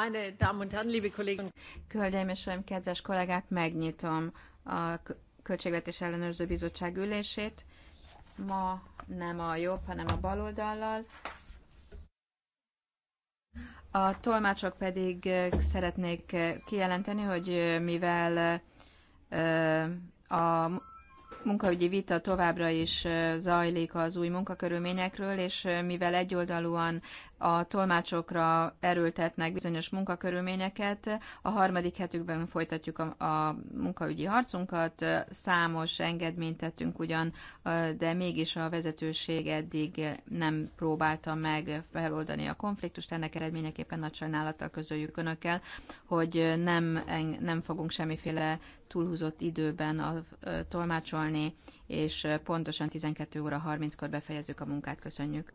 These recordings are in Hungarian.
meine Damen und Herren, liebe Kollegen. Hölgyeim és Uraim, kedves kollégák, megnyitom a Költségvetés Ellenőrző Bizottság ülését. Ma nem a jobb, hanem a bal oldallal. A tolmácsok pedig szeretnék kijelenteni, hogy mivel a munkaügyi vita továbbra is zajlik az új munkakörülményekről, és mivel egyoldalúan a tolmácsokra erőltetnek bizonyos munkakörülményeket. A harmadik hetükben folytatjuk a, a munkaügyi harcunkat. Számos engedményt tettünk ugyan, de mégis a vezetőség eddig nem próbálta meg feloldani a konfliktust. Ennek eredményeképpen nagy sajnálattal közöljük önökkel, hogy nem, nem fogunk semmiféle túlhúzott időben a, tolmácsolni, és pontosan 12 óra 30-kor befejezzük a munkát. Köszönjük!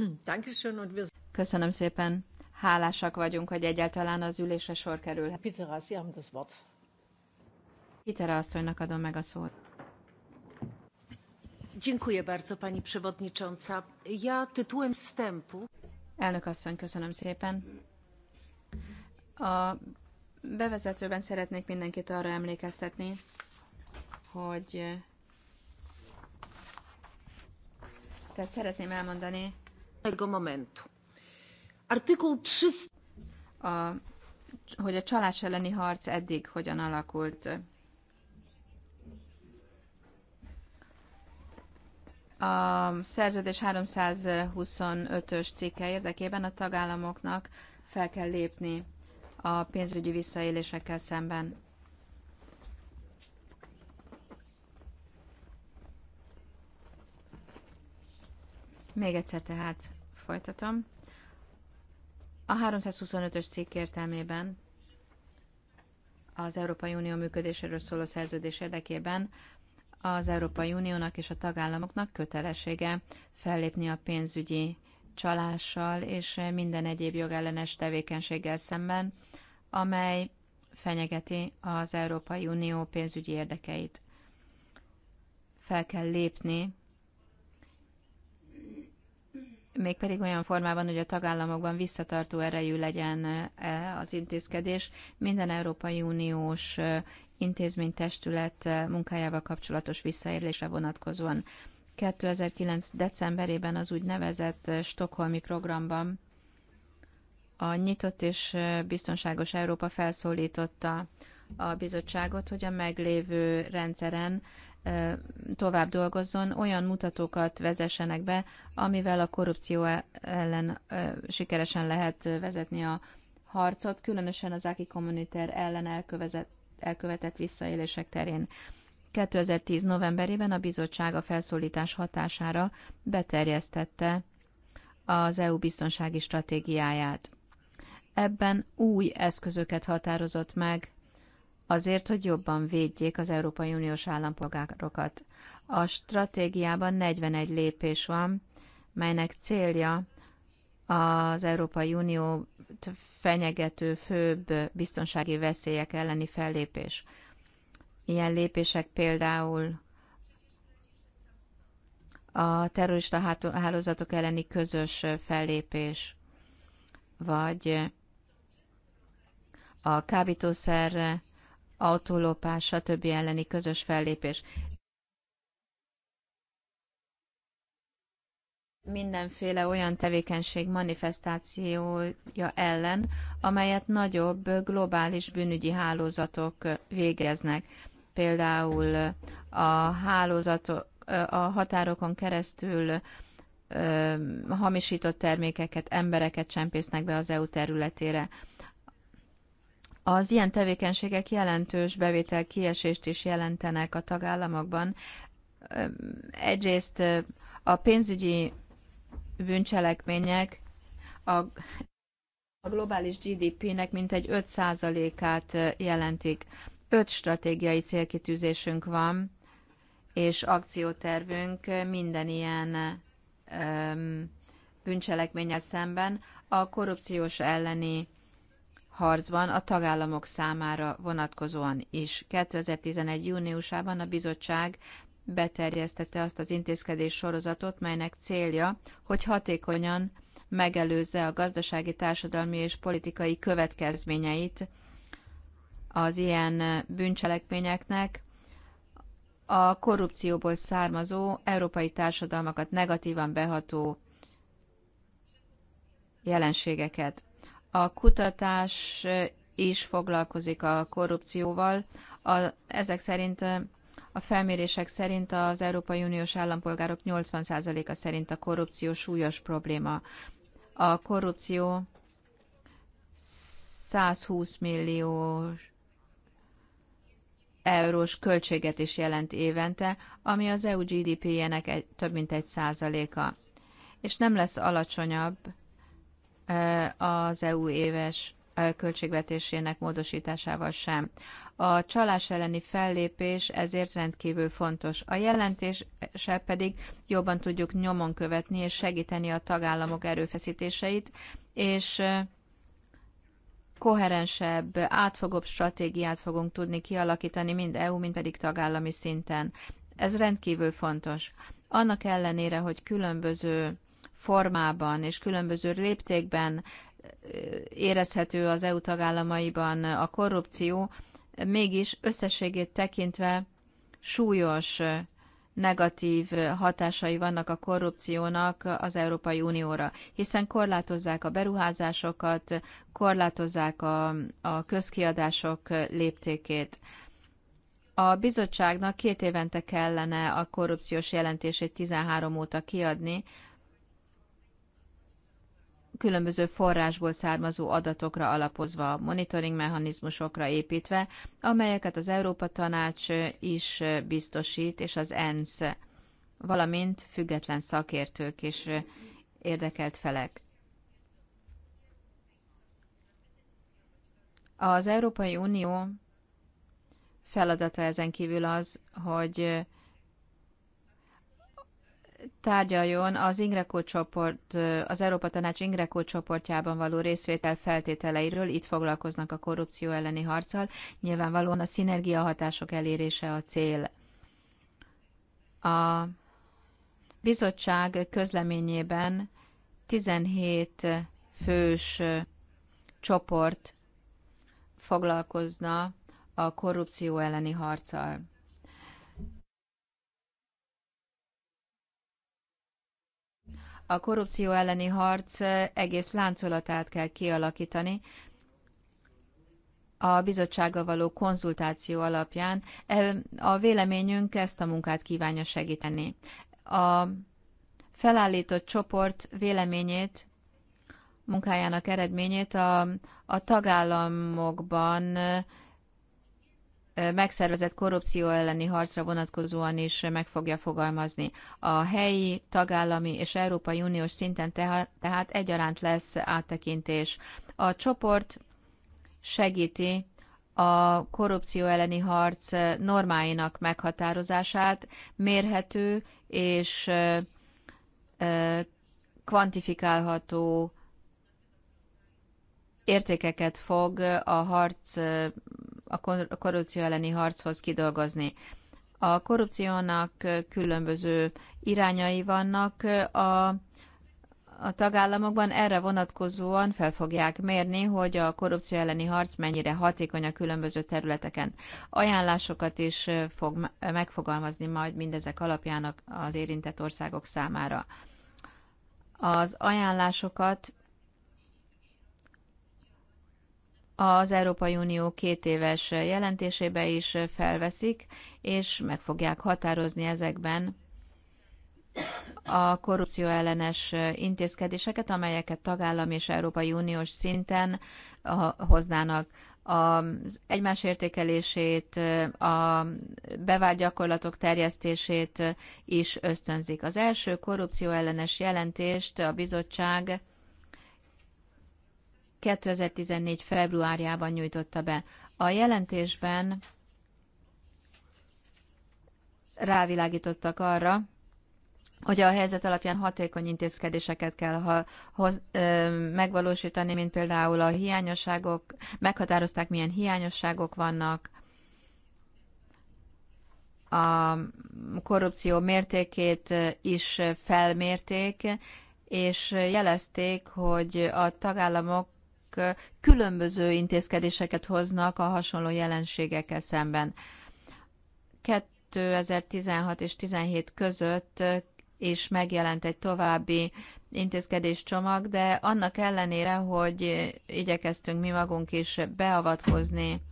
Köszönöm szépen. Hálásak vagyunk, hogy egyáltalán az ülésre sor kerül. Pitera, Sie haben das Wort. Pitera asszonynak adom meg a szót. Dziękuję bardzo, pani przewodnicząca. Ja tytułem wstępu... Elnök asszony, köszönöm szépen. A bevezetőben szeretnék mindenkit arra emlékeztetni, hogy tehát szeretném elmondani, momentu. A, hogy a csalás elleni harc eddig hogyan alakult. A szerződés 325-ös cikke érdekében a tagállamoknak fel kell lépni a pénzügyi visszaélésekkel szemben. Még egyszer tehát Folytatom. A 325-ös cikk értelmében az Európai Unió működéséről szóló szerződés érdekében az Európai Uniónak és a tagállamoknak kötelessége fellépni a pénzügyi csalással és minden egyéb jogellenes tevékenységgel szemben, amely fenyegeti az Európai Unió pénzügyi érdekeit. Fel kell lépni mégpedig olyan formában, hogy a tagállamokban visszatartó erejű legyen e, az intézkedés minden Európai Uniós e, intézménytestület e, munkájával kapcsolatos visszaélésre vonatkozóan. 2009. decemberében az úgynevezett Stockholmi programban a Nyitott és Biztonságos Európa felszólította a bizottságot, hogy a meglévő rendszeren tovább dolgozzon, olyan mutatókat vezessenek be, amivel a korrupció e- ellen sikeresen lehet vezetni a harcot, különösen az Aki Kommuniter ellen elkövetett, visszaélések terén. 2010. novemberében a bizottság a felszólítás hatására beterjesztette az EU biztonsági stratégiáját. Ebben új eszközöket határozott meg azért, hogy jobban védjék az Európai Uniós állampolgárokat. A stratégiában 41 lépés van, melynek célja az Európai Unió fenyegető főbb biztonsági veszélyek elleni fellépés. Ilyen lépések például a terrorista hálózatok elleni közös fellépés, vagy a kábítószer autólopás, stb. elleni közös fellépés. mindenféle olyan tevékenység manifestációja ellen, amelyet nagyobb globális bűnügyi hálózatok végeznek. Például a hálózatok, a határokon keresztül hamisított termékeket, embereket csempésznek be az EU területére. Az ilyen tevékenységek jelentős bevétel kiesést is jelentenek a tagállamokban. Egyrészt a pénzügyi bűncselekmények a, a globális GDP-nek mintegy 5%-át jelentik. 5 stratégiai célkitűzésünk van, és akciótervünk minden ilyen öm, bűncselekménnyel szemben a korrupciós elleni harcban a tagállamok számára vonatkozóan is. 2011. júniusában a bizottság beterjesztette azt az intézkedés sorozatot, melynek célja, hogy hatékonyan megelőzze a gazdasági, társadalmi és politikai következményeit az ilyen bűncselekményeknek, a korrupcióból származó európai társadalmakat negatívan beható jelenségeket. A kutatás is foglalkozik a korrupcióval. A, ezek szerint a felmérések szerint az Európai Uniós állampolgárok 80%-a szerint a korrupció súlyos probléma. A korrupció 120 millió eurós költséget is jelent évente, ami az EU GDP-jének több mint egy százaléka. És nem lesz alacsonyabb az EU éves költségvetésének módosításával sem. A csalás elleni fellépés ezért rendkívül fontos. A jelentése pedig jobban tudjuk nyomon követni és segíteni a tagállamok erőfeszítéseit, és koherensebb, átfogóbb stratégiát fogunk tudni kialakítani mind EU, mind pedig tagállami szinten. Ez rendkívül fontos. Annak ellenére, hogy különböző formában és különböző léptékben érezhető az EU tagállamaiban a korrupció, mégis összességét tekintve súlyos negatív hatásai vannak a korrupciónak az Európai Unióra, hiszen korlátozzák a beruházásokat, korlátozzák a, a közkiadások léptékét. A bizottságnak két évente kellene a korrupciós jelentését 13 óta kiadni, különböző forrásból származó adatokra alapozva, monitoring mechanizmusokra építve, amelyeket az Európa Tanács is biztosít, és az ENSZ, valamint független szakértők és érdekelt felek. Az Európai Unió feladata ezen kívül az, hogy tárgyaljon az Ingreco csoport, az Európa Tanács Ingreco csoportjában való részvétel feltételeiről, itt foglalkoznak a korrupció elleni harccal, nyilvánvalóan a szinergia hatások elérése a cél. A bizottság közleményében 17 fős csoport foglalkozna a korrupció elleni harccal. A korrupció elleni harc egész láncolatát kell kialakítani, a bizottsággal való konzultáció alapján. A véleményünk ezt a munkát kívánja segíteni. A felállított csoport véleményét, munkájának eredményét a, a tagállamokban megszervezett korrupció elleni harcra vonatkozóan is meg fogja fogalmazni. A helyi, tagállami és Európai Uniós szinten tehát egyaránt lesz áttekintés. A csoport segíti a korrupció elleni harc normáinak meghatározását mérhető és kvantifikálható értékeket fog a harc a korrupció elleni harchoz kidolgozni. A korrupciónak különböző irányai vannak a, a tagállamokban, erre vonatkozóan fel fogják mérni, hogy a korrupció elleni harc mennyire hatékony a különböző területeken. Ajánlásokat is fog megfogalmazni majd mindezek alapján az érintett országok számára. Az ajánlásokat az Európai Unió két éves jelentésébe is felveszik, és meg fogják határozni ezekben a korrupció ellenes intézkedéseket, amelyeket tagállami és Európai Uniós szinten hoznának az egymás értékelését, a bevált gyakorlatok terjesztését is ösztönzik. Az első korrupció ellenes jelentést a bizottság 2014. februárjában nyújtotta be. A jelentésben rávilágítottak arra, hogy a helyzet alapján hatékony intézkedéseket kell ha, hoz, ö, megvalósítani, mint például a hiányosságok, meghatározták, milyen hiányosságok vannak, a korrupció mértékét is felmérték, és jelezték, hogy a tagállamok különböző intézkedéseket hoznak a hasonló jelenségekkel szemben. 2016 és 17 között és megjelent egy további intézkedéscsomag, de annak ellenére, hogy igyekeztünk mi magunk is beavatkozni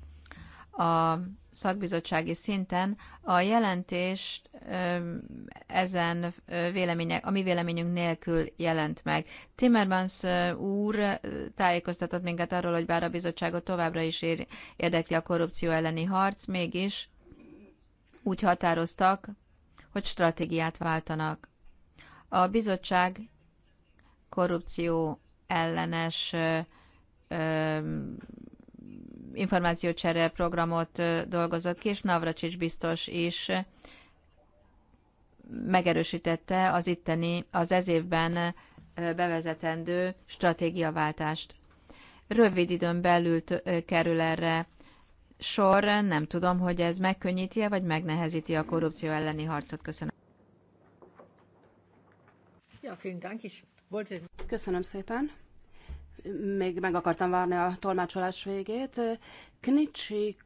a szakbizottsági szinten a jelentés ezen vélemények, a mi véleményünk nélkül jelent meg. Timmermans úr tájékoztatott minket arról, hogy bár a bizottságot továbbra is érdekli a korrupció elleni harc, mégis úgy határoztak, hogy stratégiát váltanak. A bizottság korrupció ellenes információcsere programot dolgozott ki, és Navracsics biztos is megerősítette az itteni, az ez évben bevezetendő stratégiaváltást. Rövid időn belül kerül erre sor, nem tudom, hogy ez megkönnyíti-e, vagy megnehezíti a korrupció elleni harcot. Köszönöm. Ja, vielen Dank. Ich wollte... Köszönöm szépen még meg akartam várni a tolmácsolás végét. Knicsi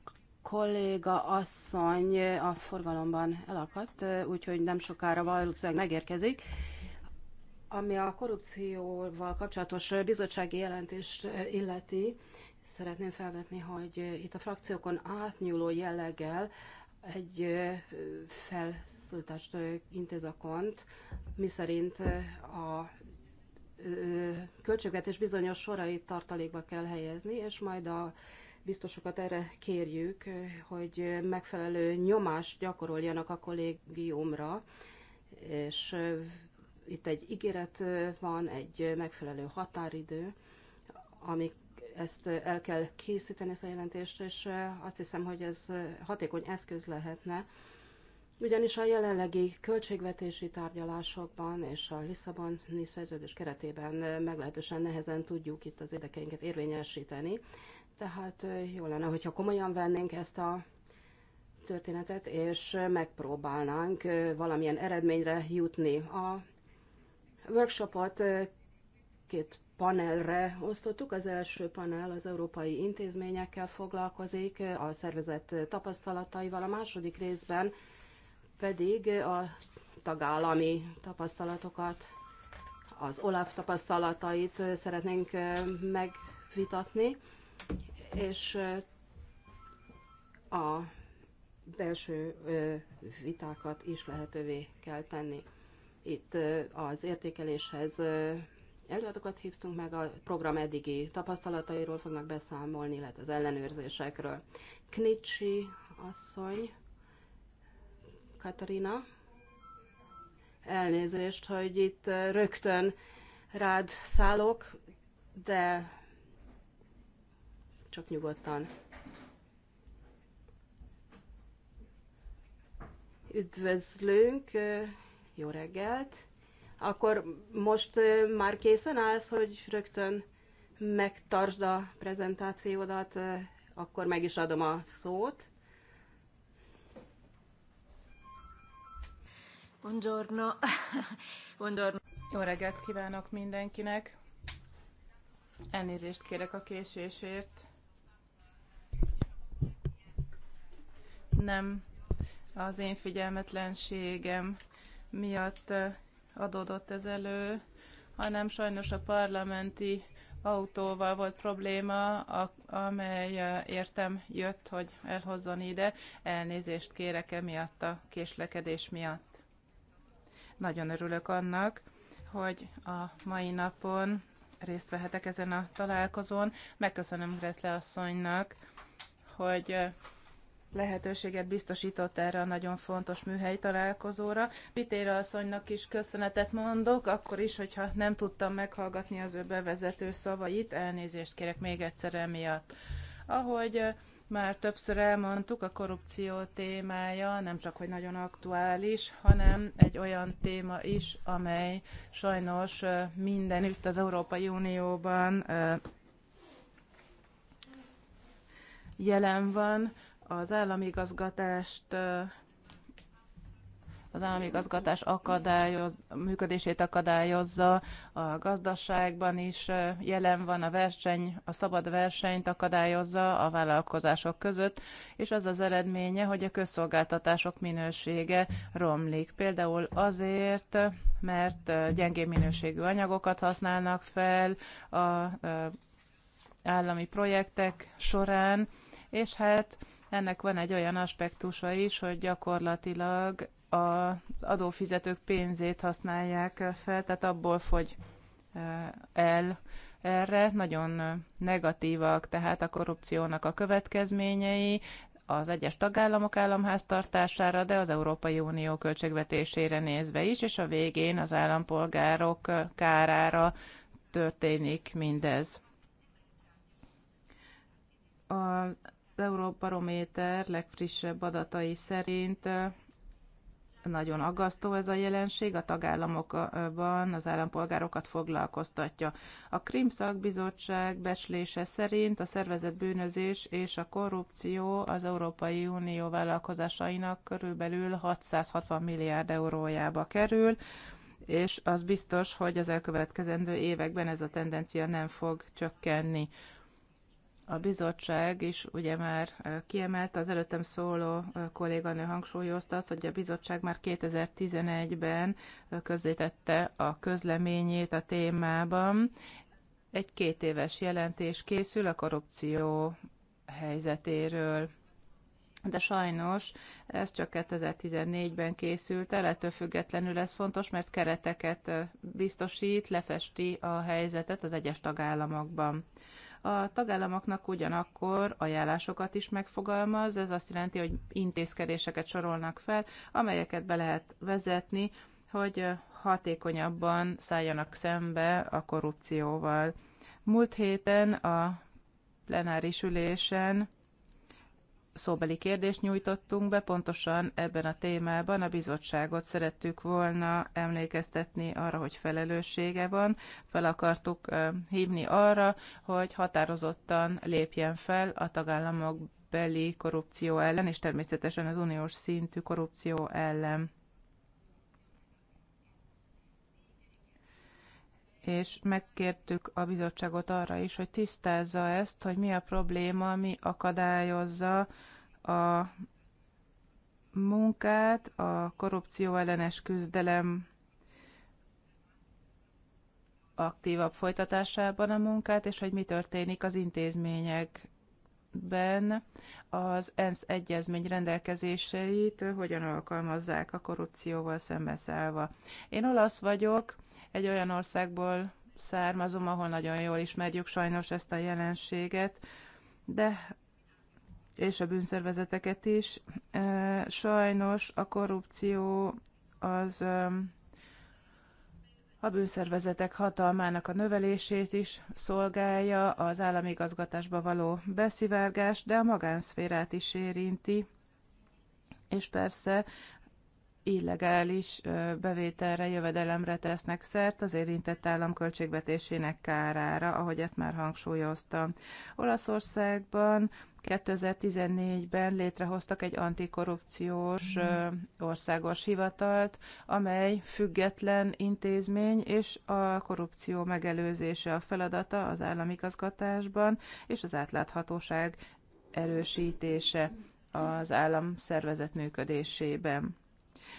kolléga asszony a forgalomban elakadt, úgyhogy nem sokára valószínűleg megérkezik. Ami a korrupcióval kapcsolatos bizottsági jelentést illeti, szeretném felvetni, hogy itt a frakciókon átnyúló jelleggel egy felszólítást intéz a kont, miszerint a költségvetés bizonyos sorait tartalékba kell helyezni, és majd a biztosokat erre kérjük, hogy megfelelő nyomást gyakoroljanak a kollégiumra, és itt egy ígéret van, egy megfelelő határidő, amik ezt el kell készíteni, ezt a jelentést, és azt hiszem, hogy ez hatékony eszköz lehetne ugyanis a jelenlegi költségvetési tárgyalásokban és a Lisszaboni szerződés keretében meglehetősen nehezen tudjuk itt az érdekeinket érvényesíteni. Tehát jó lenne, hogyha komolyan vennénk ezt a történetet, és megpróbálnánk valamilyen eredményre jutni. A workshopot két panelre osztottuk. Az első panel az európai intézményekkel foglalkozik, a szervezet tapasztalataival, a második részben pedig a tagállami tapasztalatokat, az OLAF tapasztalatait szeretnénk megvitatni, és a belső vitákat is lehetővé kell tenni. Itt az értékeléshez előadókat hívtunk meg, a program eddigi tapasztalatairól fognak beszámolni, illetve az ellenőrzésekről. Knitsi asszony Katarina. Elnézést, hogy itt eh, rögtön rád szállok, de csak nyugodtan. Üdvözlünk, eh, jó reggelt. Akkor most eh, már készen állsz, hogy rögtön megtartsd a prezentációdat, akkor meg is adom a szót. Buongiorno. Buongiorno. Jó reggelt kívánok mindenkinek. Elnézést kérek a késésért. Nem az én figyelmetlenségem miatt eh, adódott ez elő, hanem sajnos a parlamenti autóval volt probléma, amely eh, értem jött, hogy elhozzon ide. Elnézést kérek emiatt a késlekedés miatt. Nagyon örülök annak, hogy a mai napon részt vehetek ezen a találkozón. Megköszönöm Greszle asszonynak, hogy lehetőséget biztosított erre a nagyon fontos műhely találkozóra. Pitéra asszonynak is köszönetet mondok, akkor is, hogyha nem tudtam meghallgatni az ő bevezető szavait, elnézést kérek még egyszer emiatt. Ahogy már többször elmondtuk, a korrupció témája nem csak hogy nagyon aktuális, hanem egy olyan téma is, amely sajnos mindenütt az Európai Unióban jelen van. Az államigazgatást az állami gazgatás akadályoz, működését akadályozza, a gazdaságban is jelen van a verseny, a szabad versenyt akadályozza a vállalkozások között, és az az eredménye, hogy a közszolgáltatások minősége romlik. Például azért, mert gyengébb minőségű anyagokat használnak fel a állami projektek során, és hát ennek van egy olyan aspektusa is, hogy gyakorlatilag az adófizetők pénzét használják fel, tehát abból fogy el erre. Nagyon negatívak tehát a korrupciónak a következményei, az egyes tagállamok államháztartására, de az Európai Unió költségvetésére nézve is, és a végén az állampolgárok kárára történik mindez. Az Euróbarométer legfrissebb adatai szerint nagyon aggasztó ez a jelenség, a tagállamokban az állampolgárokat foglalkoztatja. A Krim szakbizottság becslése szerint a szervezett bűnözés és a korrupció az Európai Unió vállalkozásainak körülbelül 660 milliárd eurójába kerül, és az biztos, hogy az elkövetkezendő években ez a tendencia nem fog csökkenni. A bizottság is ugye már kiemelte, az előttem szóló kolléganő hangsúlyozta azt, hogy a bizottság már 2011-ben közzétette a közleményét a témában. Egy két éves jelentés készül a korrupció helyzetéről de sajnos ez csak 2014-ben készült el, ettől függetlenül ez fontos, mert kereteket biztosít, lefesti a helyzetet az egyes tagállamokban. A tagállamoknak ugyanakkor ajánlásokat is megfogalmaz, ez azt jelenti, hogy intézkedéseket sorolnak fel, amelyeket be lehet vezetni, hogy hatékonyabban szálljanak szembe a korrupcióval. Múlt héten a plenáris ülésen szóbeli kérdést nyújtottunk be, pontosan ebben a témában a bizottságot szerettük volna emlékeztetni arra, hogy felelőssége van, fel akartuk hívni arra, hogy határozottan lépjen fel a tagállamok beli korrupció ellen, és természetesen az uniós szintű korrupció ellen. és megkértük a bizottságot arra is, hogy tisztázza ezt, hogy mi a probléma, mi akadályozza a munkát, a korrupció ellenes küzdelem aktívabb folytatásában a munkát, és hogy mi történik az intézményekben az ENSZ egyezmény rendelkezéseit, hogyan alkalmazzák a korrupcióval szembeszállva. Én olasz vagyok, egy olyan országból származom, ahol nagyon jól ismerjük sajnos ezt a jelenséget, de és a bűnszervezeteket is. Sajnos a korrupció az a bűnszervezetek hatalmának a növelését is szolgálja, az állami igazgatásba való beszivárgás, de a magánszférát is érinti, és persze illegális bevételre, jövedelemre tesznek szert az érintett állam költségvetésének kárára, ahogy ezt már hangsúlyoztam. Olaszországban 2014-ben létrehoztak egy antikorrupciós országos hivatalt, amely független intézmény, és a korrupció megelőzése a feladata az államigazgatásban, és az átláthatóság erősítése az állam szervezet működésében.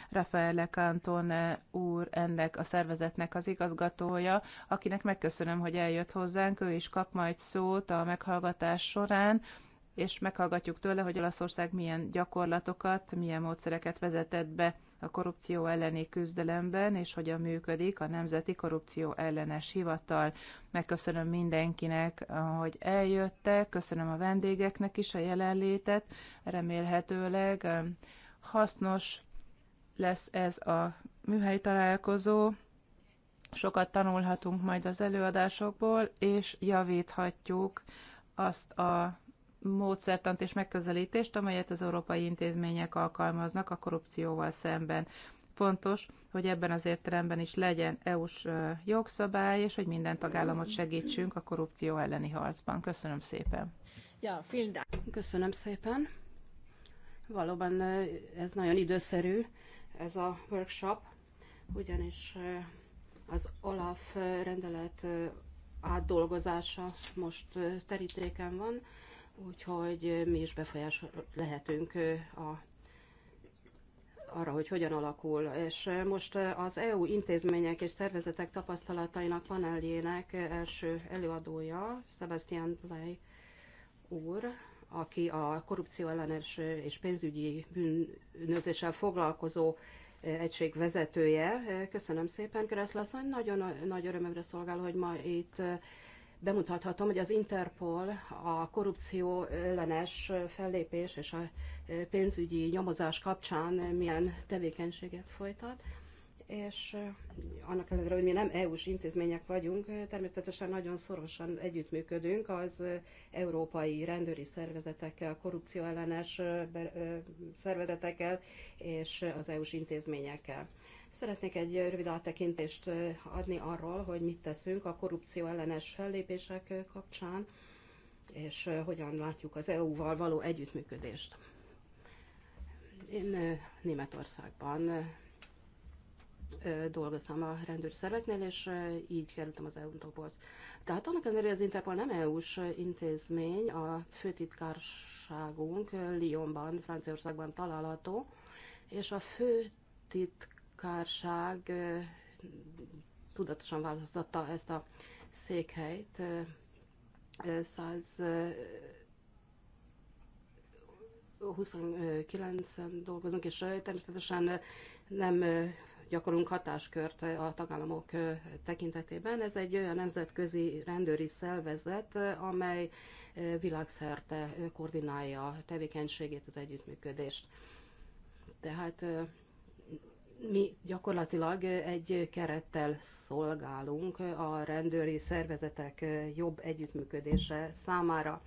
Rafael Cantone eh, úr ennek a szervezetnek az igazgatója, akinek megköszönöm, hogy eljött hozzánk, ő is kap majd szót a meghallgatás során, és meghallgatjuk tőle, hogy Olaszország milyen gyakorlatokat, milyen módszereket vezetett be a korrupció elleni küzdelemben, és hogyan működik a Nemzeti Korrupció Ellenes Hivatal. Megköszönöm mindenkinek, hogy eljöttek, köszönöm a vendégeknek is a jelenlétet, remélhetőleg eh, hasznos lesz ez a műhely találkozó. Sokat tanulhatunk majd az előadásokból, és javíthatjuk azt a módszertant és megközelítést, amelyet az európai intézmények alkalmaznak a korrupcióval szemben. Fontos, hogy ebben az értelemben is legyen EU-s jogszabály, és hogy minden tagállamot segítsünk a korrupció elleni harcban. Köszönöm szépen. Ja, Köszönöm szépen. Valóban ez nagyon időszerű ez a workshop, ugyanis az OLAF rendelet átdolgozása most terítéken van, úgyhogy mi is befolyás lehetünk a, arra, hogy hogyan alakul. És most az EU intézmények és szervezetek tapasztalatainak paneljének első előadója, Sebastian Blay úr, aki a korrupció ellenes és pénzügyi bűnözéssel foglalkozó egység vezetője. Köszönöm szépen, Kereszt Lasszony. Nagyon nagy örömömre szolgál, hogy ma itt bemutathatom, hogy az Interpol a korrupció ellenes fellépés és a pénzügyi nyomozás kapcsán milyen tevékenységet folytat és annak ellenére, hogy mi nem EU-s intézmények vagyunk, természetesen nagyon szorosan együttműködünk az európai rendőri szervezetekkel, korrupcióellenes szervezetekkel és az EU-s intézményekkel. Szeretnék egy rövid áttekintést adni arról, hogy mit teszünk a korrupció ellenes fellépések kapcsán, és hogyan látjuk az EU-val való együttműködést. Én Németországban dolgoztam a rendőri szerveknél, és így kerültem az Interpolhoz. Tehát annak ellenére, az Interpol nem EU-s intézmény, a főtitkárságunk Lyonban, Franciaországban található, és a főtitkárság tudatosan választotta ezt a székhelyt, 129-en dolgozunk, és természetesen nem gyakorlunk hatáskört a tagállamok tekintetében. Ez egy olyan nemzetközi rendőri szervezet, amely világszerte koordinálja tevékenységét, az együttműködést. Tehát mi gyakorlatilag egy kerettel szolgálunk a rendőri szervezetek jobb együttműködése számára.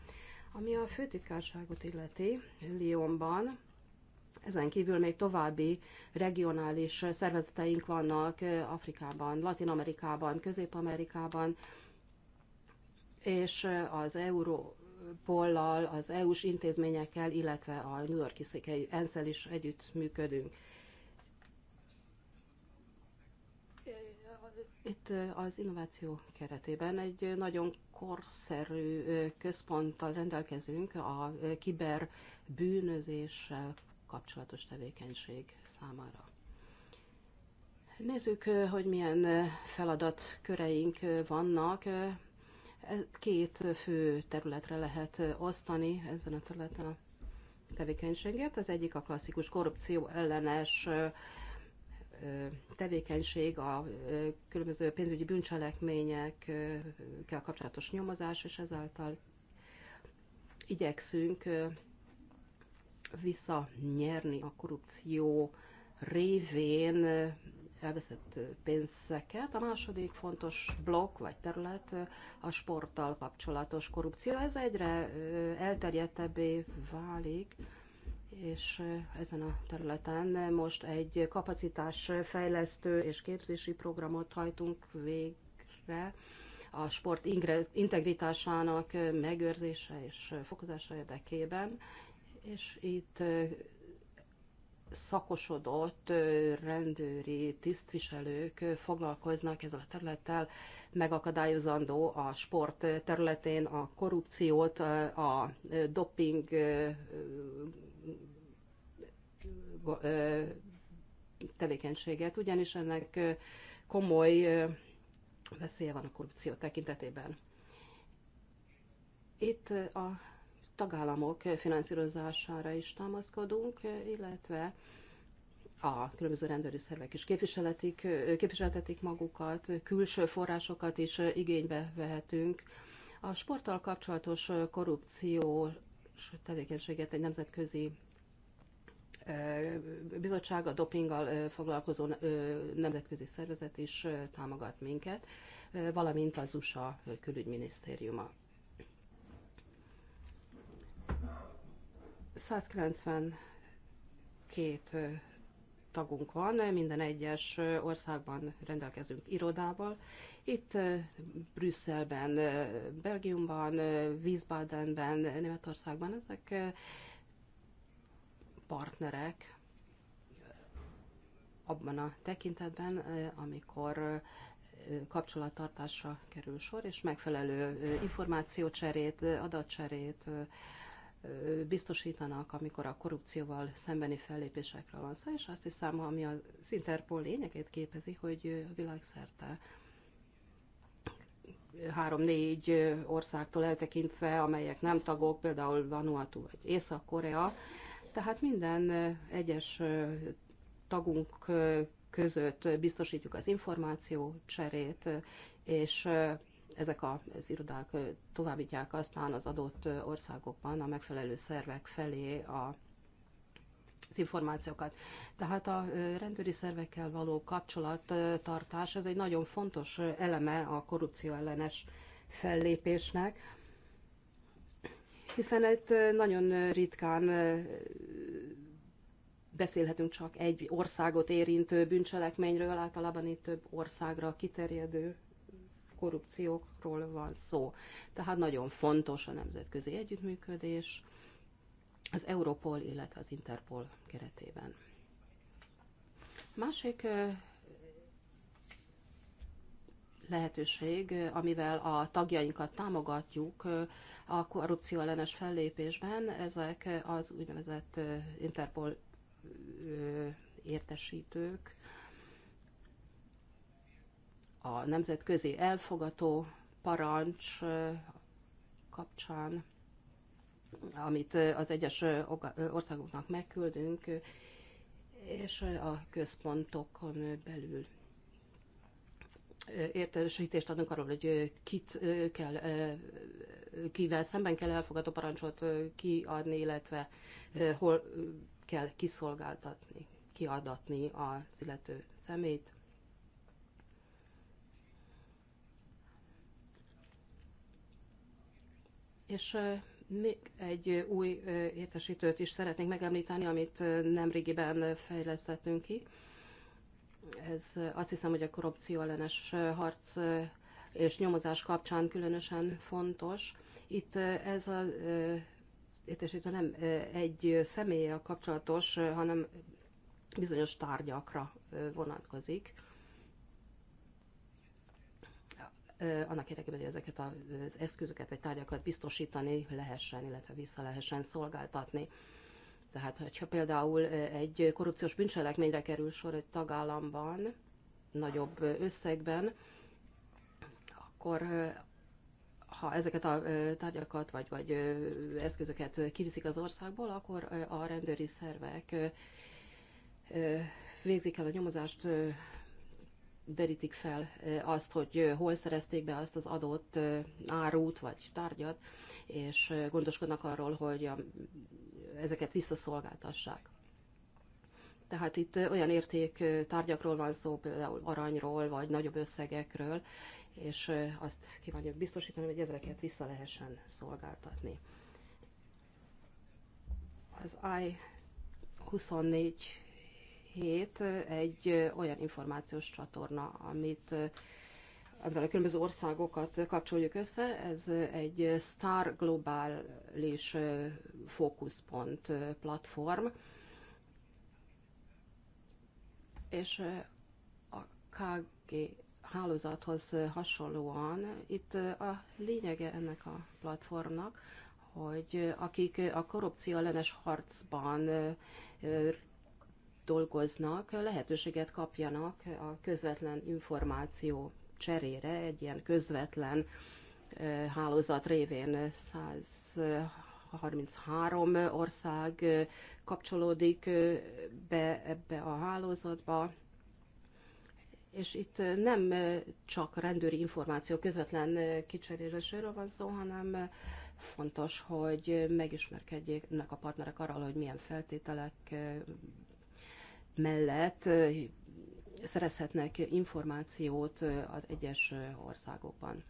Ami a főtitkárságot illeti, Lyonban ezen kívül még további regionális szervezeteink vannak Afrikában, Latin Amerikában, Közép-Amerikában, és az Európollal, az EU-s intézményekkel, illetve a New Yorki székely ensz is együtt működünk. Itt az innováció keretében egy nagyon korszerű központtal rendelkezünk a kiberbűnözéssel kapcsolatos tevékenység számára. Nézzük, hogy milyen feladatköreink vannak. E, két fő területre lehet osztani ezen a területen a tevékenységet. Az egyik a klasszikus korrupció ellenes tevékenység, a különböző pénzügyi bűncselekményekkel kapcsolatos nyomozás, és ezáltal igyekszünk visszanyerni a korrupció révén elveszett pénzeket. A második fontos blokk vagy terület a sporttal kapcsolatos korrupció. Ez egyre elterjedtebbé válik, és ezen a területen most egy kapacitás fejlesztő és képzési programot hajtunk végre a sport integritásának megőrzése és fokozása érdekében és itt szakosodott rendőri tisztviselők foglalkoznak ezzel a területtel, megakadályozandó a sport területén a korrupciót, a doping tevékenységet, ugyanis ennek komoly veszélye van a korrupció tekintetében. Itt a tagállamok finanszírozására is támaszkodunk, illetve a különböző rendőri szervek is képviseletik, képviseltetik magukat, külső forrásokat is igénybe vehetünk. A sporttal kapcsolatos korrupció tevékenységet egy nemzetközi bizottság, a dopinggal foglalkozó nemzetközi szervezet is támogat minket, valamint az USA külügyminisztériuma. 192 tagunk van, minden egyes országban rendelkezünk irodával. Itt Brüsszelben, Belgiumban, Wiesbadenben, Németországban ezek partnerek abban a tekintetben, amikor kapcsolattartásra kerül sor, és megfelelő információcserét, adatcserét, biztosítanak, amikor a korrupcióval szembeni fellépésekről van szó, és azt hiszem, ami az Interpol lényegét képezi, hogy a világszerte három-négy országtól eltekintve, amelyek nem tagok, például Vanuatu vagy Észak-Korea, tehát minden egyes tagunk között biztosítjuk az információ cserét, és ezek az irodák továbbítják aztán az adott országokban a megfelelő szervek felé a az információkat. Tehát a rendőri szervekkel való kapcsolattartás ez egy nagyon fontos eleme a korrupció ellenes fellépésnek, hiszen itt nagyon ritkán beszélhetünk csak egy országot érintő bűncselekményről, általában itt több országra kiterjedő korrupciókról van szó. Tehát nagyon fontos a nemzetközi együttműködés az Europol, illetve az Interpol keretében. Másik lehetőség, amivel a tagjainkat támogatjuk a korrupció ellenes fellépésben, ezek az úgynevezett Interpol értesítők, a nemzetközi elfogató parancs kapcsán, amit az egyes országoknak megküldünk, és a központokon belül értesítést adunk arról, hogy kit kell, kivel szemben kell elfogadó parancsot kiadni, illetve hol kell kiszolgáltatni, kiadatni az illető szemét. És még egy új értesítőt is szeretnék megemlíteni, amit nemrégiben fejlesztettünk ki. Ez azt hiszem, hogy a korrupció ellenes harc és nyomozás kapcsán különösen fontos. Itt ez a értesítő nem egy személye kapcsolatos, hanem bizonyos tárgyakra vonatkozik. annak érdekében, hogy ezeket az eszközöket vagy tárgyakat biztosítani lehessen, illetve vissza lehessen szolgáltatni. Tehát, ha például egy korrupciós bűncselekményre kerül sor egy tagállamban, nagyobb összegben, akkor ha ezeket a tárgyakat vagy, vagy eszközöket kiviszik az országból, akkor a rendőri szervek végzik el a nyomozást derítik fel azt, hogy hol szerezték be azt az adott árut vagy tárgyat, és gondoskodnak arról, hogy a, ezeket visszaszolgáltassák. Tehát itt olyan érték tárgyakról van szó, például aranyról, vagy nagyobb összegekről, és azt kívánjuk biztosítani, hogy ezeket vissza lehessen szolgáltatni. Az I24 hét egy olyan információs csatorna, amit amivel a különböző országokat kapcsoljuk össze. Ez egy Star Globális Fókuszpont platform. És a KG hálózathoz hasonlóan itt a lényege ennek a platformnak, hogy akik a korrupció ellenes harcban dolgoznak, lehetőséget kapjanak a közvetlen információ cserére egy ilyen közvetlen hálózat révén 133 ország kapcsolódik be ebbe a hálózatba, és itt nem csak rendőri információ közvetlen kicseréléséről van szó, hanem fontos, hogy megismerkedjék a partnerek arról, hogy milyen feltételek mellett szerezhetnek információt az egyes országokban.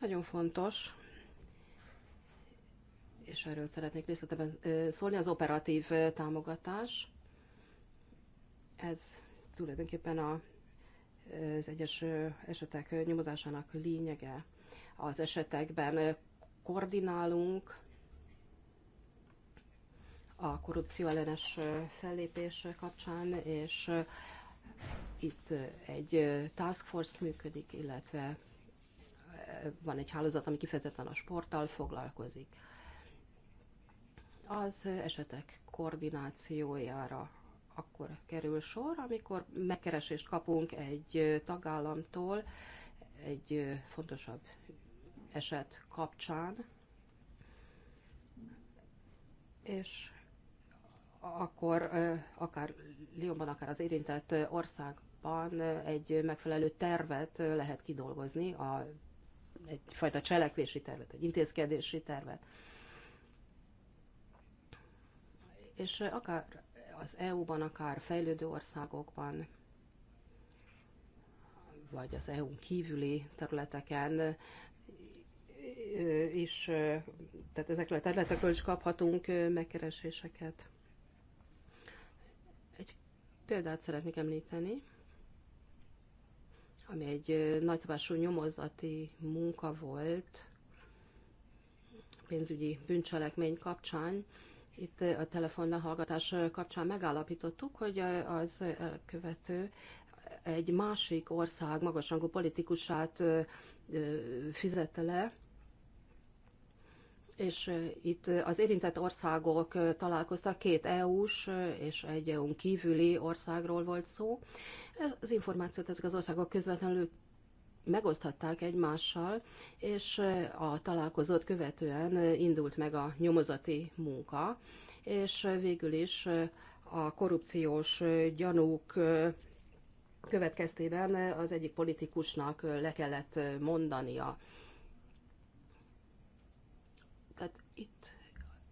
Nagyon fontos, és erről szeretnék részleteben szólni, az operatív támogatás. Ez tulajdonképpen a, az egyes esetek nyomozásának lényege. Az esetekben koordinálunk, a korrupció ellenes fellépés kapcsán, és itt egy task force működik, illetve van egy hálózat, ami kifejezetten a sporttal foglalkozik. Az esetek koordinációjára akkor kerül sor, amikor megkeresést kapunk egy tagállamtól egy fontosabb eset kapcsán, és akkor akár Lyonban, akár az érintett országban egy megfelelő tervet lehet kidolgozni, a, egyfajta cselekvési tervet, egy intézkedési tervet. És akár az EU-ban, akár fejlődő országokban, vagy az EU-n kívüli területeken és tehát ezekről a területekről is kaphatunk megkereséseket. Példát szeretnék említeni, ami egy nagyszabású nyomozati munka volt pénzügyi bűncselekmény kapcsán. Itt a telefonlehallgatás kapcsán megállapítottuk, hogy az elkövető egy másik ország magasrangú politikusát fizette le, és itt az érintett országok találkoztak, két EU-s és egy EU-n kívüli országról volt szó. Az információt ezek az országok közvetlenül megoszthatták egymással, és a találkozót követően indult meg a nyomozati munka, és végül is a korrupciós gyanúk következtében az egyik politikusnak le kellett mondania. Itt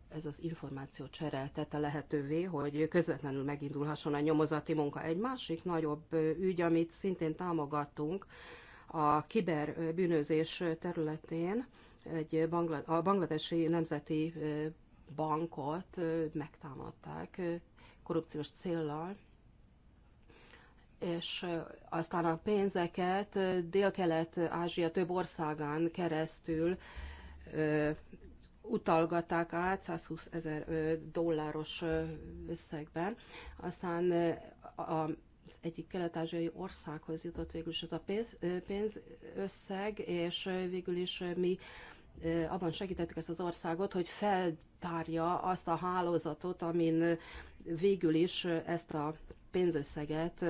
ez az információ csere tette lehetővé, hogy közvetlenül megindulhasson a nyomozati munka. Egy másik nagyobb ügy, amit szintén támogattunk a kiberbűnözés területén, egy Bangla- a Bangladesi Nemzeti Bankot megtámadták korrupciós céllal, és aztán a pénzeket Dél-Kelet-Ázsia több országán keresztül utalgatták át 120 ezer dolláros összegben. Aztán az egyik kelet-ázsiai országhoz jutott végül is ez a pénz, pénzösszeg, és végül is mi abban segítettük ezt az országot, hogy feltárja azt a hálózatot, amin végül is ezt a pénzösszeget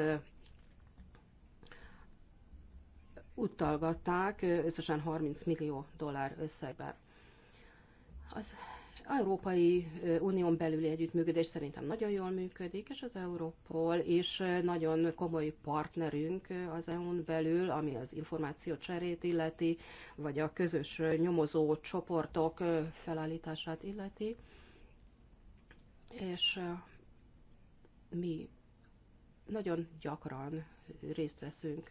utalgatták, összesen 30 millió dollár összegben. Az Európai Unión belüli együttműködés szerintem nagyon jól működik, és az Európol is nagyon komoly partnerünk az EU-n belül, ami az információ cserét illeti, vagy a közös nyomozó csoportok felállítását illeti. És mi nagyon gyakran részt veszünk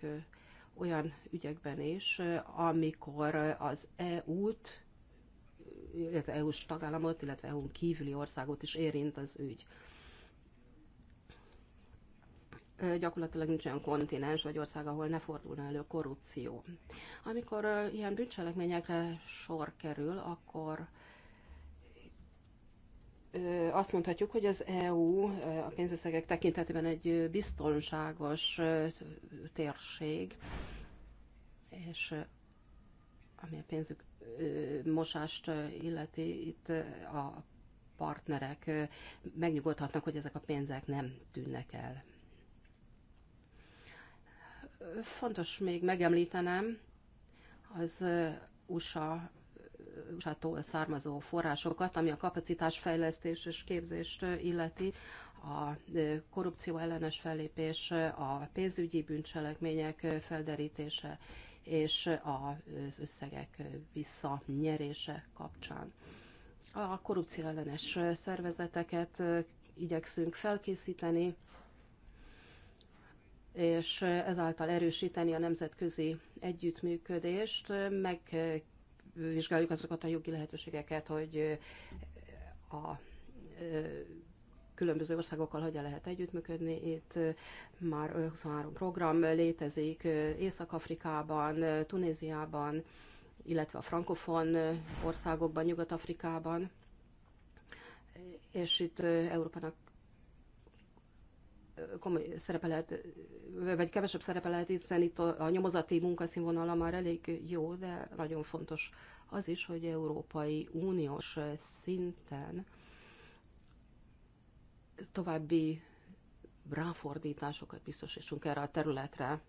olyan ügyekben is, amikor az EU-t illetve EU-s tagállamot, illetve EU-n kívüli országot is érint az ügy. Gyakorlatilag nincs olyan kontinens vagy ország, ahol ne fordulna elő korrupció. Amikor ilyen bűncselekményekre sor kerül, akkor azt mondhatjuk, hogy az EU a pénzösszegek tekintetében egy biztonságos térség, és ami a pénzük mosást illeti, itt a partnerek megnyugodhatnak, hogy ezek a pénzek nem tűnnek el. Fontos még megemlítenem az USA USA-tól származó forrásokat, ami a kapacitásfejlesztés és képzést illeti, a korrupció ellenes fellépés, a pénzügyi bűncselekmények felderítése és az összegek visszanyerése kapcsán. A korrupció ellenes szervezeteket igyekszünk felkészíteni, és ezáltal erősíteni a nemzetközi együttműködést, megvizsgáljuk azokat a jogi lehetőségeket, hogy a különböző országokkal hogyan lehet együttműködni. Itt már 23 program létezik Észak-Afrikában, Tunéziában, illetve a frankofon országokban, Nyugat-Afrikában. És itt Európának komoly szerepe lehet, vagy kevesebb szerepe lehet, hiszen itt a nyomozati munkaszínvonala már elég jó, de nagyon fontos az is, hogy Európai Uniós szinten további ráfordításokat biztosítsunk erre a területre.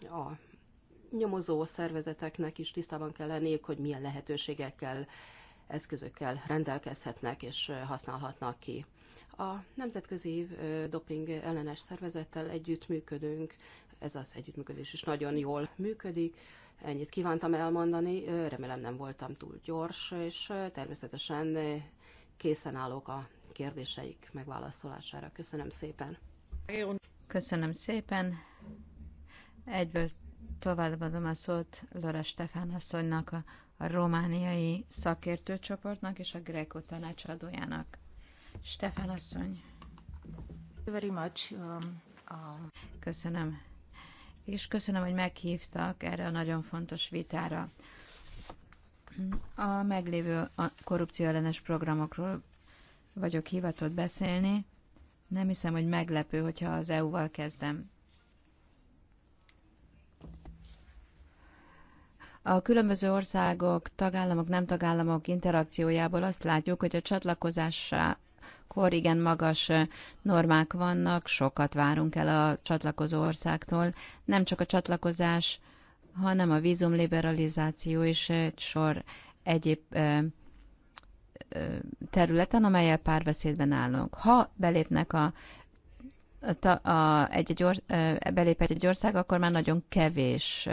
A nyomozó szervezeteknek is tisztában kell lenniük, hogy milyen lehetőségekkel, eszközökkel rendelkezhetnek és használhatnak ki. A nemzetközi doping ellenes szervezettel együttműködünk, ez az együttműködés is nagyon jól működik. Ennyit kívántam elmondani, remélem nem voltam túl gyors, és természetesen készen állok a kérdéseik megválaszolására. Köszönöm szépen. Köszönöm szépen. Egyből továbbadom a szót Lora Stefán asszonynak, a, romániai szakértőcsoportnak és a Greco tanácsadójának. Stefán asszony. Very much. Um, um. Köszönöm. És köszönöm, hogy meghívtak erre a nagyon fontos vitára. A meglévő korrupcióellenes ellenes programokról vagyok hivatott beszélni, nem hiszem, hogy meglepő, hogyha az EU-val kezdem. A különböző országok, tagállamok, nem tagállamok interakciójából azt látjuk, hogy a csatlakozáskor igen magas normák vannak, sokat várunk el a csatlakozó országtól. Nem csak a csatlakozás, hanem a vízumliberalizáció és egy sor egyéb területen, amelyel párbeszédben állunk. Ha belépnek a a, a, egy, egy or, belép egy, egy ország, akkor már nagyon kevés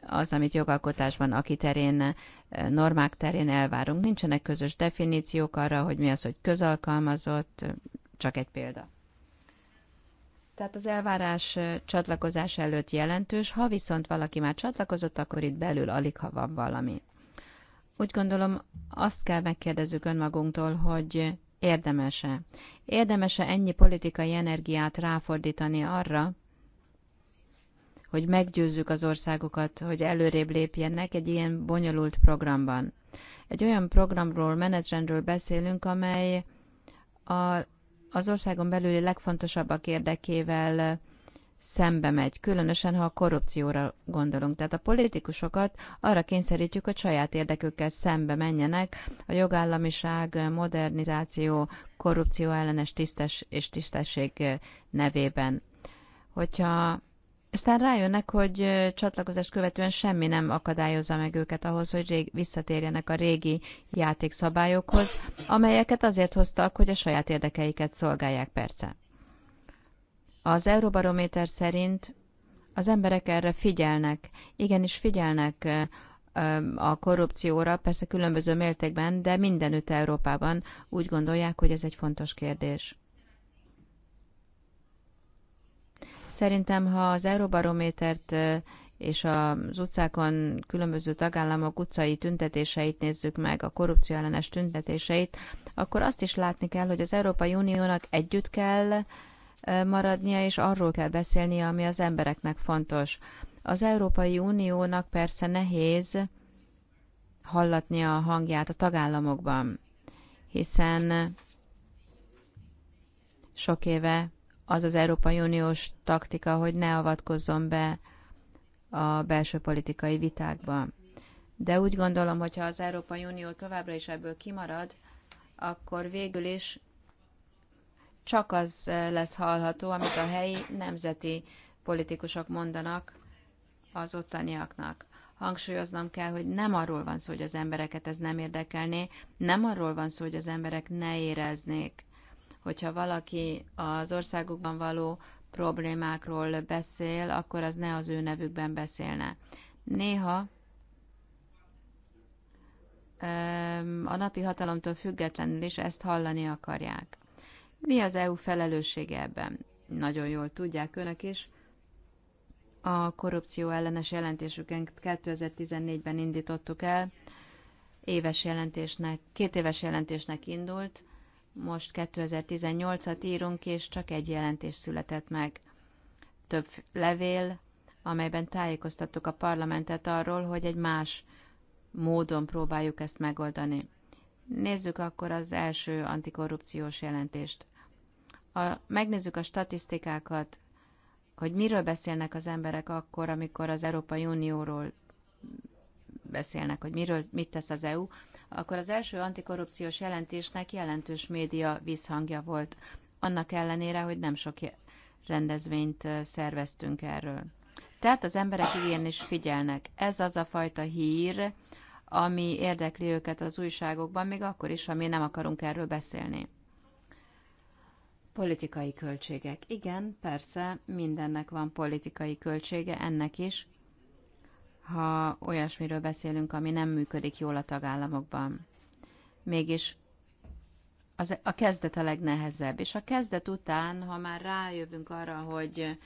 az, amit jogalkotásban, aki terén, normák terén elvárunk. Nincsenek közös definíciók arra, hogy mi az, hogy közalkalmazott, csak egy példa. Tehát az elvárás csatlakozás előtt jelentős, ha viszont valaki már csatlakozott, akkor itt belül alig, ha van valami. Úgy gondolom, azt kell megkérdezzük önmagunktól, hogy érdemese. Érdemese ennyi politikai energiát ráfordítani arra, hogy meggyőzzük az országokat, hogy előrébb lépjenek egy ilyen bonyolult programban. Egy olyan programról, menetrendről beszélünk, amely a, az országon belüli legfontosabbak érdekével szembe megy, különösen ha a korrupcióra gondolunk. Tehát a politikusokat arra kényszerítjük, hogy saját érdekükkel szembe menjenek a jogállamiság, modernizáció, korrupció ellenes tisztes és tisztesség nevében. Hogyha aztán rájönnek, hogy csatlakozást követően semmi nem akadályozza meg őket ahhoz, hogy rég, visszatérjenek a régi játékszabályokhoz, amelyeket azért hoztak, hogy a saját érdekeiket szolgálják persze. Az Euróbarométer szerint az emberek erre figyelnek, igenis figyelnek a korrupcióra, persze különböző mértékben, de mindenütt Európában úgy gondolják, hogy ez egy fontos kérdés. Szerintem, ha az Euróbarométert és az utcákon különböző tagállamok utcai tüntetéseit nézzük meg, a korrupció ellenes tüntetéseit, akkor azt is látni kell, hogy az Európai Uniónak együtt kell maradnia, és arról kell beszélnie, ami az embereknek fontos. Az Európai Uniónak persze nehéz hallatnia a hangját a tagállamokban, hiszen sok éve az az Európai Uniós taktika, hogy ne avatkozzon be a belső politikai vitákba. De úgy gondolom, hogy ha az Európai Unió továbbra is ebből kimarad, akkor végül is csak az lesz hallható, amit a helyi nemzeti politikusok mondanak az ottaniaknak. Hangsúlyoznom kell, hogy nem arról van szó, hogy az embereket ez nem érdekelné, nem arról van szó, hogy az emberek ne éreznék, hogyha valaki az országukban való problémákról beszél, akkor az ne az ő nevükben beszélne. Néha a napi hatalomtól függetlenül is ezt hallani akarják. Mi az EU felelőssége ebben? Nagyon jól tudják önök is, a korrupció ellenes jelentésüket 2014-ben indítottuk el, éves jelentésnek, két éves jelentésnek indult, most 2018-at írunk, és csak egy jelentés született meg. Több levél, amelyben tájékoztattuk a parlamentet arról, hogy egy más módon próbáljuk ezt megoldani. Nézzük akkor az első antikorrupciós jelentést ha megnézzük a statisztikákat, hogy miről beszélnek az emberek akkor, amikor az Európai Unióról beszélnek, hogy miről, mit tesz az EU, akkor az első antikorrupciós jelentésnek jelentős média visszhangja volt, annak ellenére, hogy nem sok rendezvényt szerveztünk erről. Tehát az emberek is figyelnek. Ez az a fajta hír, ami érdekli őket az újságokban, még akkor is, ha mi nem akarunk erről beszélni. Politikai költségek. Igen, persze, mindennek van politikai költsége, ennek is, ha olyasmiről beszélünk, ami nem működik jól a tagállamokban. Mégis az, a kezdet a legnehezebb, és a kezdet után, ha már rájövünk arra, hogy,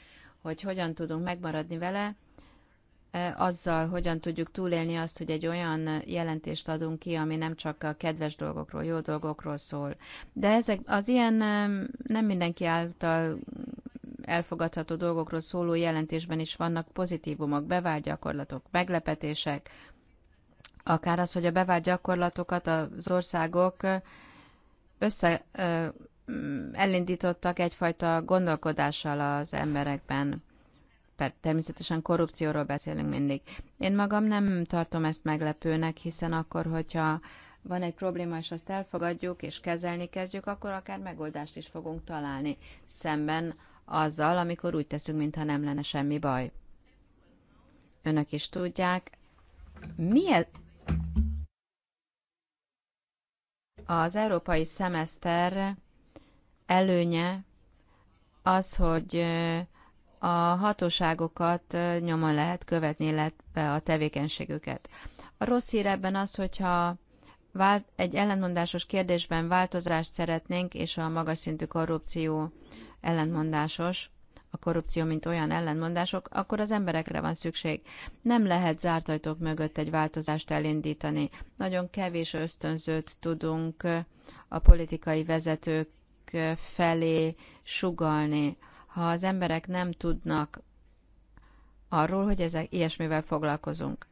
hogy hogyan tudunk megmaradni vele, azzal hogyan tudjuk túlélni azt, hogy egy olyan jelentést adunk ki, ami nem csak a kedves dolgokról, jó dolgokról szól. De ezek az ilyen nem mindenki által elfogadható dolgokról szóló jelentésben is vannak pozitívumok, bevált gyakorlatok, meglepetések, akár az, hogy a bevált gyakorlatokat az országok össze elindítottak egyfajta gondolkodással az emberekben Természetesen korrupcióról beszélünk mindig. Én magam nem tartom ezt meglepőnek, hiszen akkor, hogyha van egy probléma, és azt elfogadjuk, és kezelni kezdjük, akkor akár megoldást is fogunk találni szemben azzal, amikor úgy teszünk, mintha nem lenne semmi baj. Önök is tudják, mi ez? Az európai szemeszter előnye az, hogy a hatóságokat nyomon lehet követni, illetve a tevékenységüket. A rossz hír ebben az, hogyha egy ellentmondásos kérdésben változást szeretnénk, és a magas szintű korrupció ellentmondásos, a korrupció, mint olyan ellenmondások, akkor az emberekre van szükség. Nem lehet zárt ajtók mögött egy változást elindítani. Nagyon kevés ösztönzőt tudunk a politikai vezetők felé sugalni ha az emberek nem tudnak arról, hogy ezek ilyesmivel foglalkozunk.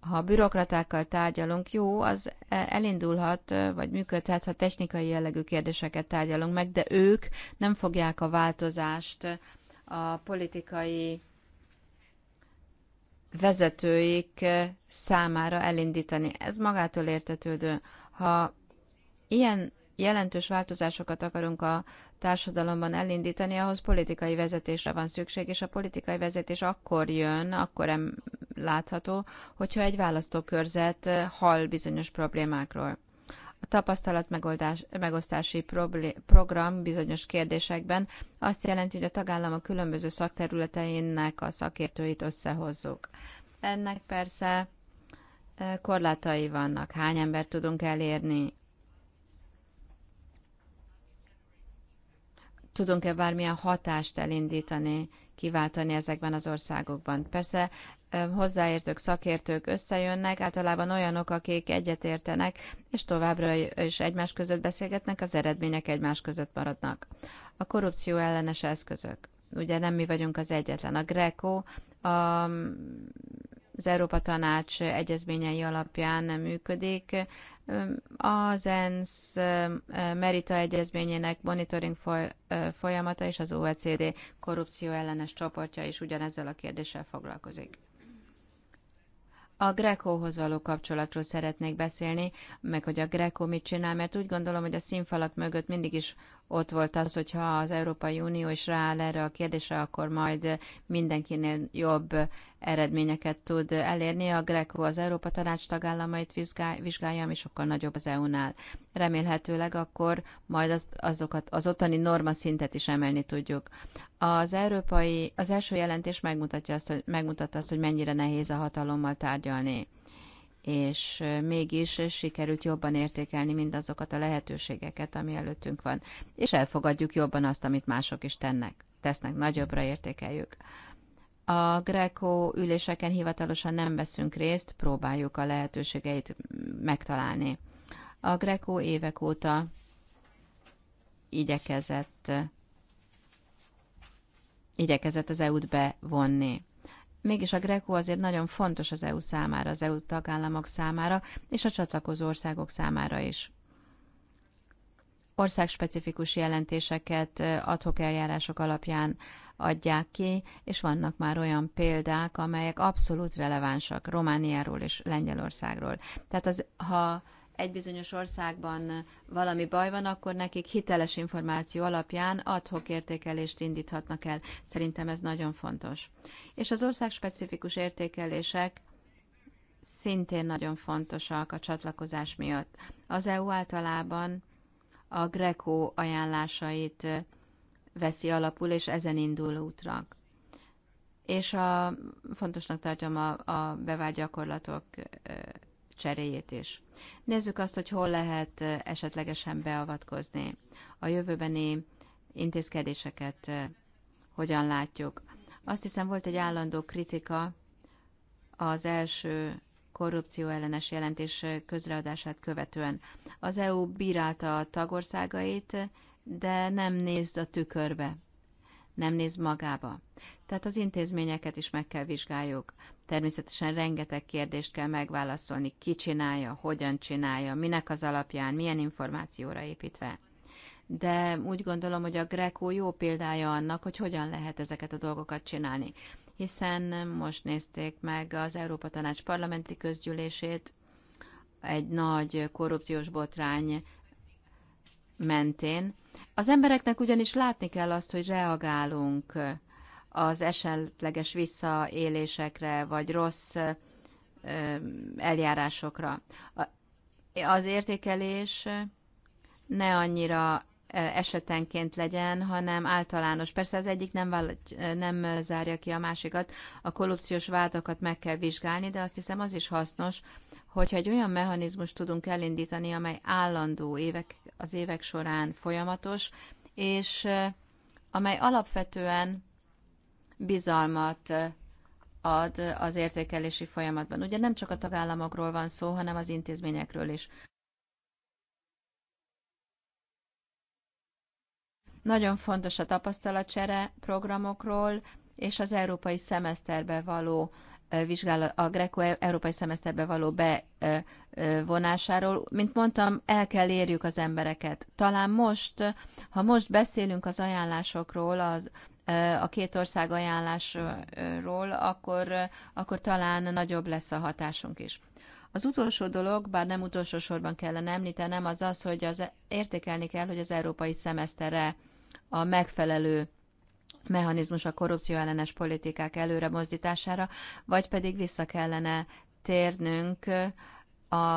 Ha a bürokratákkal tárgyalunk, jó, az e, elindulhat, vagy működhet, ha technikai jellegű kérdéseket tárgyalunk meg, de ők nem fogják a változást a politikai vezetőik számára elindítani. Ez magától értetődő. Ha ilyen jelentős változásokat akarunk a társadalomban elindítani, ahhoz politikai vezetésre van szükség, és a politikai vezetés akkor jön, akkor em látható, hogyha egy választókörzet eh, hall bizonyos problémákról. A tapasztalat megosztási program bizonyos kérdésekben azt jelenti, hogy a tagállamok különböző szakterületeinek a szakértőit összehozzuk. Ennek persze eh, korlátai vannak, hány ember tudunk elérni, tudunk-e bármilyen hatást elindítani, kiváltani ezekben az országokban. Persze hozzáértők, szakértők összejönnek, általában olyanok, akik egyetértenek, és továbbra is egymás között beszélgetnek, az eredmények egymás között maradnak. A korrupció ellenes eszközök. Ugye nem mi vagyunk az egyetlen. A GRECO a, az Európa Tanács egyezményei alapján működik, az ENSZ Merita egyezményének monitoring folyamata és az OECD korrupció ellenes csoportja is ugyanezzel a kérdéssel foglalkozik. A Grekóhoz való kapcsolatról szeretnék beszélni, meg hogy a Grekó mit csinál, mert úgy gondolom, hogy a színfalak mögött mindig is ott volt az, hogyha az Európai Unió is rááll erre a kérdésre, akkor majd mindenkinél jobb eredményeket tud elérni. A GRECO az Európa Tanács tagállamait vizsgálja, ami sokkal nagyobb az EU-nál. Remélhetőleg akkor majd az, azokat, az ottani norma szintet is emelni tudjuk. Az, európai, az első jelentés megmutatja azt, hogy, megmutatta azt, hogy mennyire nehéz a hatalommal tárgyalni és mégis sikerült jobban értékelni mindazokat a lehetőségeket, ami előttünk van, és elfogadjuk jobban azt, amit mások is tennek, tesznek, nagyobbra értékeljük. A Greco üléseken hivatalosan nem veszünk részt, próbáljuk a lehetőségeit megtalálni. A Greco évek óta igyekezett, igyekezett az EU-t bevonni. Mégis a GRECO azért nagyon fontos az EU számára, az EU tagállamok számára, és a csatlakozó országok számára is. Országspecifikus jelentéseket adhok eljárások alapján adják ki, és vannak már olyan példák, amelyek abszolút relevánsak Romániáról és Lengyelországról. Tehát az, ha egy bizonyos országban valami baj van, akkor nekik hiteles információ alapján adhok értékelést indíthatnak el. Szerintem ez nagyon fontos. És az ország specifikus értékelések szintén nagyon fontosak a csatlakozás miatt. Az EU általában a Greco ajánlásait veszi alapul, és ezen indul útra. És a, fontosnak tartom a, a bevált gyakorlatok cseréjét is. Nézzük azt, hogy hol lehet esetlegesen beavatkozni. A jövőbeni intézkedéseket hogyan látjuk. Azt hiszem volt egy állandó kritika az első korrupció ellenes jelentés közreadását követően. Az EU bírálta a tagországait, de nem nézd a tükörbe nem néz magába. Tehát az intézményeket is meg kell vizsgáljuk. Természetesen rengeteg kérdést kell megválaszolni, ki csinálja, hogyan csinálja, minek az alapján, milyen információra építve. De úgy gondolom, hogy a Greco jó példája annak, hogy hogyan lehet ezeket a dolgokat csinálni. Hiszen most nézték meg az Európa Tanács parlamenti közgyűlését, egy nagy korrupciós botrány mentén. Az embereknek ugyanis látni kell azt, hogy reagálunk az esetleges visszaélésekre, vagy rossz eljárásokra. Az értékelés ne annyira esetenként legyen, hanem általános. Persze az egyik nem, vál, nem zárja ki a másikat. A korrupciós vádakat meg kell vizsgálni, de azt hiszem az is hasznos, hogyha egy olyan mechanizmust tudunk elindítani, amely állandó évek, az évek során folyamatos, és amely alapvetően bizalmat ad az értékelési folyamatban. Ugye nem csak a tagállamokról van szó, hanem az intézményekről is. Nagyon fontos a tapasztalatcsere programokról és az európai szemeszterbe való vizsgálat, a Greco európai szemeszterbe való bevonásáról. Mint mondtam, el kell érjük az embereket. Talán most, ha most beszélünk az ajánlásokról, az, a két ország ajánlásról, akkor, akkor talán nagyobb lesz a hatásunk is. Az utolsó dolog, bár nem utolsó sorban kellene említenem, az az, hogy az értékelni kell, hogy az európai szemeszterre a megfelelő mechanizmus a korrupció ellenes politikák előre mozdítására, vagy pedig vissza kellene térnünk a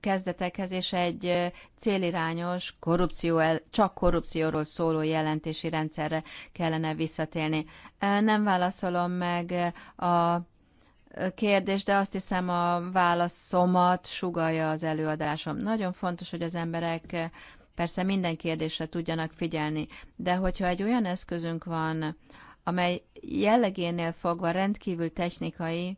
kezdetekhez, és egy célirányos, korrupció el, csak korrupcióról szóló jelentési rendszerre kellene visszatérni. Nem válaszolom meg a kérdés, de azt hiszem a válaszomat sugalja az előadásom. Nagyon fontos, hogy az emberek Persze minden kérdésre tudjanak figyelni, de hogyha egy olyan eszközünk van, amely jellegénél fogva rendkívül technikai,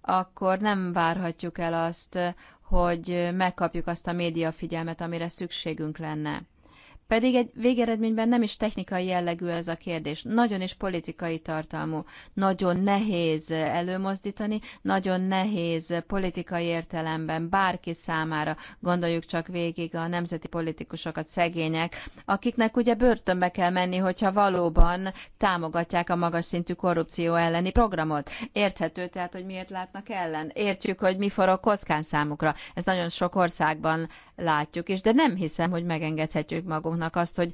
akkor nem várhatjuk el azt, hogy megkapjuk azt a médiafigyelmet, amire szükségünk lenne. Pedig egy végeredményben nem is technikai jellegű ez a kérdés, nagyon is politikai tartalmú, nagyon nehéz előmozdítani, nagyon nehéz politikai értelemben bárki számára, gondoljuk csak végig a nemzeti politikusokat, szegények, akiknek ugye börtönbe kell menni, hogyha valóban támogatják a magas szintű korrupció elleni programot. Érthető tehát, hogy miért látnak ellen. Értjük, hogy mi forog kockán számukra. Ez nagyon sok országban látjuk is, de nem hiszem, hogy megengedhetjük magunknak azt, hogy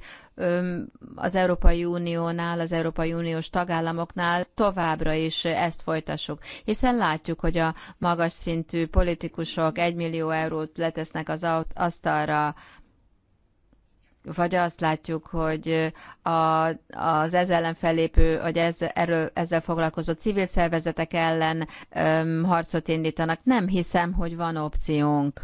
az Európai Uniónál, az Európai Uniós tagállamoknál továbbra is ezt folytassuk. Hiszen látjuk, hogy a magas szintű politikusok 1 millió eurót letesznek az asztalra, vagy azt látjuk, hogy a, az ez ellen felépő, vagy ez, erről, ezzel foglalkozó civil szervezetek ellen öm, harcot indítanak. Nem hiszem, hogy van opciónk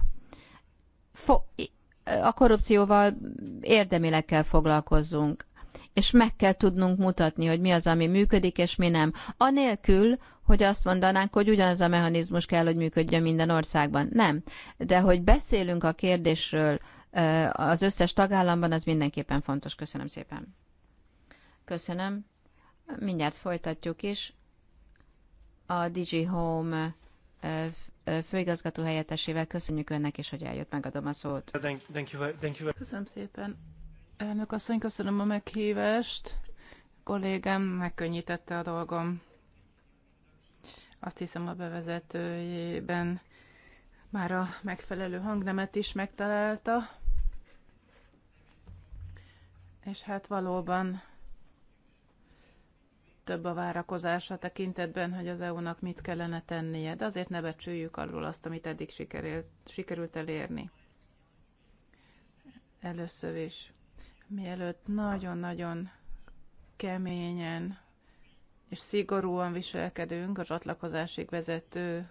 a korrupcióval érdemileg kell foglalkozzunk, és meg kell tudnunk mutatni, hogy mi az, ami működik, és mi nem. Anélkül, hogy azt mondanánk, hogy ugyanaz a mechanizmus kell, hogy működjön minden országban. Nem. De hogy beszélünk a kérdésről az összes tagállamban, az mindenképpen fontos. Köszönöm szépen. Köszönöm. Mindjárt folytatjuk is. A Digi Home főigazgató helyettesével. Köszönjük önnek is, hogy eljött, megadom a szót. Köszönöm szépen. Elnök asszony, köszönöm a meghívást. Kollégám megkönnyítette a dolgom. Azt hiszem a bevezetőjében már a megfelelő hangnemet is megtalálta. És hát valóban több a várakozása tekintetben, hogy az EU-nak mit kellene tennie, de azért ne becsüljük alul azt, amit eddig sikerült, sikerült elérni. Először is, mielőtt nagyon-nagyon keményen és szigorúan viselkedünk a csatlakozásig vezető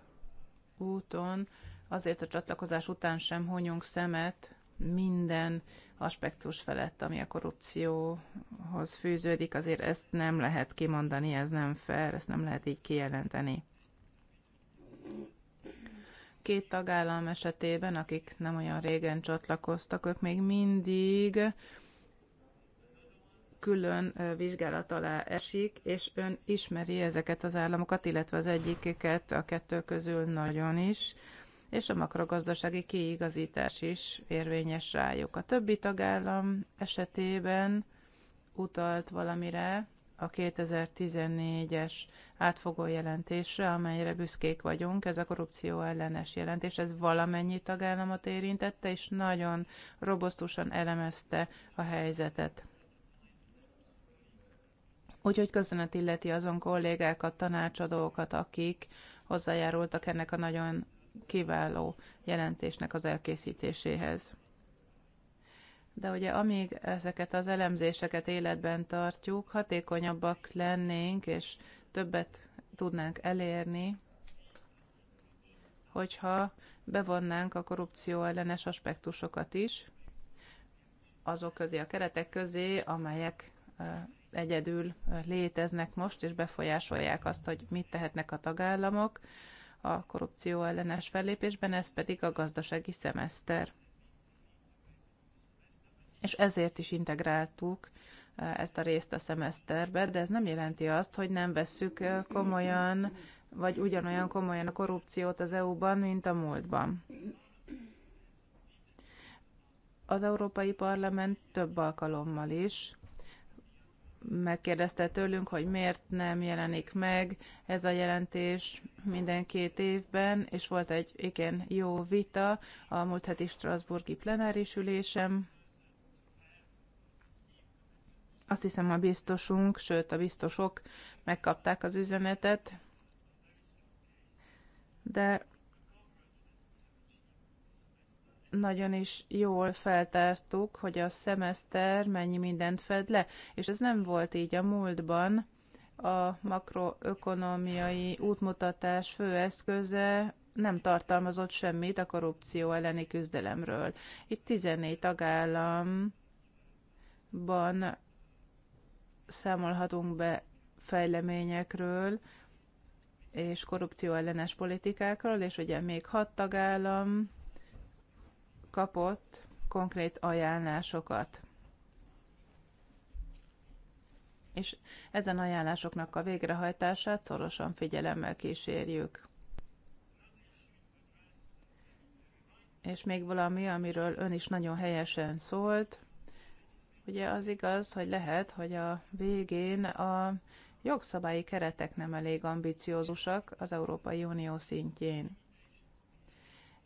úton, azért a csatlakozás után sem hunyunk szemet minden aspektus felett, ami a korrupcióhoz fűződik, azért ezt nem lehet kimondani, ez nem fair, ezt nem lehet így kijelenteni. Két tagállam esetében, akik nem olyan régen csatlakoztak, ők még mindig külön vizsgálat alá esik, és ön ismeri ezeket az államokat, illetve az egyiket a kettő közül nagyon is és a makrogazdasági kiigazítás is érvényes rájuk. A többi tagállam esetében utalt valamire a 2014-es átfogó jelentésre, amelyre büszkék vagyunk. Ez a korrupció ellenes jelentés, ez valamennyi tagállamot érintette, és nagyon robosztusan elemezte a helyzetet. Úgyhogy köszönet illeti azon kollégákat, tanácsadókat, akik hozzájárultak ennek a nagyon kiváló jelentésnek az elkészítéséhez. De ugye amíg ezeket az elemzéseket életben tartjuk, hatékonyabbak lennénk, és többet tudnánk elérni, hogyha bevonnánk a korrupció ellenes aspektusokat is, azok közé, a keretek közé, amelyek egyedül léteznek most, és befolyásolják azt, hogy mit tehetnek a tagállamok, a korrupció ellenes fellépésben, ez pedig a gazdasági szemeszter. És ezért is integráltuk eh, ezt a részt a szemeszterbe, de ez nem jelenti azt, hogy nem vesszük eh, komolyan, vagy ugyanolyan komolyan a korrupciót az EU-ban, mint a múltban. Az Európai Parlament több alkalommal is megkérdezte tőlünk, hogy miért nem jelenik meg ez a jelentés minden két évben, és volt egy igen jó vita a múlt heti Strasburgi plenáris ülésem. Azt hiszem a biztosunk, sőt a biztosok megkapták az üzenetet, de nagyon is jól feltártuk, hogy a szemeszter mennyi mindent fed le, és ez nem volt így a múltban. A makroökonomiai útmutatás fő eszköze nem tartalmazott semmit a korrupció elleni küzdelemről. Itt 14 tagállamban számolhatunk be fejleményekről és korrupció ellenes politikákról, és ugye még hat tagállam kapott konkrét ajánlásokat. És ezen ajánlásoknak a végrehajtását szorosan figyelemmel kísérjük. És még valami, amiről ön is nagyon helyesen szólt, Ugye az igaz, hogy lehet, hogy a végén a jogszabályi keretek nem elég ambiciózusak az Európai Unió szintjén.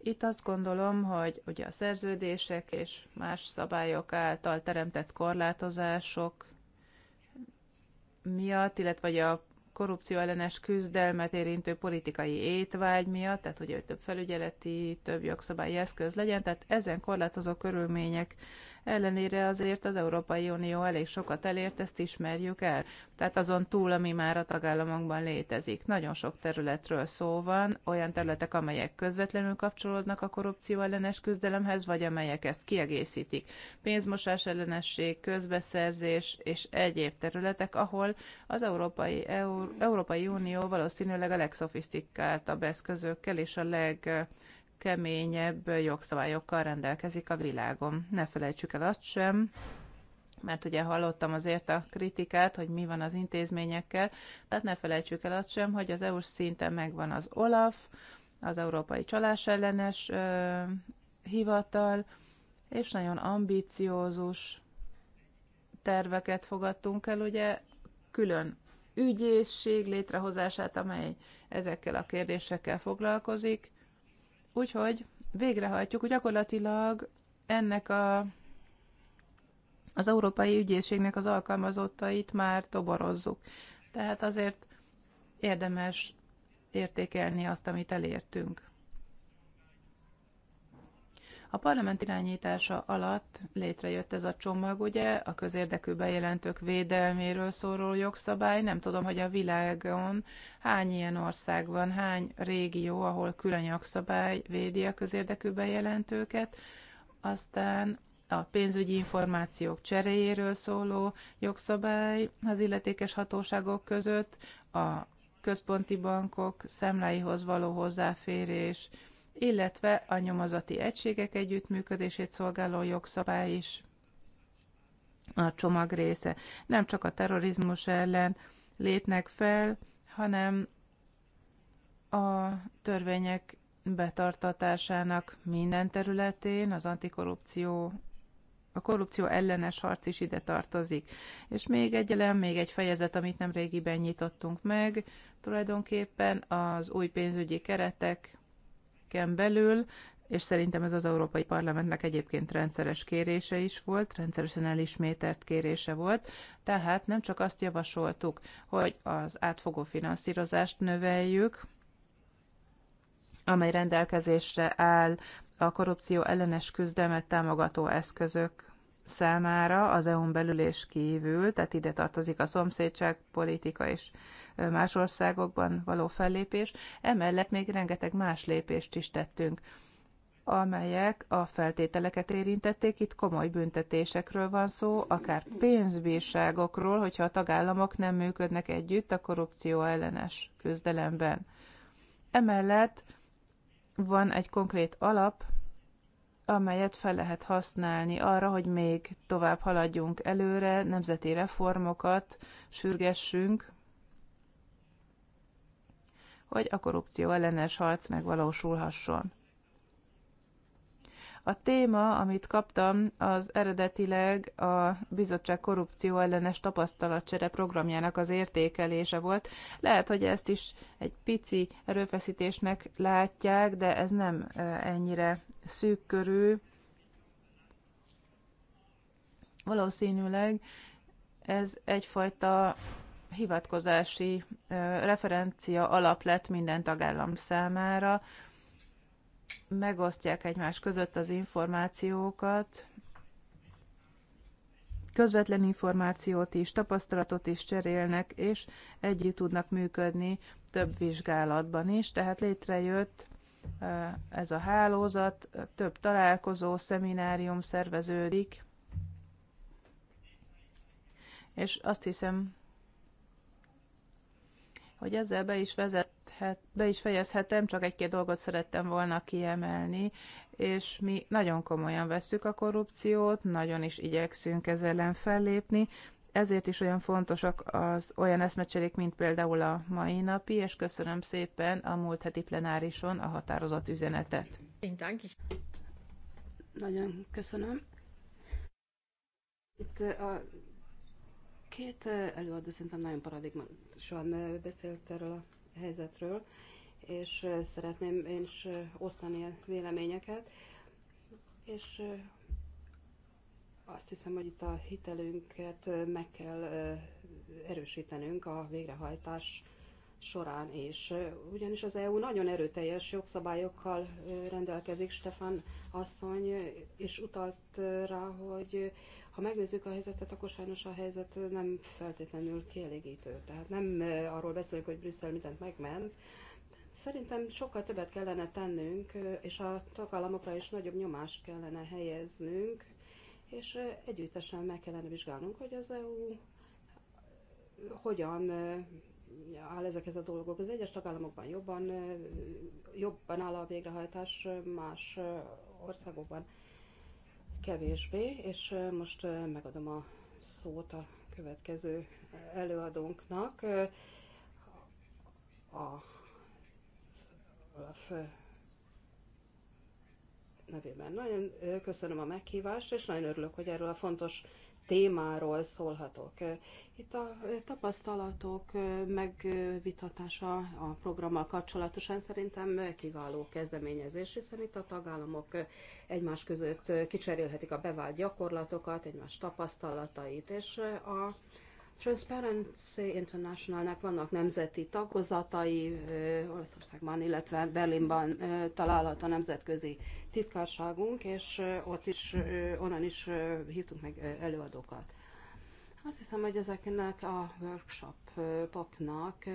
Itt azt gondolom, hogy ugye a szerződések és más szabályok által teremtett korlátozások miatt, illetve a korrupció ellenes küzdelmet érintő politikai étvágy miatt, tehát hogy több felügyeleti, több jogszabályi eszköz legyen, tehát ezen korlátozó körülmények ellenére azért az Európai Unió elég sokat elért, ezt ismerjük el. Tehát azon túl, ami már a tagállamokban létezik. Nagyon sok területről szó van, olyan területek, amelyek közvetlenül kapcsolódnak a korrupció ellenes küzdelemhez, vagy amelyek ezt kiegészítik. Pénzmosás ellenesség, közbeszerzés és egyéb területek, ahol az Európai, Euró- Európai Unió valószínűleg a legszofisztikáltabb eszközökkel és a leg keményebb jogszabályokkal rendelkezik a világon. Ne felejtsük el azt sem, mert ugye hallottam azért a kritikát, hogy mi van az intézményekkel, tehát ne felejtsük el azt sem, hogy az EU-s szinten megvan az OLAF, az Európai Csalás ellenes ö, hivatal, és nagyon ambiciózus terveket fogadtunk el, ugye külön ügyészség létrehozását, amely ezekkel a kérdésekkel foglalkozik, Úgyhogy végrehajtjuk gyakorlatilag ennek a, az Európai Ügyészségnek az alkalmazottait már toborozzuk. Tehát azért érdemes értékelni azt, amit elértünk. A parlament irányítása alatt létrejött ez a csomag, ugye, a közérdekű bejelentők védelméről szóló jogszabály. Nem tudom, hogy a világon hány ilyen ország van, hány régió, ahol külön jogszabály védi a közérdekű bejelentőket. Aztán a pénzügyi információk cseréjéről szóló jogszabály az illetékes hatóságok között, a központi bankok szemláihoz való hozzáférés, illetve a nyomozati egységek együttműködését szolgáló jogszabály is a csomag része. Nem csak a terrorizmus ellen lépnek fel, hanem a törvények betartatásának minden területén az antikorrupció a korrupció ellenes harc is ide tartozik. És még egy elem, még egy fejezet, amit nem régiben nyitottunk meg, tulajdonképpen az új pénzügyi keretek éveken belül, és szerintem ez az Európai Parlamentnek egyébként rendszeres kérése is volt, rendszeresen elismételt kérése volt, tehát nem csak azt javasoltuk, hogy az átfogó finanszírozást növeljük, amely rendelkezésre áll a korrupció ellenes küzdelmet támogató eszközök számára az EU-n belül és kívül, tehát ide tartozik a szomszédság, politika és más országokban való fellépés, emellett még rengeteg más lépést is tettünk amelyek a feltételeket érintették. Itt komoly büntetésekről van szó, akár pénzbírságokról, hogyha a tagállamok nem működnek együtt a korrupció ellenes küzdelemben. Emellett van egy konkrét alap, amelyet fel lehet használni arra, hogy még tovább haladjunk előre, nemzeti reformokat sürgessünk, hogy a korrupció ellenes harc megvalósulhasson. A téma, amit kaptam, az eredetileg a bizottság korrupció ellenes tapasztalatcsere programjának az értékelése volt. Lehet, hogy ezt is egy pici erőfeszítésnek látják, de ez nem ennyire szűk körű. Valószínűleg ez egyfajta hivatkozási referencia alap lett minden tagállam számára, megosztják egymás között az információkat, közvetlen információt is, tapasztalatot is cserélnek, és együtt tudnak működni több vizsgálatban is. Tehát létrejött ez a hálózat, több találkozó, szeminárium szerveződik, és azt hiszem, hogy ezzel be is vezet fejezhet, be is fejezhetem, csak egy-két dolgot szerettem volna kiemelni, és mi nagyon komolyan vesszük a korrupciót, nagyon is igyekszünk ezzel ellen fellépni, ezért is olyan fontosak az olyan eszmecserék, mint például a mai napi, és köszönöm szépen a múlt heti plenárison a határozott üzenetet. Nagyon köszönöm. Itt a két előadó szerintem nagyon paradigmasan beszélt erről a helyzetről, és szeretném én is osztani a véleményeket. És azt hiszem, hogy itt a hitelünket meg kell erősítenünk a végrehajtás során is. Ugyanis az EU nagyon erőteljes jogszabályokkal rendelkezik, Stefan asszony és utalt rá, hogy ha megnézzük a helyzetet, akkor sajnos a helyzet nem feltétlenül kielégítő. Tehát nem arról beszélünk, hogy Brüsszel mindent megment, Szerintem sokkal többet kellene tennünk, és a tagállamokra is nagyobb nyomást kellene helyeznünk, és együttesen meg kellene vizsgálnunk, hogy az EU hogyan áll ezekhez a dolgok. Az egyes tagállamokban jobban, jobban áll a végrehajtás, más országokban kevésbé, és most megadom a szót a következő előadónknak. A Olaf nevében. Nagyon köszönöm a meghívást, és nagyon örülök, hogy erről a fontos témáról szólhatok. Itt a tapasztalatok megvitatása a programmal kapcsolatosan szerintem kiváló kezdeményezés, hiszen itt a tagállamok egymás között kicserélhetik a bevált gyakorlatokat, egymás tapasztalatait, és a Transparency Internationalnak vannak nemzeti tagozatai Olaszországban, illetve Berlinben található a nemzetközi titkárságunk, és ott is, onnan is hívtunk meg előadókat. Azt hiszem, hogy ezeknek a workshopoknak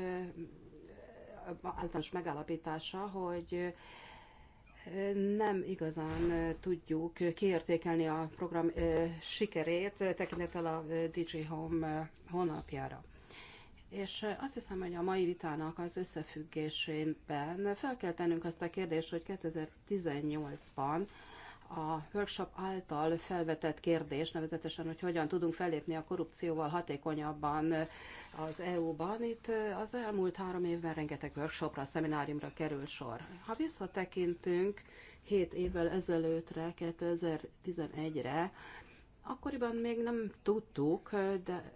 általános megállapítása, hogy nem igazán tudjuk kiértékelni a program sikerét tekintettel a DJ Home honlapjára. És azt hiszem, hogy a mai vitának az összefüggésében fel kell tennünk azt a kérdést, hogy 2018-ban a workshop által felvetett kérdés, nevezetesen, hogy hogyan tudunk fellépni a korrupcióval hatékonyabban az EU-ban. Itt az elmúlt három évben rengeteg workshopra, szemináriumra került sor. Ha visszatekintünk 7 évvel ezelőttre, 2011-re, Akkoriban még nem tudtuk, de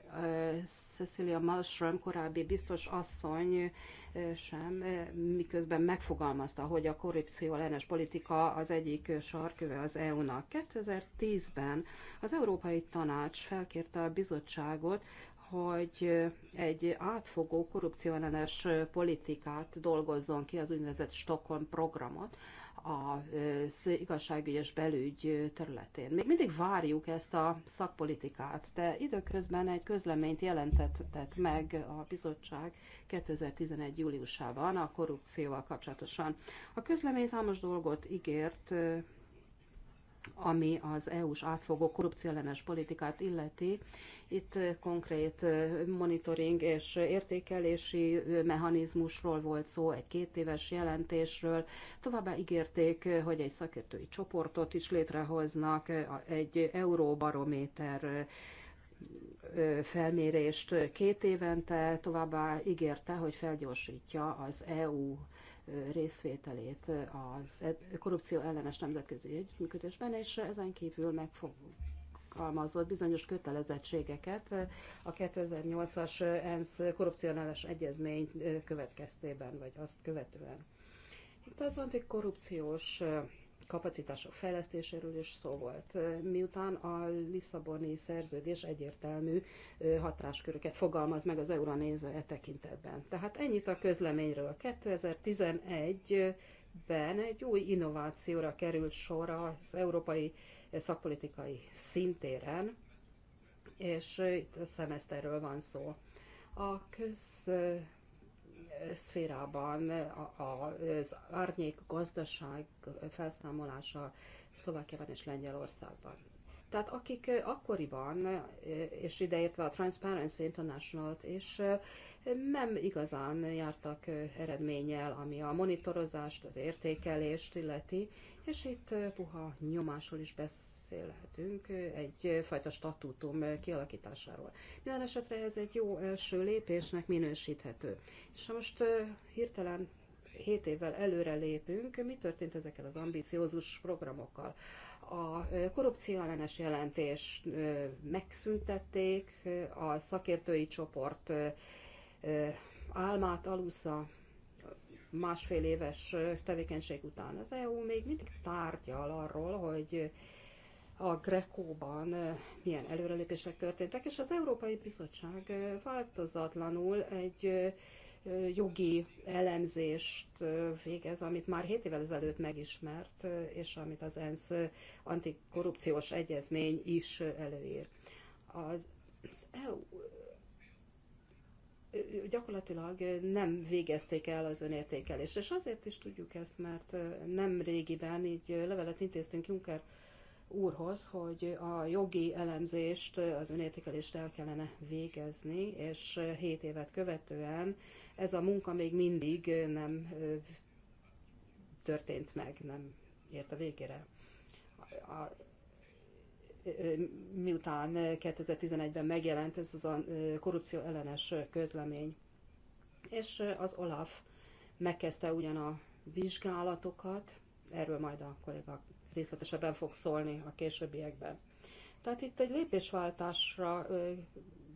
Cecilia Malmström korábbi biztos asszony sem, miközben megfogalmazta, hogy a korrupció ellenes politika az egyik sarköve az EU-nak. 2010-ben az Európai Tanács felkérte a bizottságot, hogy egy átfogó korrupcióellenes politikát dolgozzon ki az úgynevezett Stockholm programot, a igazságügyes belügy területén. Még mindig várjuk ezt a szakpolitikát, de időközben egy közleményt jelentetett meg a bizottság 2011. júliusában a korrupcióval kapcsolatosan. A közlemény számos dolgot ígért, ami az EU-s átfogó korrupcióellenes politikát illeti. Itt konkrét monitoring és értékelési mechanizmusról volt szó, egy két éves jelentésről. Továbbá ígérték, hogy egy szakértői csoportot is létrehoznak, egy euróbarométer felmérést két évente, továbbá ígérte, hogy felgyorsítja az EU részvételét az korrupció ellenes nemzetközi együttműködésben, és ezen kívül megfogalmazott bizonyos kötelezettségeket a 2008-as ENSZ korrupcionális egyezmény következtében, vagy azt követően. Itt az antikorrupciós korrupciós kapacitások fejlesztéséről is szó volt. Miután a Lisszaboni szerződés egyértelmű hatásköröket fogalmaz meg az EU-ra e tekintetben. Tehát ennyit a közleményről. 2011-ben egy új innovációra került sor az európai szakpolitikai szintéren, és itt a szemeszterről van szó. A köz szférában az árnyék gazdaság felszámolása Szlovákiában és Lengyelországban. Tehát akik eh, akkoriban, eh, és ideértve a Transparency international és eh, nem igazán jártak eredménnyel, ami a monitorozást, az értékelést illeti, és itt puha nyomásról is beszélhetünk, egyfajta statútum kialakításáról. Minden esetre ez egy jó első lépésnek minősíthető. És ha most hirtelen 7 évvel előre lépünk, mi történt ezekkel az ambiciózus programokkal? A korrupció ellenes jelentést megszüntették, a szakértői csoport álmát alusza másfél éves tevékenység után. Az EU még mindig tárgyal arról, hogy a Grekóban milyen előrelépések történtek, és az Európai Bizottság változatlanul egy jogi elemzést végez, amit már 7 évvel ezelőtt megismert, és amit az ENSZ antikorrupciós egyezmény is előír. Az, EU gyakorlatilag nem végezték el az önértékelést. És azért is tudjuk ezt, mert nem régiben így levelet intéztünk Juncker úrhoz, hogy a jogi elemzést, az önértékelést el kellene végezni, és 7 évet követően ez a munka még mindig nem történt meg, nem ért a végére. A miután 2011-ben megjelent ez az a korrupció ellenes közlemény. És az Olaf megkezdte ugyan a vizsgálatokat, erről majd a kolléga részletesebben fog szólni a későbbiekben. Tehát itt egy lépésváltásra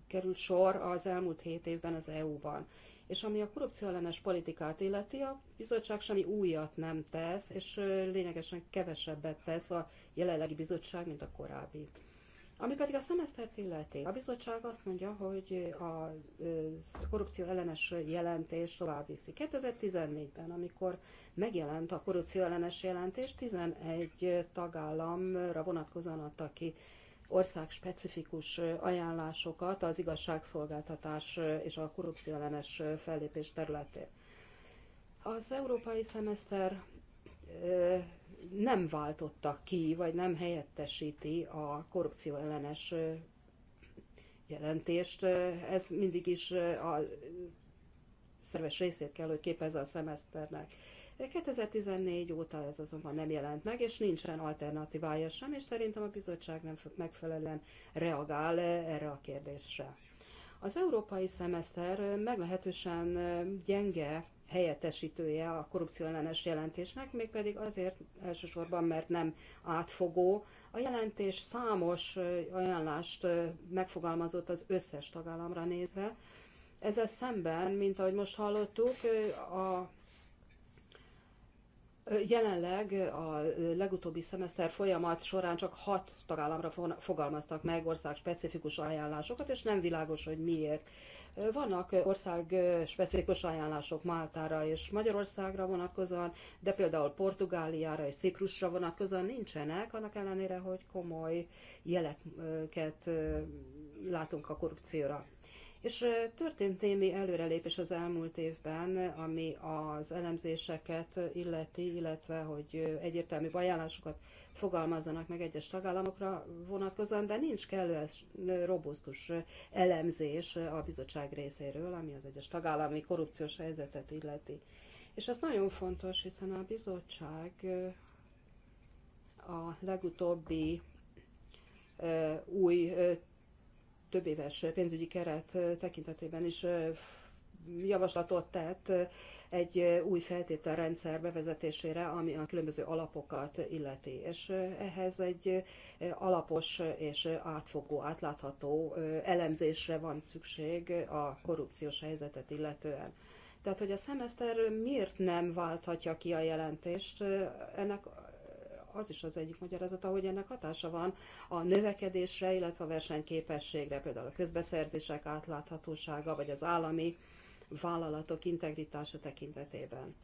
került sor az elmúlt hét évben az EU-ban. És ami a korrupció ellenes politikát illeti, a bizottság semmi újat nem tesz, és lényegesen kevesebbet tesz a jelenlegi bizottság, mint a korábbi. Ami pedig a szemesztert illeti, a bizottság azt mondja, hogy a korrupció ellenes jelentés tovább viszi. 2014-ben, amikor megjelent a korrupció ellenes jelentés, 11 tagállamra vonatkozóan adta ki országspecifikus ajánlásokat az igazságszolgáltatás és a korrupcióellenes ellenes fellépés területén. Az európai szemeszter nem váltotta ki, vagy nem helyettesíti a korrupcióellenes ellenes jelentést. Ez mindig is a szerves részét kell, hogy képezze a szemeszternek. 2014 óta ez azonban nem jelent meg, és nincsen alternatívája sem, és szerintem a bizottság nem megfelelően reagál eh, erre a kérdésre. Az európai szemeszter eh, meglehetősen eh, gyenge helyettesítője a korrupcióellenes jelentésnek, mégpedig azért elsősorban, mert nem átfogó. A jelentés számos ajánlást megfogalmazott az összes tagállamra nézve. Ezzel szemben, mint ahogy most hallottuk, a Jelenleg a legutóbbi szemeszter folyamat során csak hat tagállamra fogalmaztak meg ország specifikus ajánlásokat, és nem világos, hogy miért. Vannak ország specifikus ajánlások Máltára és Magyarországra vonatkozóan, de például Portugáliára és Ciprusra vonatkozóan nincsenek, annak ellenére, hogy komoly jeleket látunk a korrupcióra és történt némi előrelépés az elmúlt évben, ami az elemzéseket illeti, illetve hogy egyértelmű ajánlásokat fogalmazzanak meg egyes tagállamokra vonatkozóan, de nincs kellő robusztus elemzés a bizottság részéről, ami az egyes tagállami korrupciós helyzetet illeti. És ez nagyon fontos, hiszen a bizottság a legutóbbi új több éves pénzügyi keret tekintetében is javaslatot tett egy új feltételrendszer bevezetésére, ami a különböző alapokat illeti. És ehhez egy alapos és átfogó, átlátható elemzésre van szükség a korrupciós helyzetet illetően. Tehát, hogy a szemeszter miért nem válthatja ki a jelentést, ennek az is az egyik magyarázata, hogy ennek hatása van a növekedésre, illetve a versenyképességre, például a közbeszerzések átláthatósága, vagy az állami vállalatok integritása tekintetében.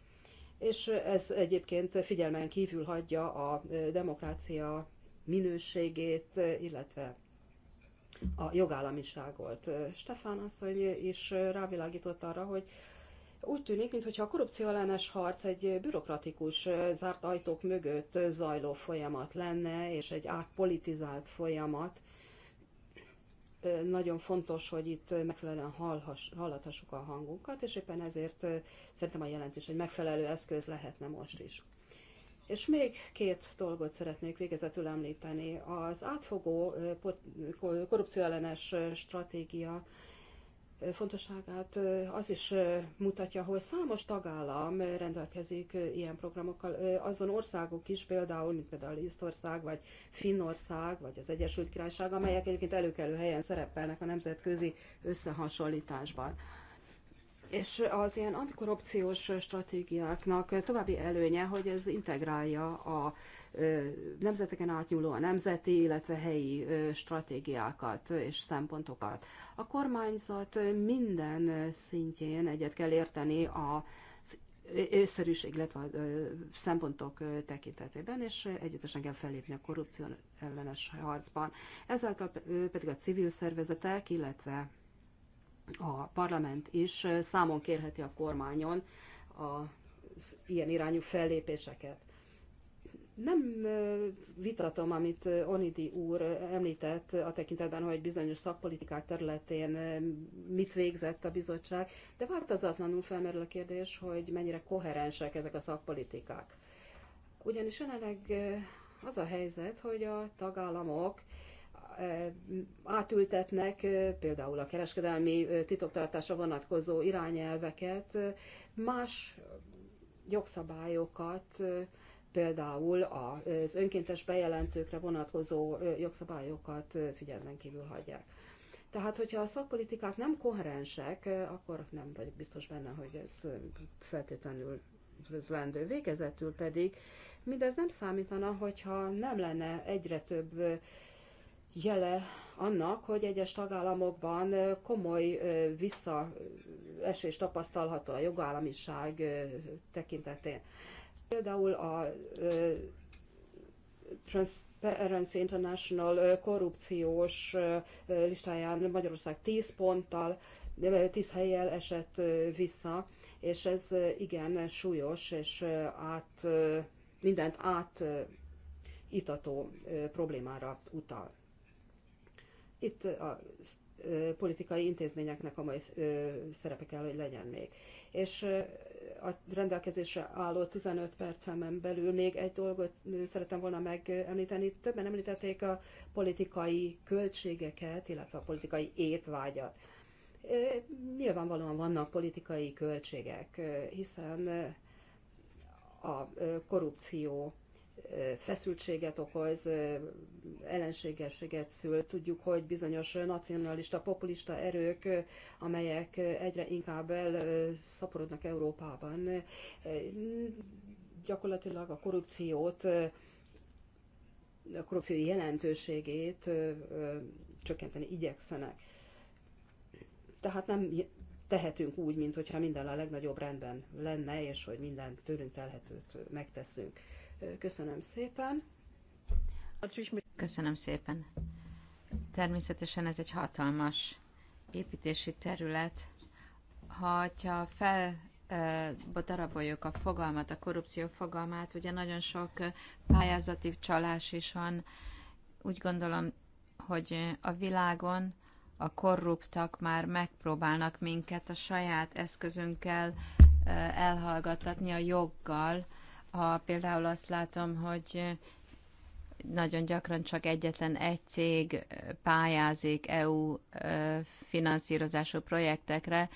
És ez egyébként figyelmen kívül hagyja a demokrácia minőségét, illetve a jogállamiságot. Stefán asszony is rávilágított arra, hogy úgy tűnik, mintha a korrupció ellenes harc egy bürokratikus, zárt ajtók mögött zajló folyamat lenne, és egy átpolitizált folyamat. Nagyon fontos, hogy itt megfelelően hallhass, a hangunkat, és éppen ezért szerintem a jelentés egy megfelelő eszköz lehetne most is. És még két dolgot szeretnék végezetül említeni. Az átfogó korrupcióellenes stratégia fontosságát az is mutatja, hogy számos tagállam rendelkezik ilyen programokkal, azon országok is például, mint például Észtország, vagy Finnország, vagy az Egyesült Királyság, amelyek egyébként előkelő helyen szerepelnek a nemzetközi összehasonlításban. És az ilyen antikorrupciós stratégiáknak további előnye, hogy ez integrálja a nemzeteken átnyúló a nemzeti, illetve helyi stratégiákat és szempontokat. A kormányzat minden szintjén egyet kell érteni a észszerűség, illetve a szempontok tekintetében, és együttesen kell felépni a korrupció ellenes harcban. Ezáltal pedig a civil szervezetek, illetve a parlament is számon kérheti a kormányon az ilyen irányú fellépéseket. Nem vitatom, amit Onidi úr említett a tekintetben, hogy bizonyos szakpolitikák területén mit végzett a bizottság, de változatlanul felmerül a kérdés, hogy mennyire koherensek ezek a szakpolitikák. Ugyanis jelenleg az a helyzet, hogy a tagállamok átültetnek például a kereskedelmi titoktartásra vonatkozó irányelveket, más jogszabályokat, például az önkéntes bejelentőkre vonatkozó jogszabályokat figyelmen kívül hagyják. Tehát, hogyha a szakpolitikák nem koherensek, akkor nem vagyok biztos benne, hogy ez feltétlenül üdvözlendő. Végezetül pedig mindez nem számítana, hogyha nem lenne egyre több jele annak, hogy egyes tagállamokban komoly visszaesés tapasztalható a jogállamiság tekintetén. Például a Transparency International korrupciós listáján Magyarország 10 ponttal, 10 helyjel esett vissza, és ez igen súlyos és át, mindent átitató problémára utal. Itt a politikai intézményeknek a mai szerepe kell, hogy legyen még. És a rendelkezésre álló 15 percemen belül még egy dolgot szeretem volna megemlíteni. Többen említették a politikai költségeket, illetve a politikai étvágyat. Nyilvánvalóan vannak politikai költségek, hiszen a korrupció feszültséget okoz, ellenségességet szül. Tudjuk, hogy bizonyos nacionalista, populista erők, amelyek egyre inkább szaporodnak Európában, gyakorlatilag a korrupciót, a korrupció jelentőségét csökkenteni igyekszenek. Tehát nem tehetünk úgy, mint hogyha minden a legnagyobb rendben lenne, és hogy minden tőlünk telhetőt megteszünk. Köszönöm szépen. Köszönöm szépen. Természetesen ez egy hatalmas építési terület. Ha fel daraboljuk a fogalmat, a korrupció fogalmát, ugye nagyon sok pályázati csalás is van. Úgy gondolom, hogy a világon a korruptak már megpróbálnak minket a saját eszközünkkel elhallgattatni a joggal, ha például azt látom, hogy nagyon gyakran csak egyetlen egy cég pályázik EU finanszírozású projektekre.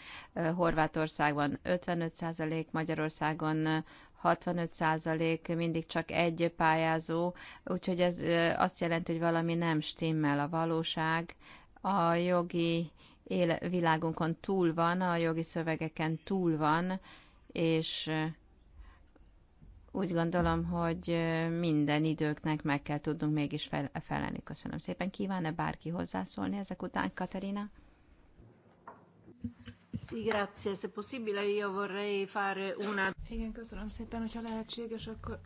Horvátországban 55%, Magyarországon 65% mindig csak egy pályázó, úgyhogy ez azt jelenti, hogy valami nem stimmel a valóság. A jogi éle, világunkon túl van, a jogi szövegeken túl van, és úgy gondolom, hogy minden időknek meg kell tudnunk mégis felelni. Köszönöm szépen. Kíván-e bárki hozzászólni ezek után, Katerina? Sì, grazie. Se possibile io vorrei fare una... Igen, köszönöm szépen, hogyha lehetséges, akkor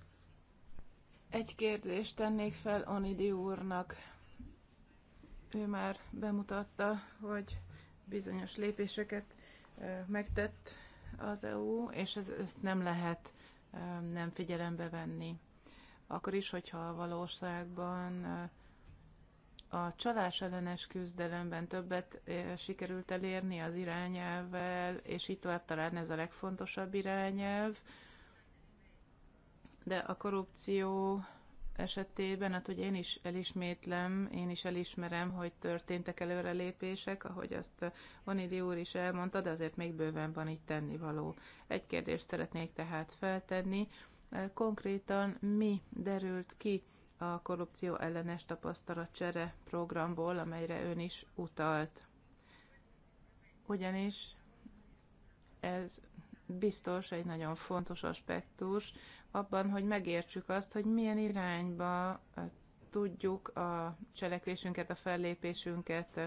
egy kérdést tennék fel Onidi úrnak. Ő már bemutatta, hogy bizonyos lépéseket megtett az EU, és ez, ezt nem lehet nem figyelembe venni. Akkor is, hogyha a valóságban a csalás ellenes küzdelemben többet eh, sikerült elérni az irányelvvel, és itt tovább talán ez a legfontosabb irányelv, de a korrupció esetében, hát hogy én is elismétlem, én is elismerem, hogy történtek előrelépések, ahogy azt Onidi úr is elmondta, de azért még bőven van itt tennivaló. Egy kérdést szeretnék tehát feltenni. Konkrétan mi derült ki a korrupció ellenes tapasztalatcsere programból, amelyre ön is utalt? Ugyanis ez biztos egy nagyon fontos aspektus, abban, hogy megértsük azt, hogy milyen irányba tudjuk a cselekvésünket, a fellépésünket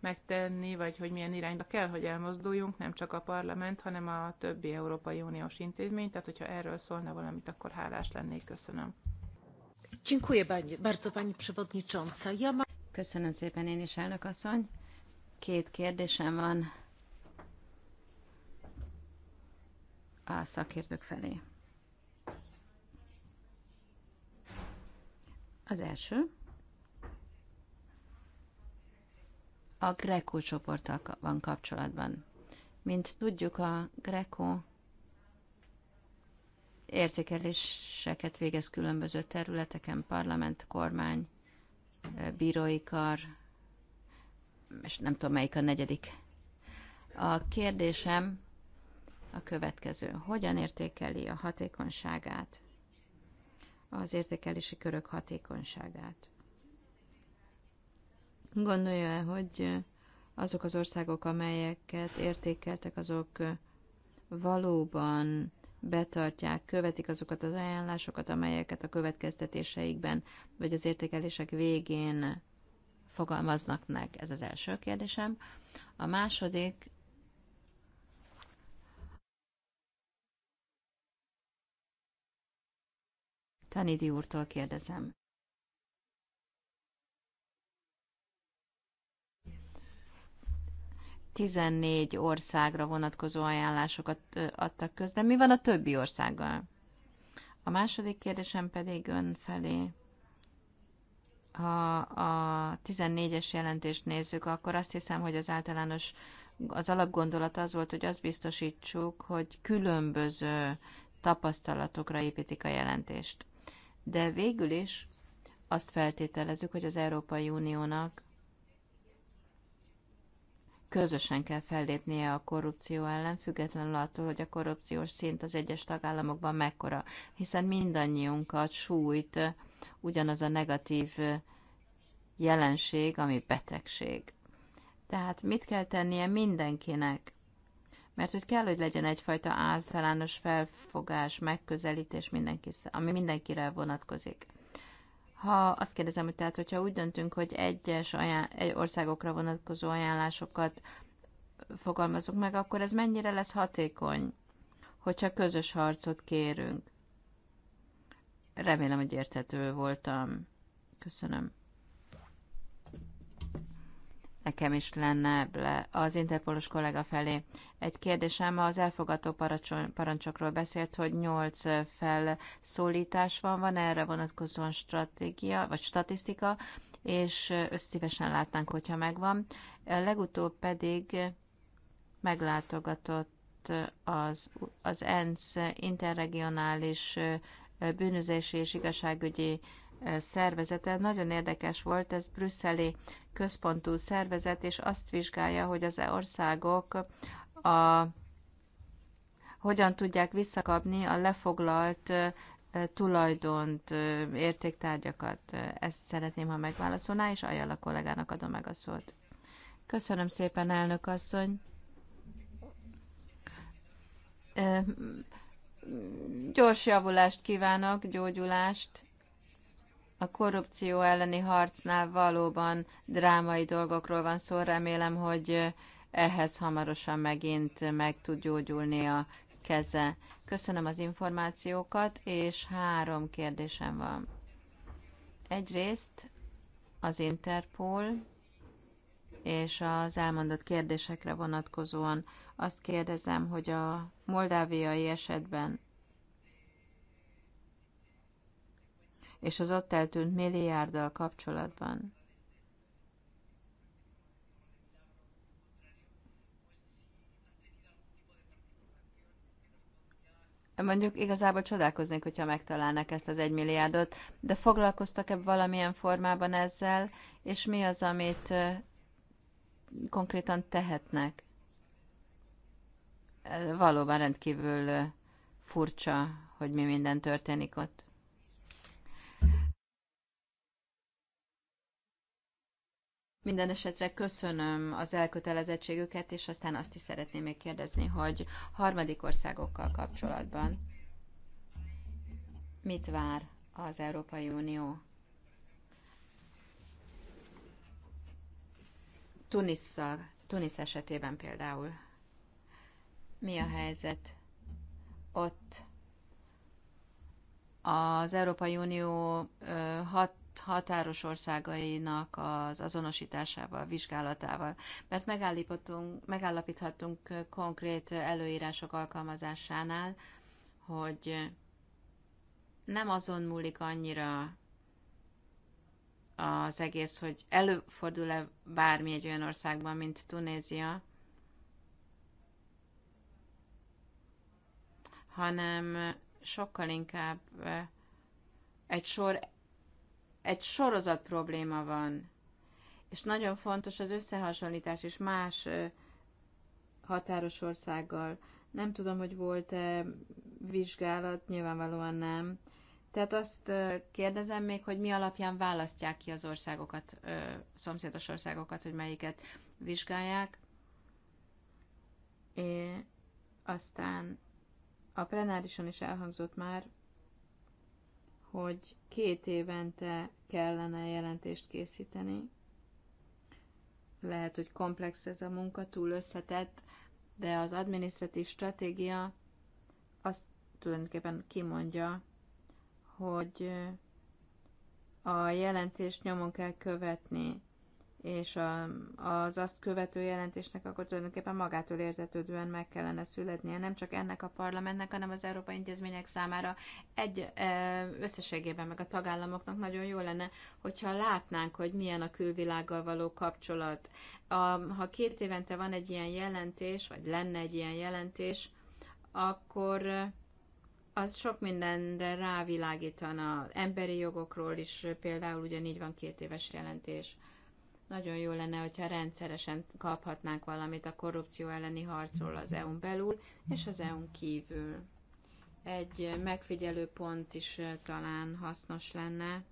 megtenni, vagy hogy milyen irányba kell, hogy elmozduljunk, nem csak a parlament, hanem a többi Európai Uniós intézmény. Tehát, hogyha erről szólna valamit, akkor hálás lennék. Köszönöm. Köszönöm szépen én is, elnök asszony. Két kérdésem van a szakértők felé. Az első. A Greco csoporttal van kapcsolatban. Mint tudjuk, a Greco értékeléseket végez különböző területeken, parlament, kormány, bírói kar, és nem tudom melyik a negyedik. A kérdésem a következő. Hogyan értékeli a hatékonyságát az értékelési körök hatékonyságát. Gondolja, -e, hogy azok az országok, amelyeket értékeltek, azok valóban betartják, követik azokat az ajánlásokat, amelyeket a következtetéseikben vagy az értékelések végén fogalmaznak meg? Ez az első kérdésem. A második, Tanidi úrtól kérdezem. Tizennégy országra vonatkozó ajánlásokat adtak közre. Mi van a többi országgal? A második kérdésem pedig ön felé. Ha a 14-es jelentést nézzük, akkor azt hiszem, hogy az általános az alapgondolat az volt, hogy azt biztosítsuk, hogy különböző tapasztalatokra építik a jelentést de végül is azt feltételezzük, hogy az Európai Uniónak közösen kell fellépnie a korrupció ellen, függetlenül attól, hogy a korrupciós szint az egyes tagállamokban mekkora, hiszen mindannyiunkat sújt ugyanaz a negatív jelenség, ami betegség. Tehát mit kell tennie mindenkinek mert hogy kell, hogy legyen egyfajta általános felfogás, megközelítés, mindenki, ami mindenkire vonatkozik. Ha azt kérdezem, hogy tehát, hogyha úgy döntünk, hogy egyes ajánl- egy országokra vonatkozó ajánlásokat fogalmazunk meg, akkor ez mennyire lesz hatékony, hogyha közös harcot kérünk? Remélem, hogy érthető voltam. Köszönöm nekem is lenne az interpolos kollega felé. Egy kérdésem, az elfogató parancsokról beszélt, hogy 8 felszólítás van, van erre vonatkozóan stratégia, vagy statisztika, és összívesen látnánk, hogyha megvan. Legutóbb pedig meglátogatott az, az ENSZ interregionális bűnözési és igazságügyi szervezete. Nagyon érdekes volt, ez brüsszeli központú szervezet, és azt vizsgálja, hogy az e országok a, hogyan tudják visszakapni a lefoglalt tulajdont, értéktárgyakat. Ezt szeretném, ha megválaszolná, és Ajala kollégának adom meg a szót. Köszönöm szépen, elnök asszony. Gyors javulást kívánok, gyógyulást a korrupció elleni harcnál valóban drámai dolgokról van szó. Remélem, hogy ehhez hamarosan megint meg tud gyógyulni a keze. Köszönöm az információkat, és három kérdésem van. Egyrészt az Interpol és az elmondott kérdésekre vonatkozóan azt kérdezem, hogy a moldáviai esetben és az ott eltűnt milliárddal kapcsolatban. Mondjuk igazából csodálkoznék, hogyha megtalálnak ezt az egymilliárdot, de foglalkoztak-e valamilyen formában ezzel, és mi az, amit konkrétan tehetnek? Valóban rendkívül furcsa, hogy mi minden történik ott. Minden esetre köszönöm az elkötelezettségüket, és aztán azt is szeretném még kérdezni, hogy harmadik országokkal kapcsolatban mit vár az Európai Unió? Tunisszal, Tunisz esetében például. Mi a helyzet? Ott az Európai Unió hat határos országainak az azonosításával, vizsgálatával, mert megállapíthatunk konkrét előírások alkalmazásánál, hogy nem azon múlik annyira az egész, hogy előfordul-e bármi egy olyan országban, mint Tunézia, hanem sokkal inkább egy sor egy sorozat probléma van, és nagyon fontos az összehasonlítás és más határos országgal. Nem tudom, hogy volt-e vizsgálat, nyilvánvalóan nem. Tehát azt kérdezem még, hogy mi alapján választják ki az országokat, szomszédos országokat, hogy melyiket vizsgálják. É, aztán a plenárison is elhangzott már, hogy két évente kellene jelentést készíteni. Lehet, hogy komplex ez a munka, túl összetett, de az adminisztratív stratégia azt tulajdonképpen kimondja, hogy a jelentést nyomon kell követni, és a, az azt követő jelentésnek akkor tulajdonképpen magától értetődően meg kellene születnie, nem csak ennek a parlamentnek, hanem az európai intézmények számára egy összességében, meg a tagállamoknak nagyon jó lenne, hogyha látnánk, hogy milyen a külvilággal való kapcsolat. A, ha két évente van egy ilyen jelentés, vagy lenne egy ilyen jelentés, akkor az sok mindenre rávilágítana. Emberi jogokról is például ugyanígy van két éves jelentés nagyon jó lenne, hogyha rendszeresen kaphatnánk valamit a korrupció elleni harcról az EU-n belül és az EU-n kívül. Egy megfigyelő pont is talán hasznos lenne.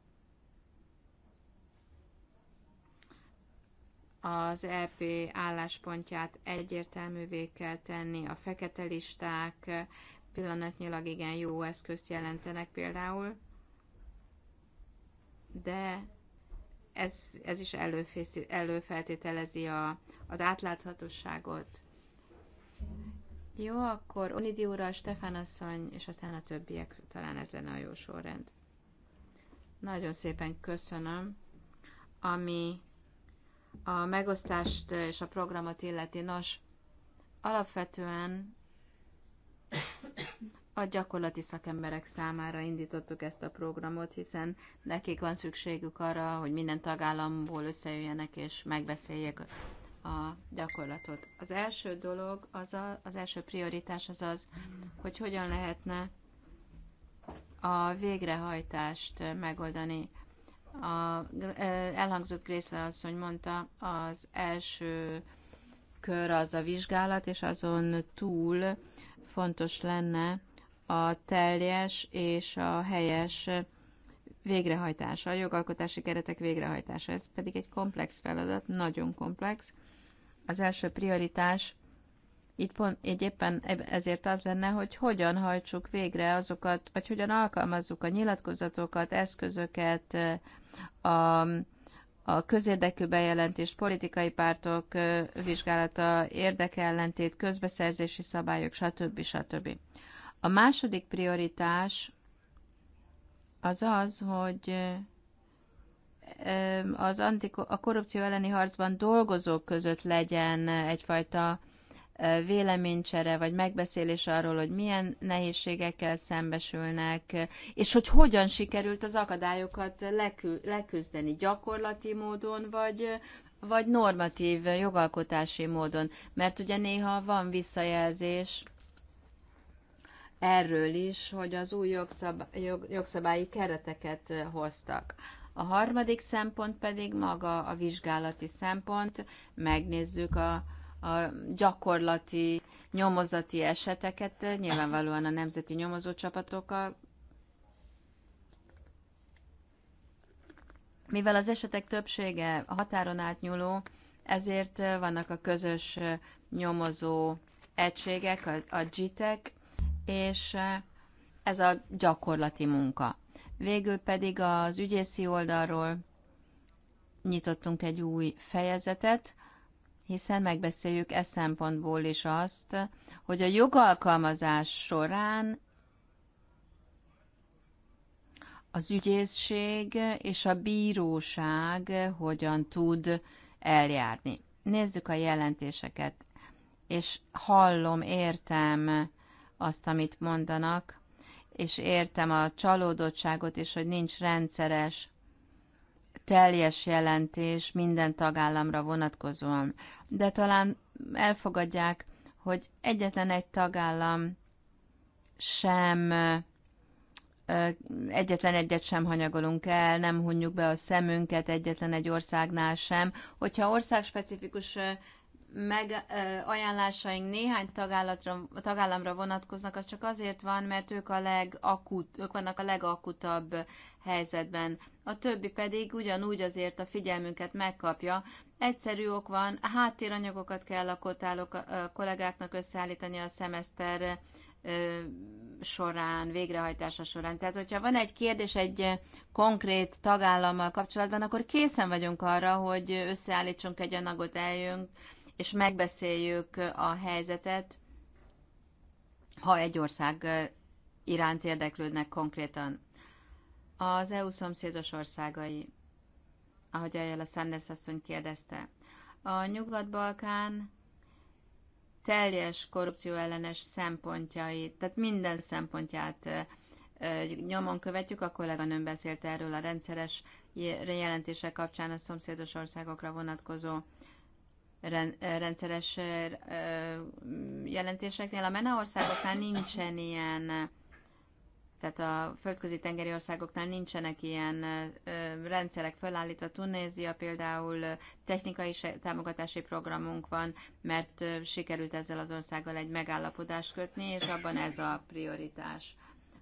az EP álláspontját egyértelművé kell tenni, a fekete listák pillanatnyilag igen jó eszközt jelentenek például, de ez, ez is előfeltételezi a, az átláthatóságot. Jó, akkor Onidi úrral, Stefán asszony, és aztán a többiek, talán ez lenne a jó sorrend. Nagyon szépen köszönöm, ami a megosztást és a programot illeti. Nos, alapvetően a gyakorlati szakemberek számára indítottuk ezt a programot, hiszen nekik van szükségük arra, hogy minden tagállamból összejöjjenek és megbeszéljék a gyakorlatot. Az első dolog, az, a, az első prioritás az az, hogy hogyan lehetne a végrehajtást megoldani. A, elhangzott Grészle asszony mondta, az első kör az a vizsgálat, és azon túl fontos lenne a teljes és a helyes végrehajtása, a jogalkotási keretek végrehajtása. Ez pedig egy komplex feladat, nagyon komplex. Az első prioritás itt pont, így éppen ezért az lenne, hogy hogyan hajtsuk végre azokat, vagy hogyan alkalmazzuk a nyilatkozatokat, eszközöket, a, a közérdekű bejelentést, politikai pártok vizsgálata, érdekellentét, közbeszerzési szabályok, stb. stb. A második prioritás az az, hogy az antiko- a korrupció elleni harcban dolgozók között legyen egyfajta véleménycsere, vagy megbeszélés arról, hogy milyen nehézségekkel szembesülnek, és hogy hogyan sikerült az akadályokat lekü- leküzdeni gyakorlati módon, vagy, vagy normatív, jogalkotási módon. Mert ugye néha van visszajelzés, erről is, hogy az új jogszab, jog, jogszabályi kereteket hoztak. A harmadik szempont pedig maga a vizsgálati szempont. Megnézzük a, a gyakorlati nyomozati eseteket, nyilvánvalóan a nemzeti nyomozócsapatokkal. Mivel az esetek többsége határon átnyúló, ezért vannak a közös nyomozó egységek, a, a GITEK, és eh, ez a gyakorlati munka. Végül pedig az ügyészi oldalról nyitottunk egy új fejezetet, hiszen megbeszéljük e szempontból is azt, hogy a jogalkalmazás során az ügyészség és a bíróság hogyan tud eljárni. Nézzük a jelentéseket, és hallom, értem, azt, amit mondanak, és értem a csalódottságot is, hogy nincs rendszeres, teljes jelentés minden tagállamra vonatkozóan. De talán elfogadják, hogy egyetlen egy tagállam sem egyetlen egyet sem hanyagolunk el, nem hunjuk be a szemünket egyetlen egy országnál sem. Hogyha országspecifikus meg ajánlásaink néhány tagállamra vonatkoznak, az csak azért van, mert ők, a legakut, ők vannak a legakutabb helyzetben. A többi pedig ugyanúgy azért a figyelmünket megkapja. Egyszerű ok van, háttéranyagokat kell a kotálok kollégáknak összeállítani a szemeszter során, végrehajtása során. Tehát, hogyha van egy kérdés egy konkrét tagállammal kapcsolatban, akkor készen vagyunk arra, hogy összeállítsunk egy anagot, eljönk, és megbeszéljük a helyzetet, ha egy ország iránt érdeklődnek konkrétan. Az EU szomszédos országai, ahogy a Sanders asszony kérdezte, a Nyugat-Balkán teljes korrupció ellenes szempontjait, tehát minden szempontját nyomon követjük, a kolléganőm beszélt erről a rendszeres jelentések kapcsán a szomszédos országokra vonatkozó rendszeres jelentéseknél. A MENA országoknál nincsen ilyen, tehát a földközi tengeri országoknál nincsenek ilyen rendszerek fölállítva. Tunézia például technikai támogatási programunk van, mert sikerült ezzel az országgal egy megállapodást kötni, és abban ez a prioritás,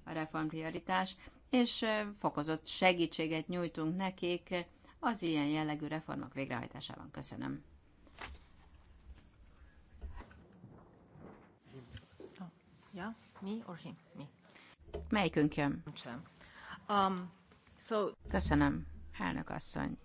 a reform prioritás, és fokozott segítséget nyújtunk nekik az ilyen jellegű reformok végrehajtásában. Köszönöm. Me or him? Me. Melyikünk jön? Um, so... Köszönöm, elnök asszony.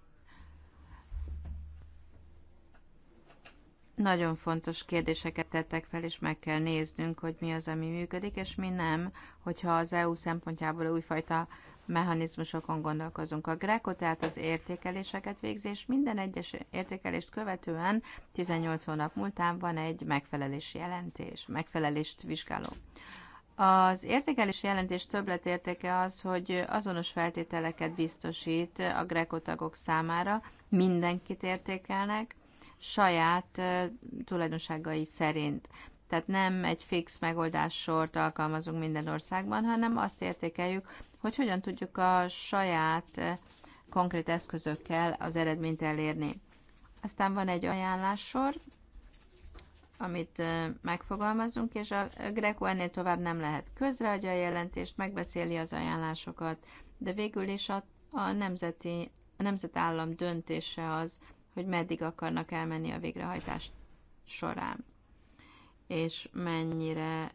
Nagyon fontos kérdéseket tettek fel, és meg kell néznünk, hogy mi az, ami működik, és mi nem, hogyha az EU szempontjából újfajta mechanizmusokon gondolkozunk. A GRECO, tehát az értékeléseket végzés, minden egyes értékelést követően 18 hónap múltán van egy megfelelési jelentés, megfelelést vizsgáló. Az értékelési jelentés többletértéke az, hogy azonos feltételeket biztosít a greco tagok számára, mindenkit értékelnek, saját tulajdonságai szerint. Tehát nem egy fix megoldássort alkalmazunk minden országban, hanem azt értékeljük, hogy hogyan tudjuk a saját konkrét eszközökkel az eredményt elérni. Aztán van egy ajánlássor, amit megfogalmazunk, és a Greco ennél tovább nem lehet. Közreadja a jelentést, megbeszéli az ajánlásokat, de végül is a, a, nemzeti, a nemzetállam döntése az, hogy meddig akarnak elmenni a végrehajtás során, és mennyire,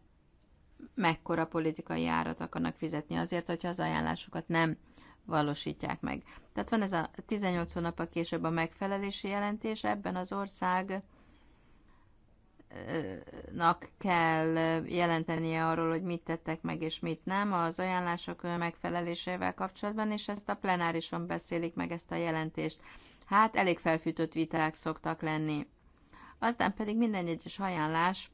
mekkora politikai árat akarnak fizetni azért, hogyha az ajánlásokat nem valósítják meg. Tehát van ez a 18 hónap a később a megfelelési jelentés, ebben az ország nak kell jelentenie arról, hogy mit tettek meg és mit nem az ajánlások megfelelésével kapcsolatban, és ezt a plenárison beszélik meg ezt a jelentést. Hát elég felfűtött viták szoktak lenni. Aztán pedig minden egyes ajánlás,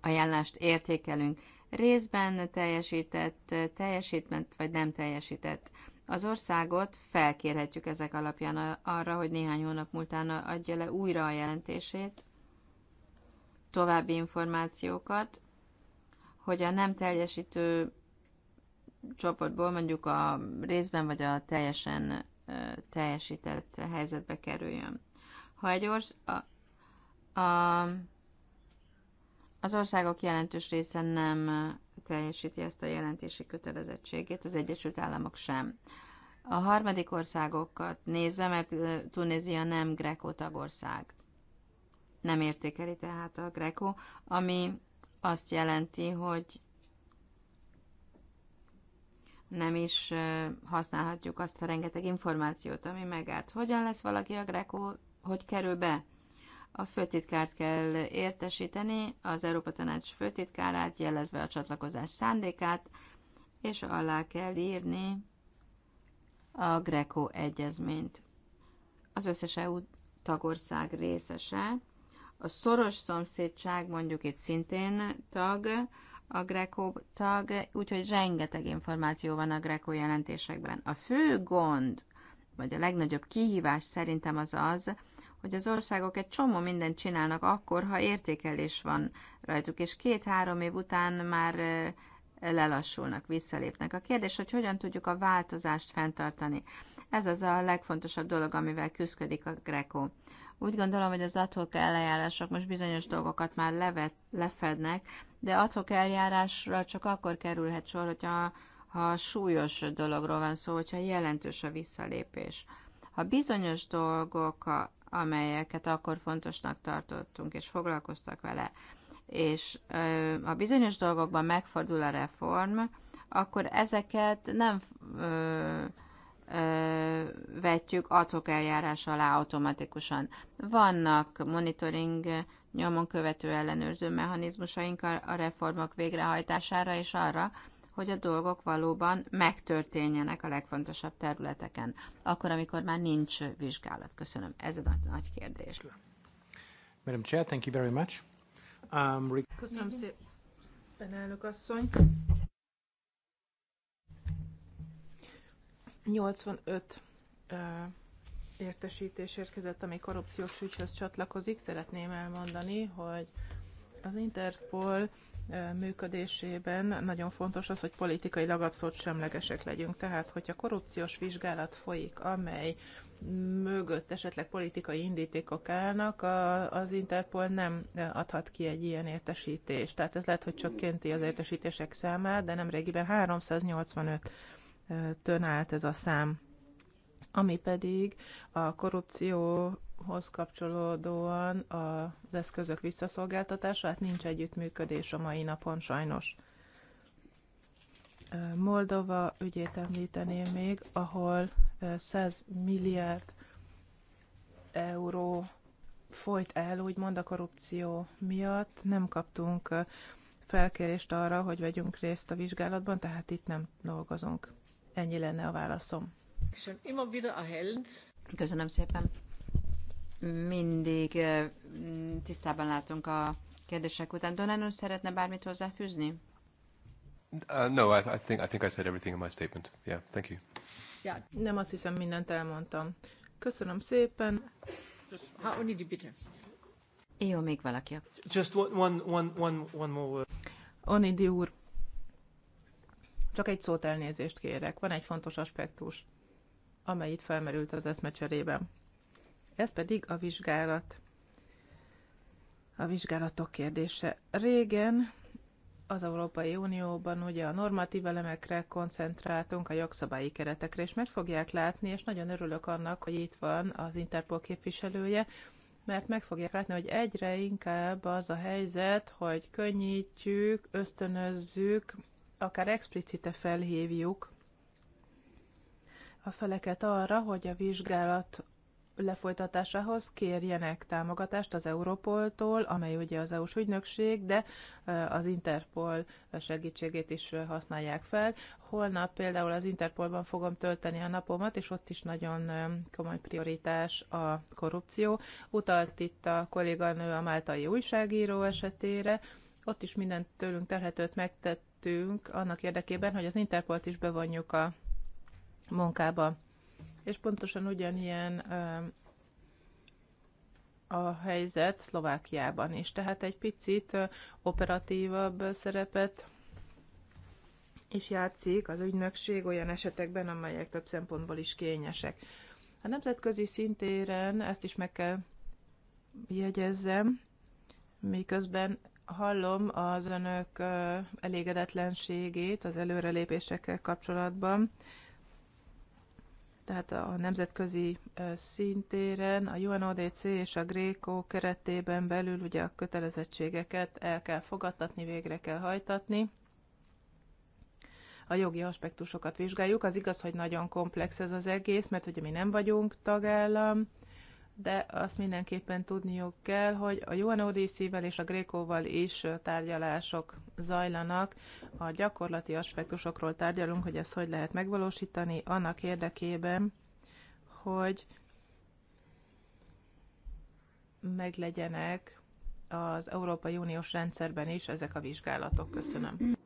ajánlást értékelünk. Részben teljesített, teljesítment vagy nem teljesített. Az országot felkérhetjük ezek alapján arra, hogy néhány hónap múltán adja le újra a jelentését, további információkat, hogy a nem teljesítő csoportból mondjuk a részben vagy a teljesen teljesített helyzetbe kerüljön. Ha egy orsz, a, a, az országok jelentős része nem teljesíti ezt a jelentési kötelezettségét, az Egyesült Államok sem. A harmadik országokat nézve, mert Tunézia nem Greco tagország nem értékeli tehát a Greco, ami azt jelenti, hogy nem is használhatjuk azt a rengeteg információt, ami megállt. Hogyan lesz valaki a Greco, hogy kerül be? A főtitkárt kell értesíteni, az Európa Tanács főtitkárát, jelezve a csatlakozás szándékát, és alá kell írni a Greco egyezményt. Az összes EU tagország részese a szoros szomszédság mondjuk itt szintén tag, a Greco tag, úgyhogy rengeteg információ van a Greco jelentésekben. A fő gond, vagy a legnagyobb kihívás szerintem az az, hogy az országok egy csomó mindent csinálnak akkor, ha értékelés van rajtuk, és két-három év után már lelassulnak, visszalépnek. A kérdés, hogy hogyan tudjuk a változást fenntartani. Ez az a legfontosabb dolog, amivel küzdik a Greco. Úgy gondolom, hogy az adhok eljárások most bizonyos dolgokat már levet, lefednek, de adhok eljárásra csak akkor kerülhet sor, hogyha ha súlyos dologról van szó, hogyha jelentős a visszalépés. Ha bizonyos dolgok, amelyeket akkor fontosnak tartottunk, és foglalkoztak vele, és ha bizonyos dolgokban megfordul a reform, akkor ezeket nem ö, vetjük, adhok eljárás alá automatikusan. Vannak monitoring nyomon követő ellenőrző mechanizmusaink a reformok végrehajtására és arra, hogy a dolgok valóban megtörténjenek a legfontosabb területeken, akkor, amikor már nincs vizsgálat. Köszönöm. Ez a nagy, nagy kérdés. Madam Chair, thank you very much. Um, Köszönöm szépen, elnök asszony. 85 ö, értesítés érkezett, ami korrupciós ügyhöz csatlakozik. Szeretném elmondani, hogy az Interpol működésében nagyon fontos az, hogy politikailag abszolút semlegesek legyünk. Tehát, hogyha korrupciós vizsgálat folyik, amely mögött esetleg politikai indítékok állnak, az Interpol nem adhat ki egy ilyen értesítést. Tehát ez lehet, hogy csökkenti az értesítések számát, de nem régiben 385 tön állt ez a szám. Ami pedig a korrupcióhoz kapcsolódóan az eszközök visszaszolgáltatása, hát nincs együttműködés a mai napon sajnos. Moldova ügyét említeném még, ahol 100 milliárd euró folyt el, úgymond a korrupció miatt. Nem kaptunk felkérést arra, hogy vegyünk részt a vizsgálatban, tehát itt nem dolgozunk. Ennyi lenne a válaszom. Köszönöm szépen. Mindig eh, tisztában látunk a kérdések után. Donán szeretne bármit hozzáfűzni? Uh, no, I, I, think, I think I said everything in my statement. Yeah, thank you. Yeah. Nem azt hiszem, mindent elmondtam. Köszönöm szépen. Ha, onidi, bitte. Jó, még valaki. Just one, one, one, one more word. Onidi úr, csak egy szót elnézést kérek. Van egy fontos aspektus, amely itt felmerült az eszmecserében. Ez pedig a vizsgálat. A vizsgálatok kérdése. Régen az Európai Unióban ugye a normatív elemekre koncentráltunk, a jogszabályi keretekre, és meg fogják látni, és nagyon örülök annak, hogy itt van az Interpol képviselője, mert meg fogják látni, hogy egyre inkább az a helyzet, hogy könnyítjük, ösztönözzük akár explicite felhívjuk a feleket arra, hogy a vizsgálat lefolytatásához kérjenek támogatást az Európoltól, amely ugye az EU-s ügynökség, de az Interpol segítségét is használják fel. Holnap például az Interpolban fogom tölteni a napomat, és ott is nagyon komoly prioritás a korrupció. Utalt itt a kolléganő a máltai újságíró esetére, ott is mindent tőlünk terhetőt megtett, tettünk annak érdekében, hogy az Interpolt is bevonjuk a munkába. És pontosan ugyanilyen a helyzet Szlovákiában is. Tehát egy picit operatívabb szerepet is játszik az ügynökség olyan esetekben, amelyek több szempontból is kényesek. A nemzetközi szintéren ezt is meg kell jegyezzem, miközben hallom az önök elégedetlenségét az előrelépésekkel kapcsolatban, tehát a nemzetközi szintéren, a UNODC és a GRÉKO keretében belül ugye a kötelezettségeket el kell fogadtatni, végre kell hajtatni. A jogi aspektusokat vizsgáljuk. Az igaz, hogy nagyon komplex ez az egész, mert ugye mi nem vagyunk tagállam, de azt mindenképpen tudniuk kell, hogy a UNODC-vel és a Grékóval is tárgyalások zajlanak. A gyakorlati aspektusokról tárgyalunk, hogy ezt hogy lehet megvalósítani, annak érdekében, hogy meglegyenek az Európai Uniós rendszerben is ezek a vizsgálatok. Köszönöm.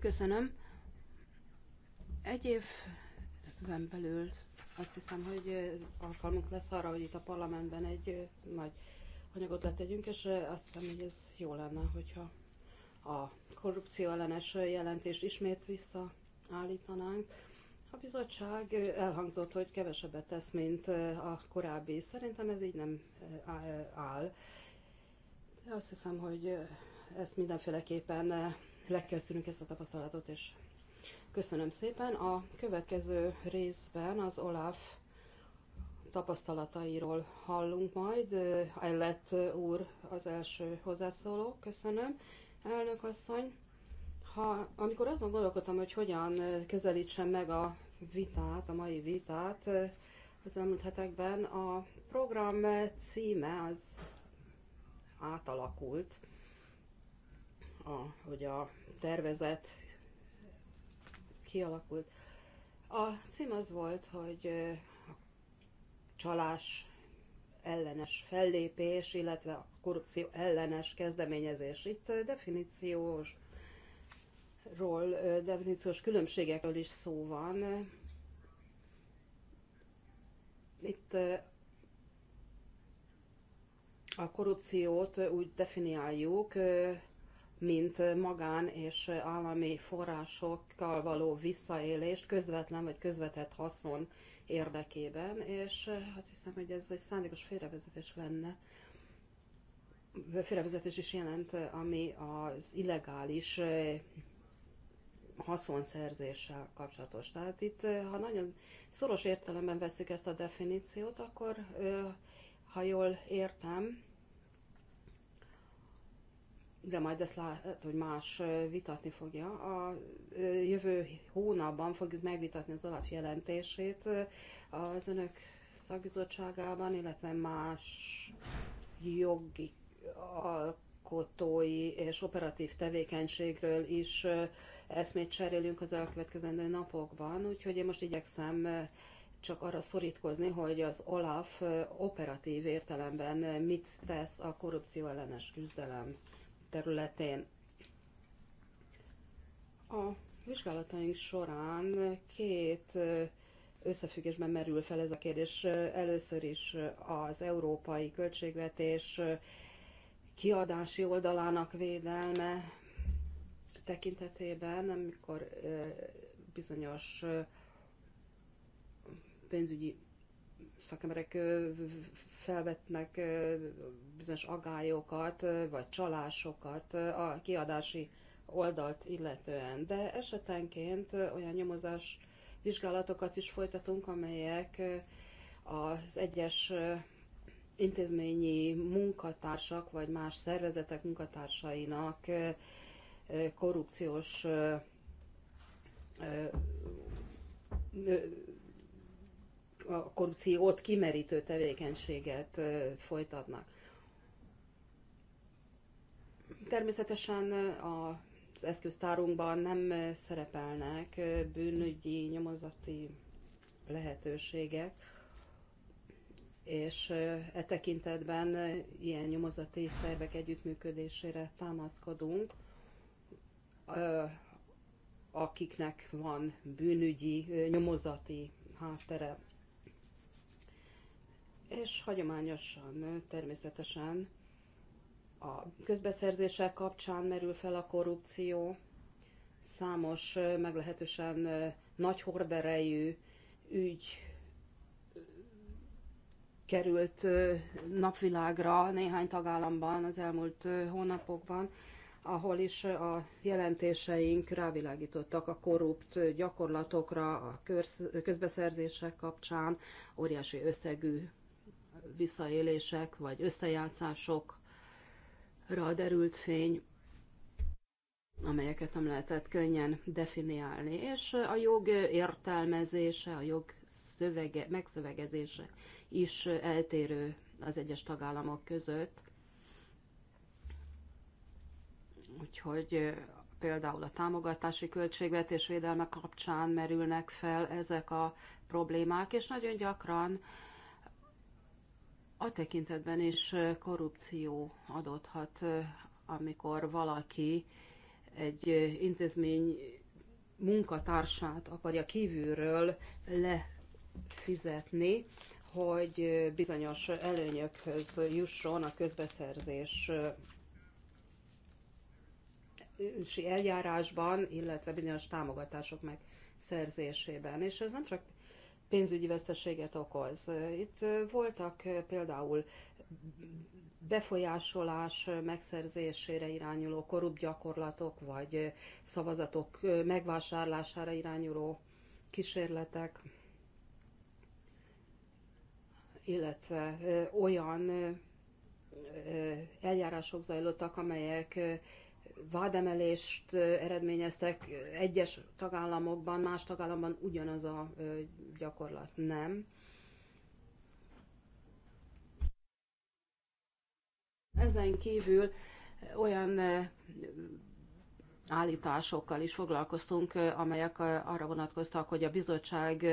Köszönöm. Egy évben belül azt hiszem, hogy alkalmunk lesz arra, hogy itt a parlamentben egy nagy anyagot letegyünk, és azt hiszem, hogy ez jó lenne, hogyha a korrupció ellenes jelentést ismét visszaállítanánk. A bizottság elhangzott, hogy kevesebbet tesz, mint a korábbi. Szerintem ez így nem áll. De azt hiszem, hogy ezt mindenféleképpen le kell szűnünk ezt a tapasztalatot, és Köszönöm szépen. A következő részben az Olaf tapasztalatairól hallunk majd. Ellett úr az első hozzászóló. Köszönöm, elnök asszony. Ha, amikor azon gondolkodtam, hogy hogyan közelítsem meg a vitát, a mai vitát az elmúlt hetekben, a program címe az átalakult, a, hogy a tervezet kialakult. A cím az volt, hogy a csalás ellenes fellépés, illetve a korrupció ellenes kezdeményezés. Itt definíciós ról, definíciós különbségekről is szó van. Itt a korrupciót úgy definiáljuk, mint magán és állami forrásokkal való visszaélést közvetlen vagy közvetett haszon érdekében, és eh, azt hiszem, hogy ez egy szándékos félrevezetés lenne, félrevezetés is jelent, eh, ami az illegális eh, haszonszerzéssel kapcsolatos. Tehát itt, ha nagyon szoros értelemben veszük ezt a definíciót, akkor, ha jól értem, de majd ezt lát, hogy más vitatni fogja. A jövő hónapban fogjuk megvitatni az alapjelentését az önök szakbizottságában, illetve más jogi alkotói és operatív tevékenységről is eszmét cserélünk az elkövetkezendő napokban, úgyhogy én most igyekszem csak arra szorítkozni, hogy az OLAF operatív értelemben mit tesz a korrupció ellenes küzdelem területén. A vizsgálataink során két összefüggésben merül fel ez a kérdés. Először is az európai költségvetés kiadási oldalának védelme tekintetében, amikor bizonyos pénzügyi szakemberek felvetnek bizonyos agályokat, vagy csalásokat a kiadási oldalt illetően, de esetenként olyan nyomozás vizsgálatokat is folytatunk, amelyek az egyes intézményi munkatársak vagy más szervezetek munkatársainak korrupciós a korrupciót kimerítő tevékenységet folytatnak. Természetesen az eszköztárunkban nem szerepelnek bűnügyi, nyomozati lehetőségek, és e tekintetben ilyen nyomozati szervek együttműködésére támaszkodunk, akiknek van bűnügyi, nyomozati háttere és hagyományosan, természetesen a közbeszerzések kapcsán merül fel a korrupció, számos meglehetősen nagy horderejű ügy került napvilágra néhány tagállamban az elmúlt hónapokban, ahol is a jelentéseink rávilágítottak a korrupt gyakorlatokra, a közbeszerzések kapcsán, óriási összegű visszaélések vagy összejátszásokra derült fény, amelyeket nem lehetett könnyen definiálni. És a jog értelmezése, a jog szövege, megszövegezése is eltérő az egyes tagállamok között. Úgyhogy például a támogatási költségvetés védelme kapcsán merülnek fel ezek a problémák, és nagyon gyakran a tekintetben is korrupció adódhat, amikor valaki egy intézmény munkatársát akarja kívülről lefizetni, hogy bizonyos előnyökhöz jusson a közbeszerzés eljárásban, illetve bizonyos támogatások megszerzésében. És ez nem csak pénzügyi veszteséget okoz. Itt voltak például befolyásolás megszerzésére irányuló korrupt gyakorlatok, vagy szavazatok megvásárlására irányuló kísérletek, illetve olyan eljárások zajlottak, amelyek vádemelést eredményeztek egyes tagállamokban, más tagállamban ugyanaz a gyakorlat nem. Ezen kívül olyan állításokkal is foglalkoztunk, amelyek arra vonatkoztak, hogy a bizottság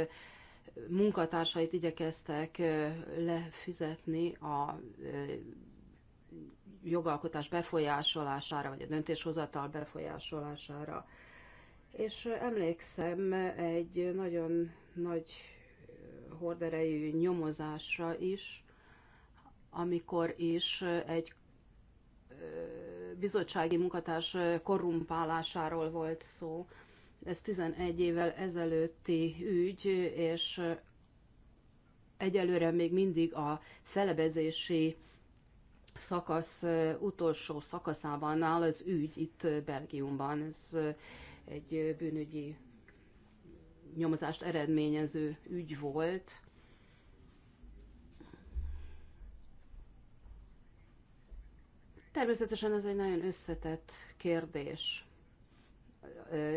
munkatársait igyekeztek lefizetni a jogalkotás befolyásolására, vagy a döntéshozatal befolyásolására. És emlékszem egy nagyon nagy horderejű nyomozásra is, amikor is egy bizottsági munkatárs korrumpálásáról volt szó. Ez 11 évvel ezelőtti ügy, és egyelőre még mindig a felebezési szakasz utolsó szakaszában áll az ügy itt Belgiumban. Ez egy bűnügyi nyomozást eredményező ügy volt. Természetesen ez egy nagyon összetett kérdés,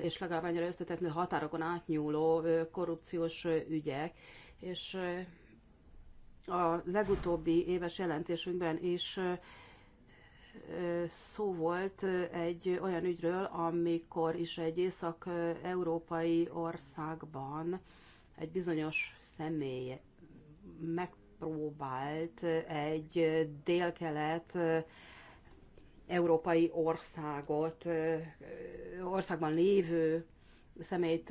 és legalább annyira összetett, mint határokon átnyúló korrupciós ügyek, és a legutóbbi éves jelentésünkben is szó volt egy olyan ügyről, amikor is egy észak-európai országban egy bizonyos személy megpróbált egy délkelet európai országot, országban lévő személyt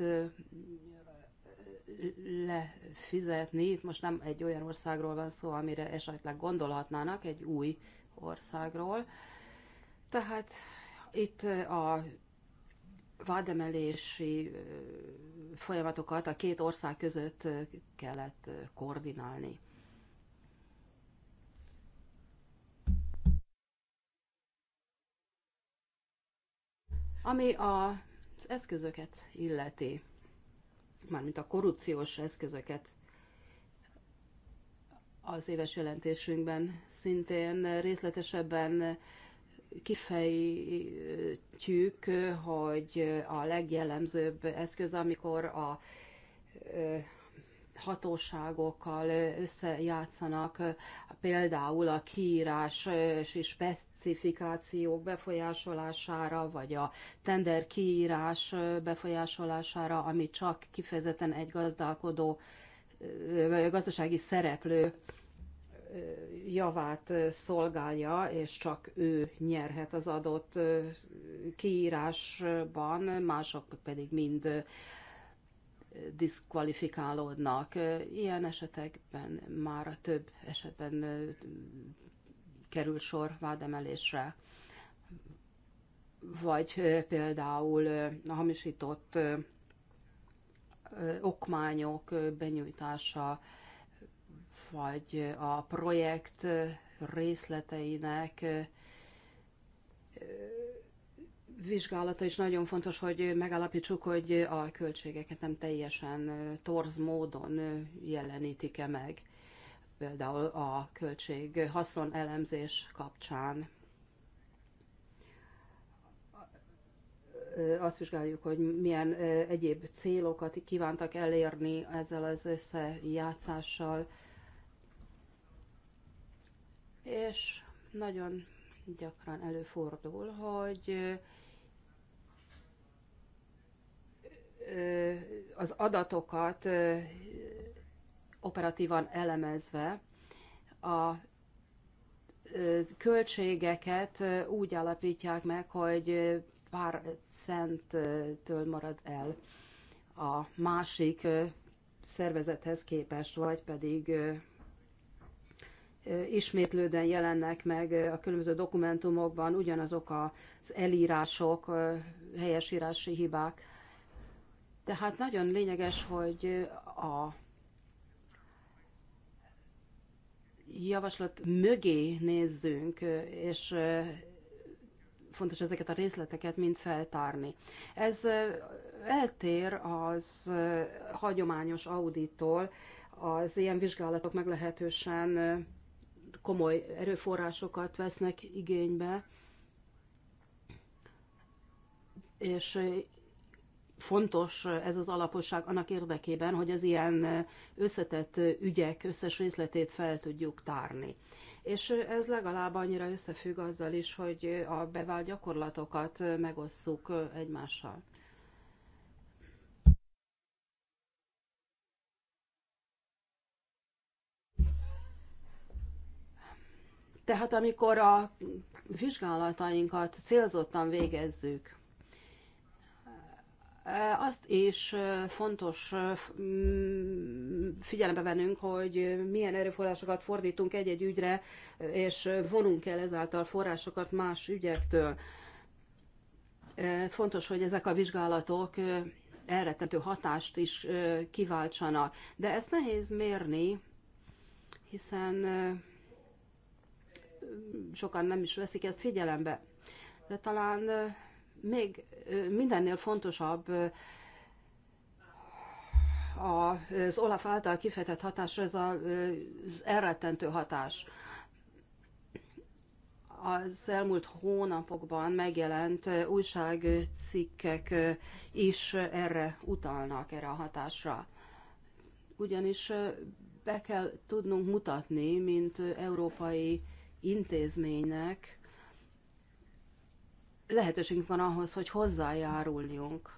le fizetni. Itt most nem egy olyan országról van szó, amire esetleg gondolhatnának, egy új országról. Tehát itt eh, a vádemelési eh, folyamatokat a két ország között eh, kellett koordinálni. Ami az eszközöket illeti mármint a korrupciós eszközöket az éves jelentésünkben szintén részletesebben kifejtjük, hogy a legjellemzőbb eszköz, amikor a hatóságokkal összejátszanak, például a kiírás és specifikációk befolyásolására, vagy a tender kiírás befolyásolására, ami csak kifejezetten egy gazdálkodó, gazdasági szereplő javát szolgálja, és csak ő nyerhet az adott kiírásban, mások pedig mind diszkvalifikálódnak. Ilyen esetekben már a több esetben kerül sor vádemelésre. Vagy például a hamisított okmányok benyújtása, vagy a projekt részleteinek vizsgálata is nagyon fontos, hogy megállapítsuk, hogy a költségeket nem teljesen torz módon jelenítik-e meg, például a költség haszon elemzés kapcsán. Azt vizsgáljuk, hogy milyen egyéb célokat kívántak elérni ezzel az összejátszással, és nagyon gyakran előfordul, hogy az adatokat operatívan elemezve a költségeket úgy alapítják meg, hogy pár centtől marad el a másik szervezethez képest, vagy pedig ismétlődően jelennek meg a különböző dokumentumokban ugyanazok az elírások, helyesírási hibák, tehát nagyon lényeges, hogy a javaslat mögé nézzünk, és fontos ezeket a részleteket mind feltárni. Ez eltér az hagyományos audittól, az ilyen vizsgálatok meglehetősen komoly erőforrásokat vesznek igénybe, és fontos ez az alaposság annak érdekében, hogy az ilyen összetett ügyek összes részletét fel tudjuk tárni. És ez legalább annyira összefügg azzal is, hogy a bevált gyakorlatokat megosszuk egymással. Tehát amikor a vizsgálatainkat célzottan végezzük, azt is fontos mm, figyelembe vennünk, hogy milyen erőforrásokat fordítunk egy-egy ügyre, és vonunk el ezáltal forrásokat más ügyektől. Fontos, hogy ezek a vizsgálatok elrettető hatást is kiváltsanak. De ezt nehéz mérni, hiszen sokan nem is veszik ezt figyelembe. De talán még mindennél fontosabb az Olaf által kifejtett hatásra ez az elrettentő hatás. Az elmúlt hónapokban megjelent újságcikkek is erre utalnak, erre a hatásra. Ugyanis be kell tudnunk mutatni, mint európai intézménynek, lehetőségünk van ahhoz, hogy hozzájáruljunk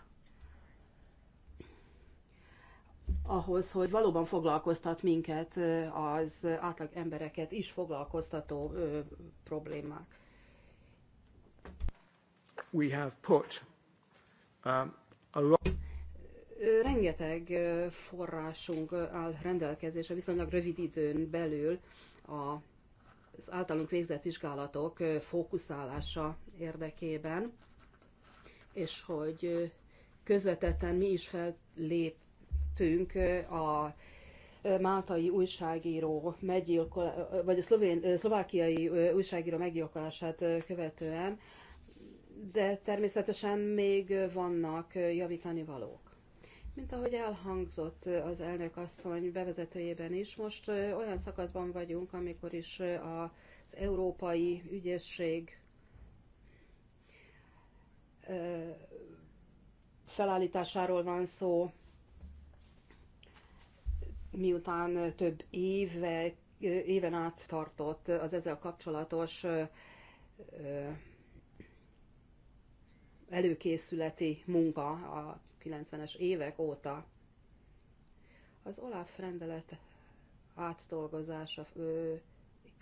ahhoz, hogy valóban foglalkoztat minket az átlag embereket is foglalkoztató ö, problémák. We have put um, a lot... Rengeteg forrásunk áll rendelkezésre viszonylag rövid időn belül a az általunk végzett vizsgálatok fókuszálása érdekében, és hogy közvetetten mi is felléptünk a máltai újságíró meggyilkolását, vagy a szlovén, szlovákiai újságíró meggyilkolását követően, de természetesen még vannak javítani valók. Mint ahogy elhangzott az elnök asszony bevezetőjében is, most olyan szakaszban vagyunk, amikor is az európai ügyészség felállításáról van szó, miután több éve, éven át tartott az ezzel kapcsolatos előkészületi munka a 90-es évek óta. Az OLAF rendelet átdolgozása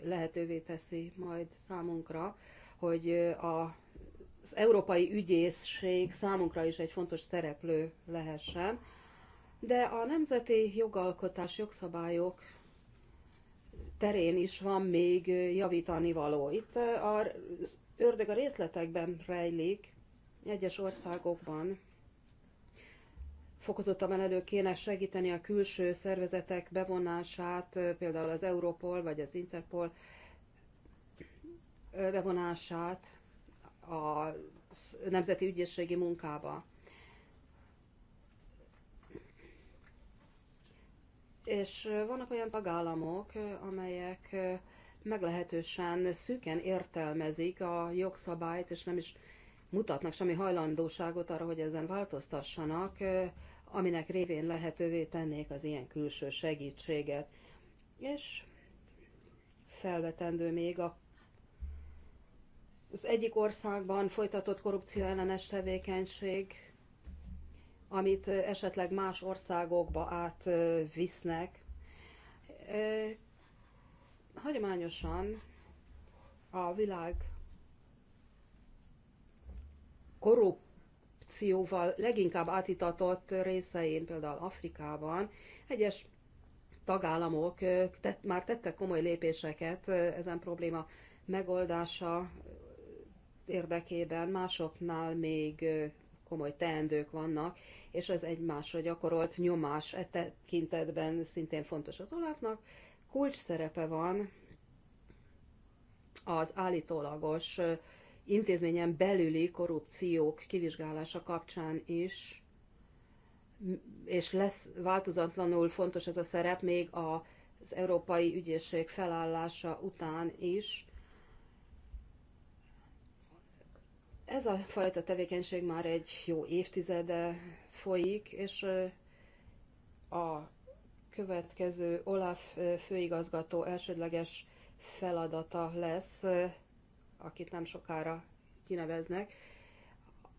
lehetővé teszi majd számunkra, hogy a az európai ügyészség számunkra is egy fontos szereplő lehessen, de a nemzeti jogalkotás, jogszabályok terén is van még javítani való. Itt az ördög a részletekben rejlik, egyes országokban fokozottabban elő kéne segíteni a külső szervezetek bevonását, például az Europol vagy az Interpol bevonását a nemzeti ügyészségi munkába. És vannak olyan tagállamok, amelyek meglehetősen szűken értelmezik a jogszabályt, és nem is mutatnak semmi hajlandóságot arra, hogy ezen változtassanak, aminek révén lehetővé tennék az ilyen külső segítséget. És felvetendő még a az egyik országban folytatott korrupció ellenes tevékenység, amit esetleg más országokba átvisznek. Hagyományosan a világ korrupt korrupcióval leginkább átitatott részein, például Afrikában, egyes tagállamok tett, már tettek komoly lépéseket ezen probléma megoldása érdekében, másoknál még komoly teendők vannak, és ez egy másra gyakorolt nyomás e tekintetben szintén fontos az olapnak. Kulcs szerepe van az állítólagos intézményen belüli korrupciók kivizsgálása kapcsán is, és lesz változatlanul fontos ez a szerep még az Európai Ügyészség felállása után is. Ez a fajta tevékenység már egy jó évtizede folyik, és a következő Olaf főigazgató elsődleges feladata lesz akit nem sokára kineveznek,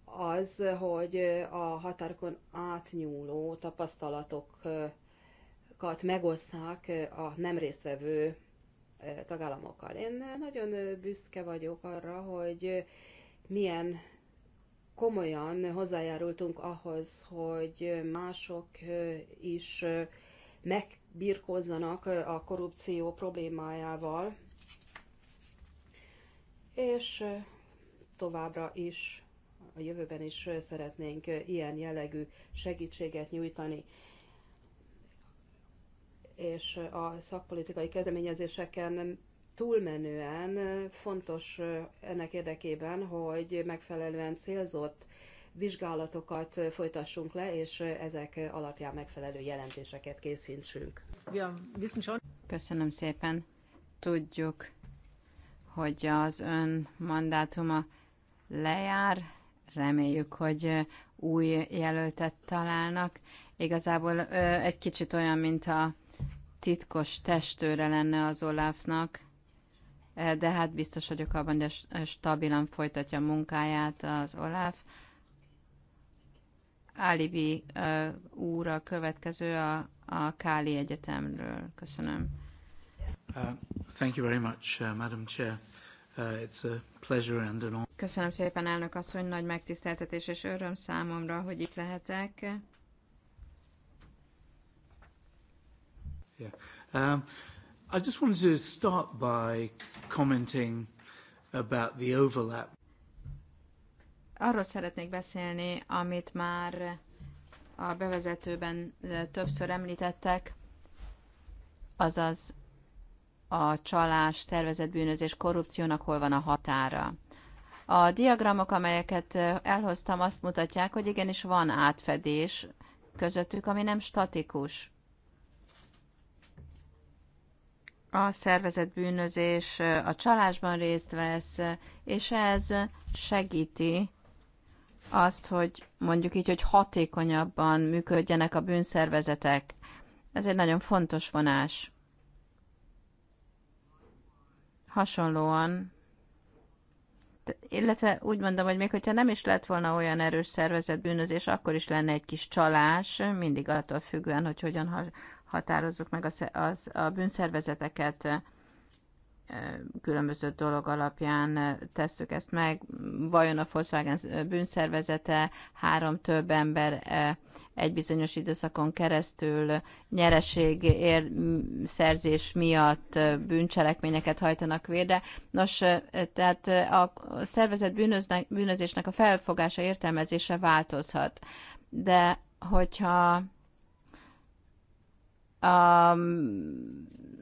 az, hogy a határokon átnyúló tapasztalatokat megosszák a nem résztvevő tagállamokkal. Én nagyon büszke vagyok arra, hogy milyen komolyan hozzájárultunk ahhoz, hogy mások is megbirkózzanak a korrupció problémájával, és továbbra is, a jövőben is szeretnénk ilyen jellegű segítséget nyújtani. És a szakpolitikai kezdeményezéseken túlmenően fontos ennek érdekében, hogy megfelelően célzott vizsgálatokat folytassunk le, és ezek alapján megfelelő jelentéseket készítsünk. Köszönöm szépen. Tudjuk, hogy az ön mandátuma lejár. Reméljük, hogy új jelöltet találnak. Igazából egy kicsit olyan, mint a titkos testőre lenne az Olafnak, de hát biztos vagyok abban, hogy stabilan folytatja munkáját az Olaf. Álivi úr a következő a, a Káli Egyetemről. Köszönöm. Uh, thank you very much, uh, Madam Chair. Uh, it's a pleasure and an honor. Köszönöm szépen, elnök asszony, nagy megtiszteltetés és öröm számomra, hogy itt lehetek. Yeah. Um, I just wanted to start by commenting about the overlap. Arról szeretnék beszélni, amit már a bevezetőben többször említettek, azaz a csalás, szervezetbűnözés, korrupciónak hol van a határa. A diagramok, amelyeket elhoztam, azt mutatják, hogy igenis van átfedés közöttük, ami nem statikus. A szervezetbűnözés a csalásban részt vesz, és ez segíti azt, hogy mondjuk így, hogy hatékonyabban működjenek a bűnszervezetek. Ez egy nagyon fontos vonás hasonlóan, illetve úgy mondom, hogy még hogyha nem is lett volna olyan erős szervezet bűnözés, akkor is lenne egy kis csalás, mindig attól függően, hogy hogyan határozzuk meg a, a, a bűnszervezeteket különböző dolog alapján tesszük ezt meg. Vajon a Volkswagen bűnszervezete három több ember egy bizonyos időszakon keresztül nyereség ér, szerzés miatt bűncselekményeket hajtanak végre. Nos, tehát a szervezet bűnöznek, bűnözésnek a felfogása értelmezése változhat. De hogyha a,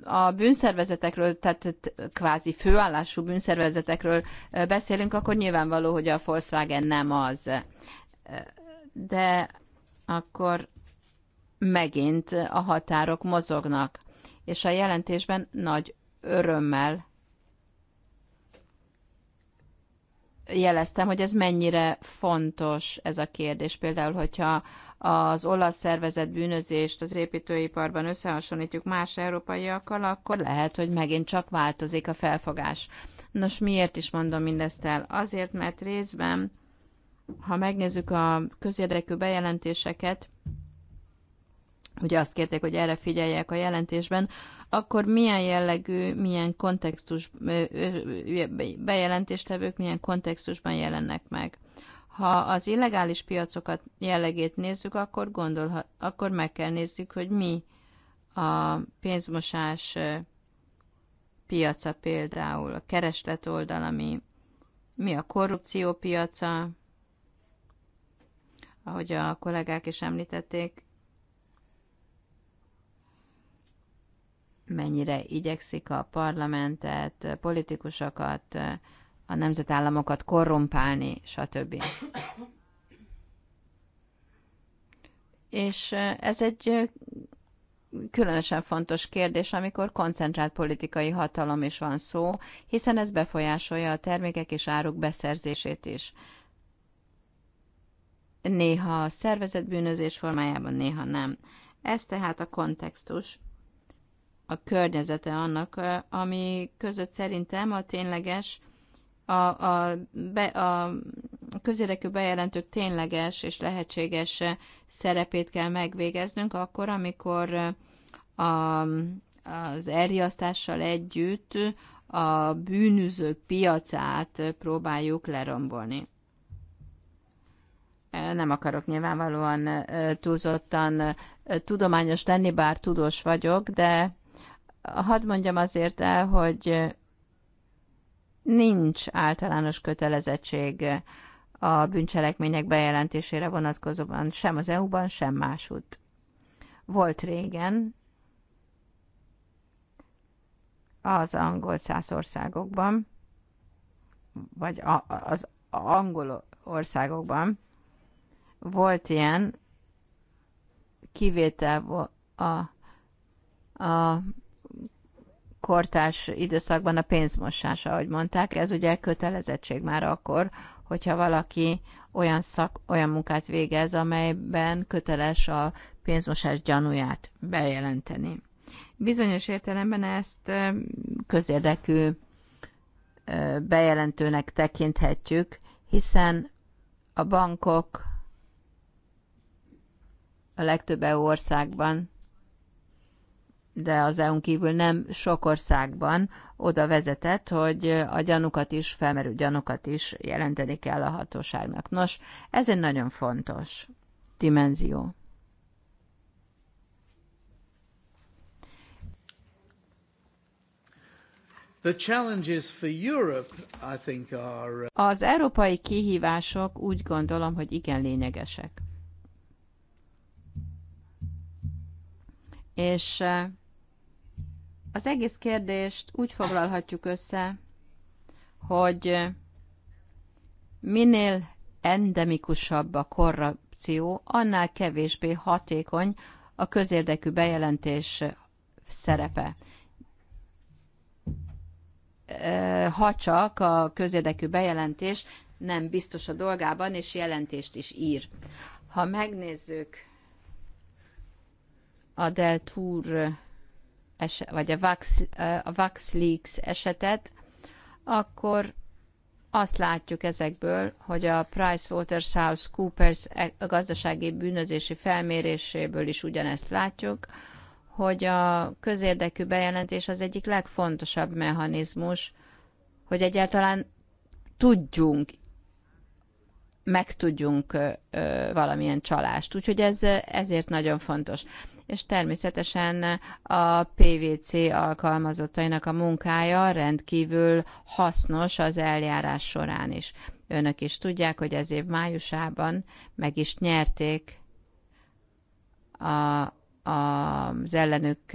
a bűnszervezetekről, tehát kvázi főállású bűnszervezetekről beszélünk, akkor nyilvánvaló, hogy a Volkswagen nem az. De akkor megint a határok mozognak, és a jelentésben nagy örömmel jeleztem, hogy ez mennyire fontos ez a kérdés. Például, hogyha az olasz szervezet bűnözést az építőiparban összehasonlítjuk más európaiakkal, akkor lehet, hogy megint csak változik a felfogás. Nos, miért is mondom mindezt el? Azért, mert részben, ha megnézzük a közérdekű bejelentéseket, ugye azt kérték, hogy erre figyeljek a jelentésben, akkor milyen jellegű, milyen kontextus, bejelentéstevők milyen kontextusban jelennek meg. Ha az illegális piacokat jellegét nézzük, akkor, gondolhat, akkor meg kell nézzük, hogy mi a pénzmosás piaca például, a kereslet oldal, mi, mi a korrupció piaca, ahogy a kollégák is említették, mennyire igyekszik a parlamentet, politikusokat a nemzetállamokat korrumpálni, stb. És ez egy különösen fontos kérdés, amikor koncentrált politikai hatalom is van szó, hiszen ez befolyásolja a termékek és áruk beszerzését is. Néha szervezett bűnözés formájában, néha nem. Ez tehát a kontextus, a környezete annak, ami között szerintem a tényleges a, a, be, a közérdekű bejelentők tényleges és lehetséges szerepét kell megvégeznünk akkor, amikor a, az elriasztással együtt a bűnüzők piacát próbáljuk lerombolni. Nem akarok nyilvánvalóan túlzottan tudományos lenni, bár tudós vagyok, de hadd mondjam azért el, hogy nincs általános kötelezettség a bűncselekmények bejelentésére vonatkozóan sem az EU-ban, sem másút. Volt régen az angol száz országokban, vagy a, az angol országokban volt ilyen kivétel a, a kortás időszakban a pénzmosás, ahogy mondták, ez ugye kötelezettség már akkor, hogyha valaki olyan, szak, olyan munkát végez, amelyben köteles a pénzmosás gyanúját bejelenteni. Bizonyos értelemben ezt közérdekű bejelentőnek tekinthetjük, hiszen a bankok a legtöbb EU országban de az EU-n kívül nem sok országban oda vezetett, hogy a gyanukat is, felmerült gyanukat is jelenteni kell a hatóságnak. Nos, ez egy nagyon fontos dimenzió. Uh, az európai kihívások úgy gondolom, hogy igen lényegesek. És uh, az egész kérdést úgy foglalhatjuk össze, hogy minél endemikusabb a korrupció, annál kevésbé hatékony a közérdekű bejelentés szerepe. Ha csak a közérdekű bejelentés nem biztos a dolgában, és jelentést is ír. Ha megnézzük a Deltour eset, vagy a, Vax, a Leaks esetet, akkor azt látjuk ezekből, hogy a PricewaterhouseCoopers e- gazdasági bűnözési felméréséből is ugyanezt látjuk, hogy a közérdekű bejelentés az egyik legfontosabb mechanizmus, hogy egyáltalán tudjunk, meg tudjunk valamilyen csalást. Úgyhogy ez ezért nagyon fontos és természetesen a PVC alkalmazottainak a munkája rendkívül hasznos az eljárás során is. Önök is tudják, hogy ez év májusában meg is nyerték a, a, az ellenük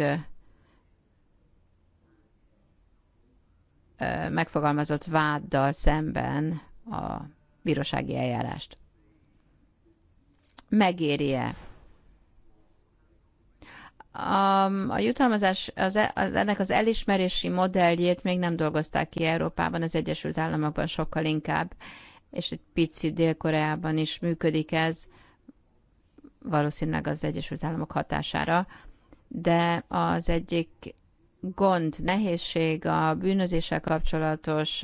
megfogalmazott váddal szemben a bírósági eljárást. Megéri-e a, um, a jutalmazás, az, e, az, ennek az elismerési modelljét még nem dolgozták ki Európában, az Egyesült Államokban sokkal inkább, és egy pici Dél-Koreában is működik ez, valószínűleg az Egyesült Államok hatására, de az egyik gond, nehézség a bűnözéssel kapcsolatos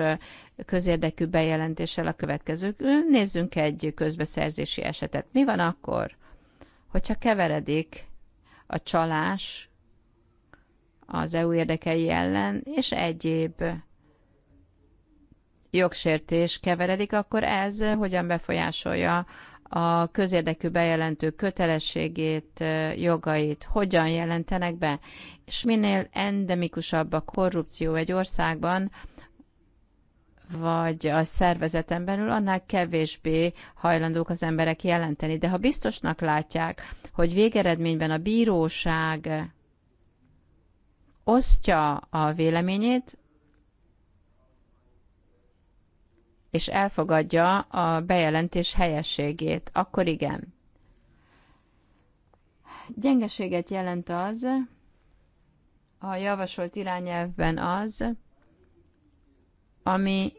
közérdekű bejelentéssel a következő. Nézzünk egy közbeszerzési esetet. Mi van akkor, hogyha keveredik a csalás az EU érdekei ellen, és egyéb jogsértés keveredik, akkor ez hogyan befolyásolja a közérdekű bejelentő kötelességét, jogait, hogyan jelentenek be, és minél endemikusabb a korrupció egy országban, vagy a szervezeten belül, annál kevésbé hajlandók az emberek jelenteni. De ha biztosnak látják, hogy végeredményben a bíróság osztja a véleményét, és elfogadja a bejelentés helyességét, akkor igen. Gyengeséget jelent az, a javasolt irányelvben az, ami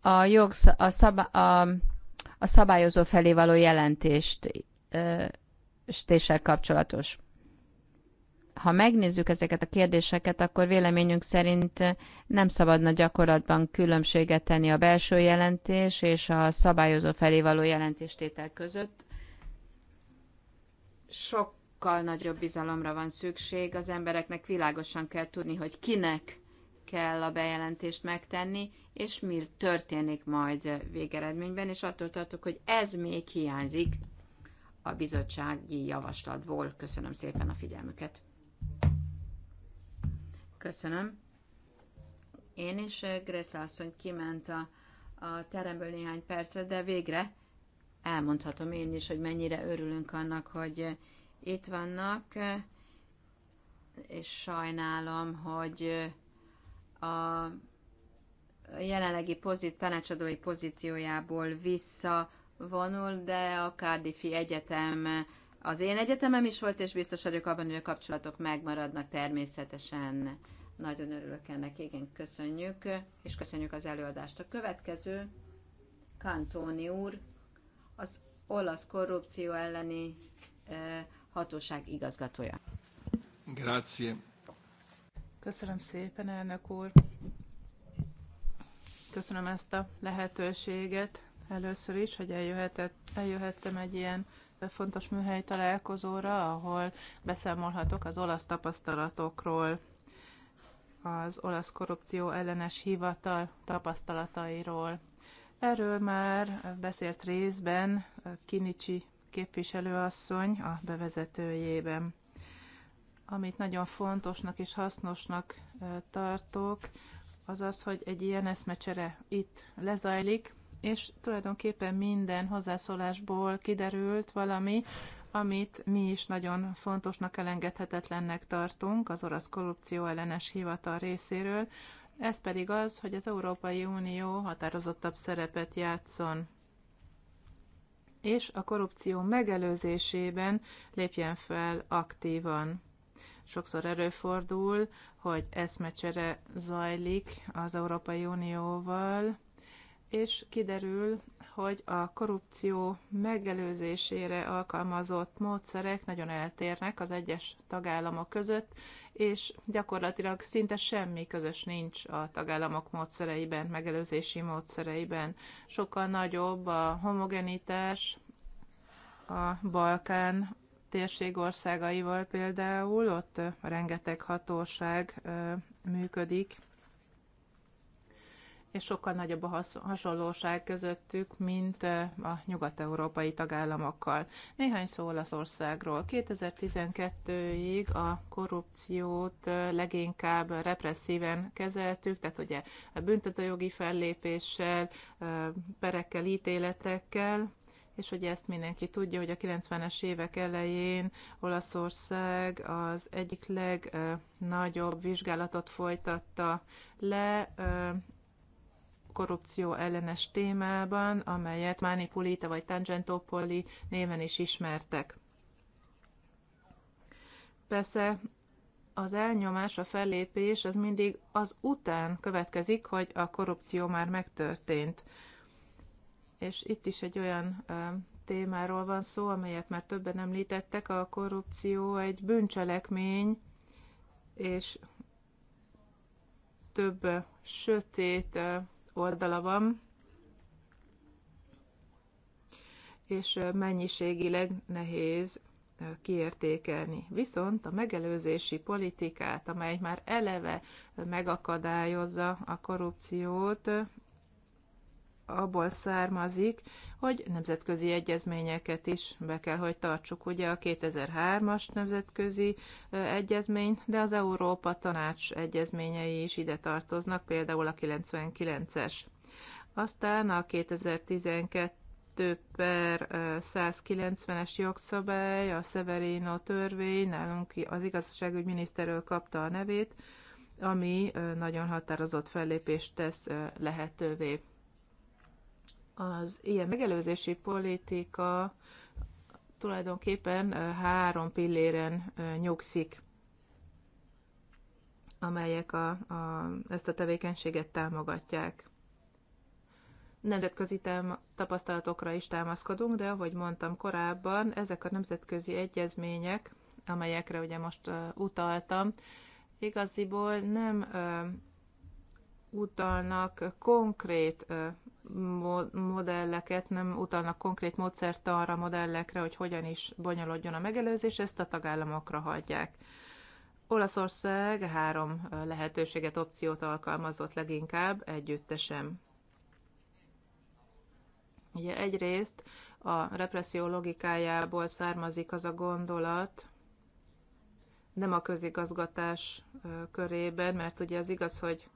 a, a, a, a szabályozó felé való jelentést stéssel kapcsolatos. Ha megnézzük ezeket a kérdéseket, akkor véleményünk szerint nem szabadna gyakorlatban különbséget tenni a belső jelentés és a szabályozó felé való jelentéstétel között. Sokkal nagyobb bizalomra van szükség, az embereknek világosan kell tudni, hogy kinek kell a bejelentést megtenni, és mi történik majd végeredményben, és attól tartok, hogy ez még hiányzik a bizottsági javaslatból. Köszönöm szépen a figyelmüket. Köszönöm. Én is, eh, Greszle asszony kiment a, a teremből néhány percre, de végre elmondhatom én is, hogy mennyire örülünk annak, hogy eh, itt vannak, eh, és sajnálom, hogy a jelenlegi pozí- tanácsadói pozíciójából visszavonul, de a Cardiffi Egyetem az én egyetemem is volt, és biztos vagyok abban, hogy a kapcsolatok megmaradnak természetesen. Nagyon örülök ennek, igen, köszönjük, és köszönjük az előadást. A következő, Kantóni úr, az olasz korrupció elleni eh, hatóság igazgatója. Grazie. Köszönöm szépen, elnök úr. Köszönöm ezt a lehetőséget először is, hogy eljöhettem egy ilyen fontos műhely találkozóra, ahol beszámolhatok az olasz tapasztalatokról, az olasz korrupció ellenes hivatal tapasztalatairól. Erről már beszélt részben Kinicsi képviselőasszony a bevezetőjében amit nagyon fontosnak és hasznosnak tartok, az az, hogy egy ilyen eszmecsere itt lezajlik, és tulajdonképpen minden hozzászólásból kiderült valami, amit mi is nagyon fontosnak, elengedhetetlennek tartunk az orosz korrupció ellenes hivatal részéről, ez pedig az, hogy az Európai Unió határozottabb szerepet játszon és a korrupció megelőzésében lépjen fel aktívan sokszor erőfordul, hogy eszmecsere zajlik az Európai Unióval, és kiderül, hogy a korrupció megelőzésére alkalmazott módszerek nagyon eltérnek az egyes tagállamok között, és gyakorlatilag szinte semmi közös nincs a tagállamok módszereiben, megelőzési módszereiben. Sokkal nagyobb a homogenitás a Balkán térség országaival például, ott rengeteg hatóság működik, és sokkal nagyobb a hasonlóság közöttük, mint a nyugat-európai tagállamokkal. Néhány szó Olaszországról. 2012-ig a korrupciót leginkább represszíven kezeltük, tehát ugye a büntetőjogi fellépéssel, perekkel, ítéletekkel, és ugye ezt mindenki tudja, hogy a 90-es évek elején Olaszország az egyik legnagyobb vizsgálatot folytatta le korrupció ellenes témában, amelyet Manipulita vagy Tangentopoli néven is ismertek. Persze az elnyomás, a fellépés az mindig az után következik, hogy a korrupció már megtörtént és itt is egy olyan témáról van szó, amelyet már többen említettek, a korrupció egy bűncselekmény, és több sötét oldala van, és mennyiségileg nehéz kiértékelni. Viszont a megelőzési politikát, amely már eleve megakadályozza a korrupciót, abból származik, hogy nemzetközi egyezményeket is be kell, hogy tartsuk. Ugye a 2003-as nemzetközi egyezmény, de az Európa Tanács egyezményei is ide tartoznak, például a 99-es. Aztán a 2012 per 190-es jogszabály, a Severino törvény, nálunk az igazságügyminiszterről kapta a nevét, ami nagyon határozott fellépést tesz lehetővé. Az ilyen megelőzési politika tulajdonképpen három pilléren nyugszik, amelyek a, a, ezt a tevékenységet támogatják. Nemzetközi tám- tapasztalatokra is támaszkodunk, de ahogy mondtam korábban, ezek a nemzetközi egyezmények, amelyekre ugye most uh, utaltam, igaziból nem uh, utalnak konkrét modelleket, nem utalnak konkrét módszertanra, modellekre, hogy hogyan is bonyolodjon a megelőzés, ezt a tagállamokra hagyják. Olaszország három lehetőséget, opciót alkalmazott leginkább együttesen. Ugye egyrészt a represszió logikájából származik az a gondolat, nem a közigazgatás körében, mert ugye az igaz, hogy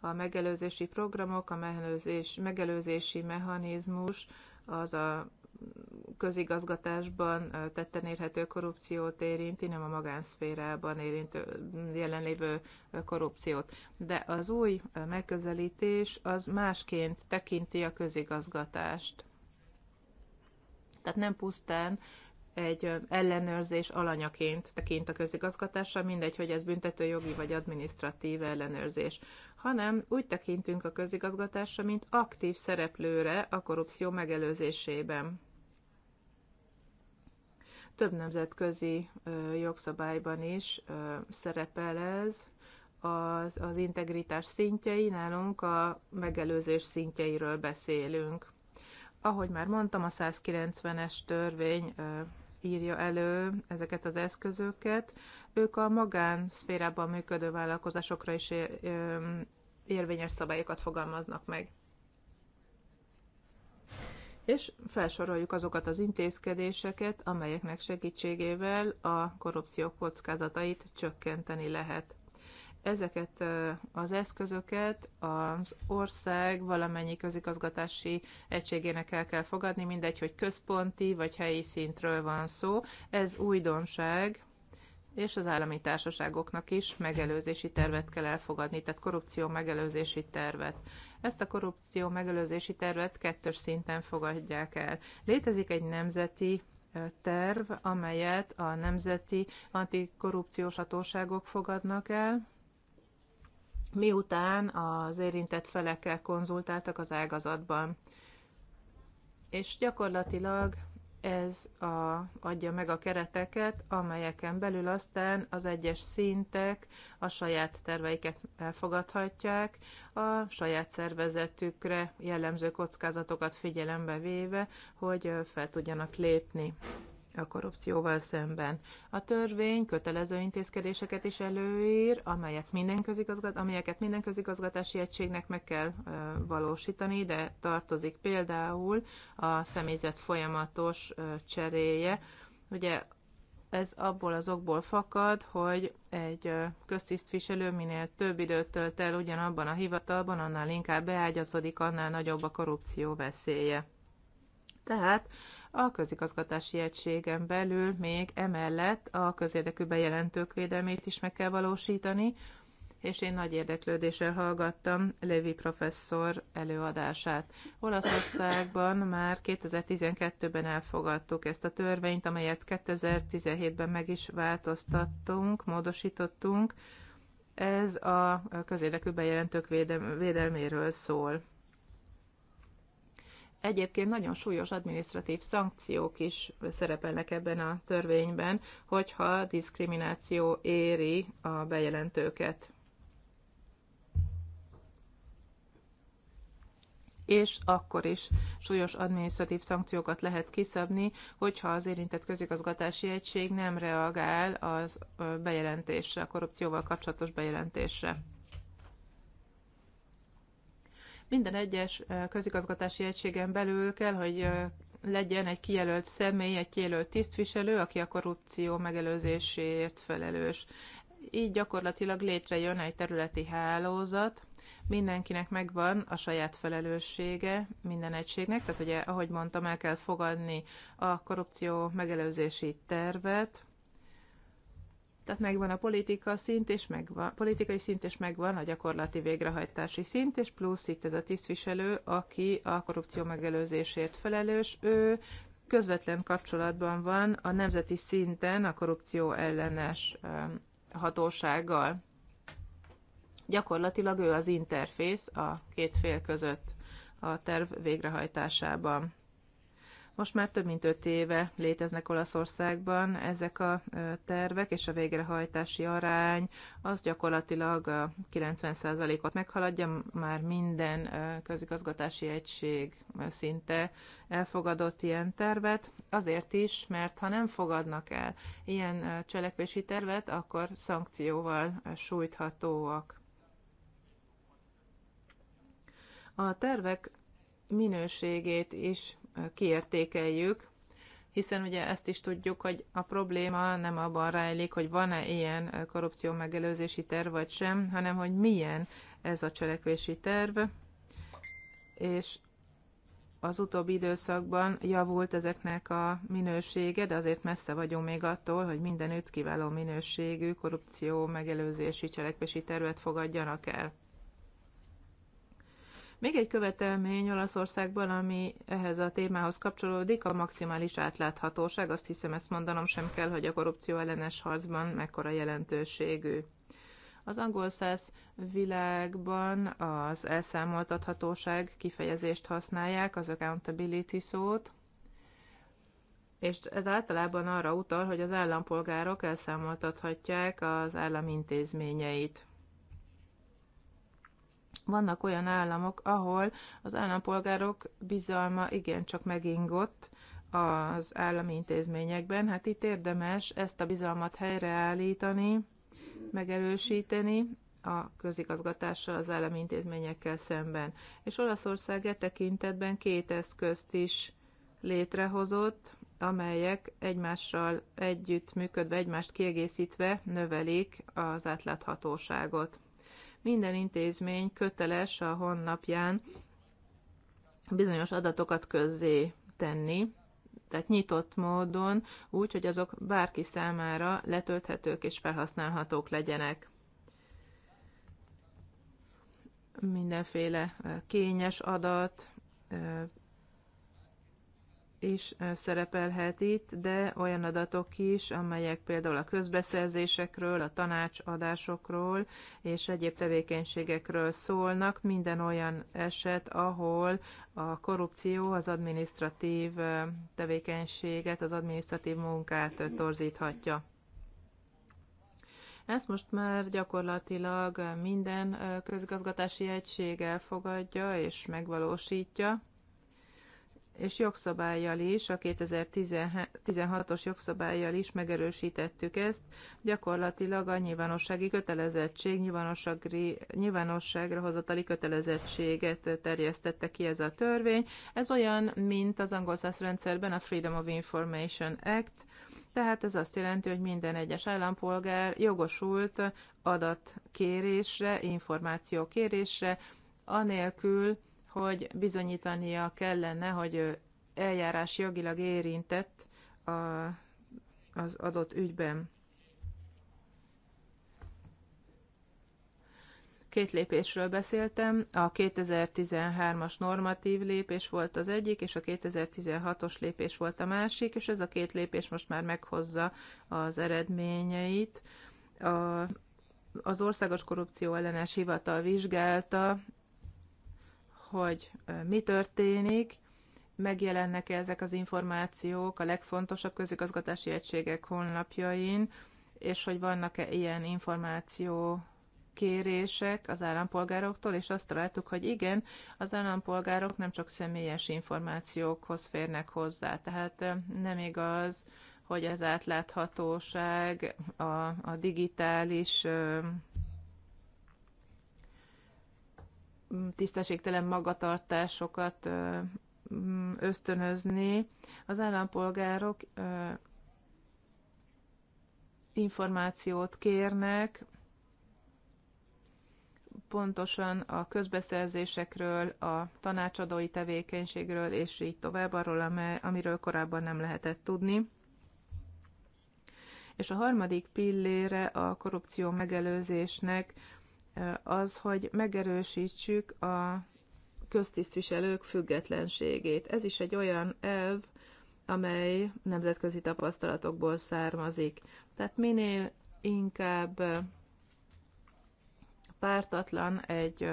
a megelőzési programok, a megelőzés, megelőzési mechanizmus, az a közigazgatásban tetten érhető korrupciót érinti, nem a magánszférában érintő, jelenlévő korrupciót. De az új megközelítés az másként tekinti a közigazgatást. Tehát nem pusztán egy ellenőrzés alanyaként tekint a közigazgatásra, mindegy, hogy ez büntetőjogi vagy adminisztratív ellenőrzés hanem úgy tekintünk a közigazgatásra, mint aktív szereplőre a korrupció megelőzésében. Több nemzetközi jogszabályban is szerepel ez, az, az integritás szintjei, nálunk a megelőzés szintjeiről beszélünk. Ahogy már mondtam, a 190-es törvény írja elő ezeket az eszközöket, ők a magánszférában működő vállalkozásokra is érvényes szabályokat fogalmaznak meg. És felsoroljuk azokat az intézkedéseket, amelyeknek segítségével a korrupció kockázatait csökkenteni lehet ezeket az eszközöket az ország valamennyi közigazgatási egységének el kell fogadni, mindegy, hogy központi vagy helyi szintről van szó. Ez újdonság és az állami társaságoknak is megelőzési tervet kell elfogadni, tehát korrupció megelőzési tervet. Ezt a korrupció megelőzési tervet kettős szinten fogadják el. Létezik egy nemzeti terv, amelyet a nemzeti antikorrupciós hatóságok fogadnak el, miután az érintett felekkel konzultáltak az ágazatban. És gyakorlatilag ez a, adja meg a kereteket, amelyeken belül aztán az egyes szintek a saját terveiket elfogadhatják, a saját szervezetükre jellemző kockázatokat figyelembe véve, hogy fel tudjanak lépni a korrupcióval szemben. A törvény kötelező intézkedéseket is előír, amelyek minden közigazgat, amelyeket minden közigazgatási egységnek meg kell ö, valósítani, de tartozik például a személyzet folyamatos ö, cseréje. Ugye ez abból az okból fakad, hogy egy köztisztviselő minél több időt tölt el ugyanabban a hivatalban, annál inkább beágyazodik, annál nagyobb a korrupció veszélye. Tehát a közigazgatási egységen belül még emellett a közérdekű bejelentők védelmét is meg kell valósítani, és én nagy érdeklődéssel hallgattam Levi professzor előadását. Olaszországban már 2012-ben elfogadtuk ezt a törvényt, amelyet 2017-ben meg is változtattunk, módosítottunk. Ez a közérdekű bejelentők védelméről szól. Egyébként nagyon súlyos adminisztratív szankciók is szerepelnek ebben a törvényben, hogyha diszkrimináció éri a bejelentőket. és akkor is súlyos adminisztratív szankciókat lehet kiszabni, hogyha az érintett közigazgatási egység nem reagál az bejelentésre, a korrupcióval kapcsolatos bejelentésre. Minden egyes közigazgatási egységen belül kell, hogy legyen egy kijelölt személy, egy kijelölt tisztviselő, aki a korrupció megelőzéséért felelős. Így gyakorlatilag létrejön egy területi hálózat, mindenkinek megvan a saját felelőssége minden egységnek, tehát ugye, ahogy mondtam, el kell fogadni a korrupció megelőzési tervet, tehát megvan a politika szint, és megvan, politikai szint, és megvan a gyakorlati végrehajtási szint, és plusz itt ez a tisztviselő, aki a korrupció megelőzésért felelős, ő közvetlen kapcsolatban van a nemzeti szinten a korrupció ellenes hatósággal. Gyakorlatilag ő az interfész a két fél között a terv végrehajtásában. Most már több mint öt éve léteznek Olaszországban ezek a tervek, és a végrehajtási arány az gyakorlatilag a 90%-ot meghaladja, már minden közigazgatási egység szinte elfogadott ilyen tervet, azért is, mert ha nem fogadnak el ilyen cselekvési tervet, akkor szankcióval sújthatóak. A tervek minőségét is kiértékeljük, hiszen ugye ezt is tudjuk, hogy a probléma nem abban rejlik, hogy van-e ilyen korrupció megelőzési terv vagy sem, hanem hogy milyen ez a cselekvési terv, és az utóbbi időszakban javult ezeknek a minősége, de azért messze vagyunk még attól, hogy mindenütt kiváló minőségű korrupció megelőzési cselekvési tervet fogadjanak el. Még egy követelmény Olaszországban, ami ehhez a témához kapcsolódik, a maximális átláthatóság. Azt hiszem, ezt mondanom sem kell, hogy a korrupció ellenes harcban mekkora jelentőségű. Az angol száz világban az elszámoltathatóság kifejezést használják, az accountability szót, és ez általában arra utal, hogy az állampolgárok elszámoltathatják az állam intézményeit. Vannak olyan államok, ahol az állampolgárok bizalma igencsak megingott az állami intézményekben. Hát itt érdemes ezt a bizalmat helyreállítani, megerősíteni, a közigazgatással, az állami intézményekkel szemben. És Olaszország e tekintetben két eszközt is létrehozott, amelyek egymással együtt működve, egymást kiegészítve növelik az átláthatóságot minden intézmény köteles a honlapján bizonyos adatokat közzé tenni, tehát nyitott módon, úgy, hogy azok bárki számára letölthetők és felhasználhatók legyenek. Mindenféle kényes adat, is szerepelhet itt, de olyan adatok is, amelyek például a közbeszerzésekről, a tanácsadásokról és egyéb tevékenységekről szólnak, minden olyan eset, ahol a korrupció az administratív tevékenységet, az administratív munkát torzíthatja. Ezt most már gyakorlatilag minden közgazgatási egység elfogadja és megvalósítja és jogszabályjal is, a 2016-os jogszabályjal is megerősítettük ezt. Gyakorlatilag a nyilvánossági kötelezettség, nyilvánosságra hozatali kötelezettséget terjesztette ki ez a törvény. Ez olyan, mint az angol száz rendszerben a Freedom of Information Act, tehát ez azt jelenti, hogy minden egyes állampolgár jogosult adatkérésre, információkérésre, anélkül, hogy bizonyítania kellene, hogy eljárás jogilag érintett a, az adott ügyben. Két lépésről beszéltem, a 2013-as normatív lépés volt az egyik, és a 2016-os lépés volt a másik, és ez a két lépés most már meghozza az eredményeit. A, az Országos Korrupció Ellenes Hivatal vizsgálta hogy mi történik, megjelennek -e ezek az információk a legfontosabb közigazgatási egységek honlapjain, és hogy vannak-e ilyen információ kérések az állampolgároktól, és azt találtuk, hogy igen, az állampolgárok nem csak személyes információkhoz férnek hozzá, tehát nem igaz, hogy az átláthatóság, a, a digitális tisztességtelen magatartásokat ösztönözni. Az állampolgárok információt kérnek, pontosan a közbeszerzésekről, a tanácsadói tevékenységről, és így tovább, arról, amiről korábban nem lehetett tudni. És a harmadik pillére a korrupció megelőzésnek az, hogy megerősítsük a köztisztviselők függetlenségét. Ez is egy olyan elv, amely nemzetközi tapasztalatokból származik. Tehát minél inkább pártatlan egy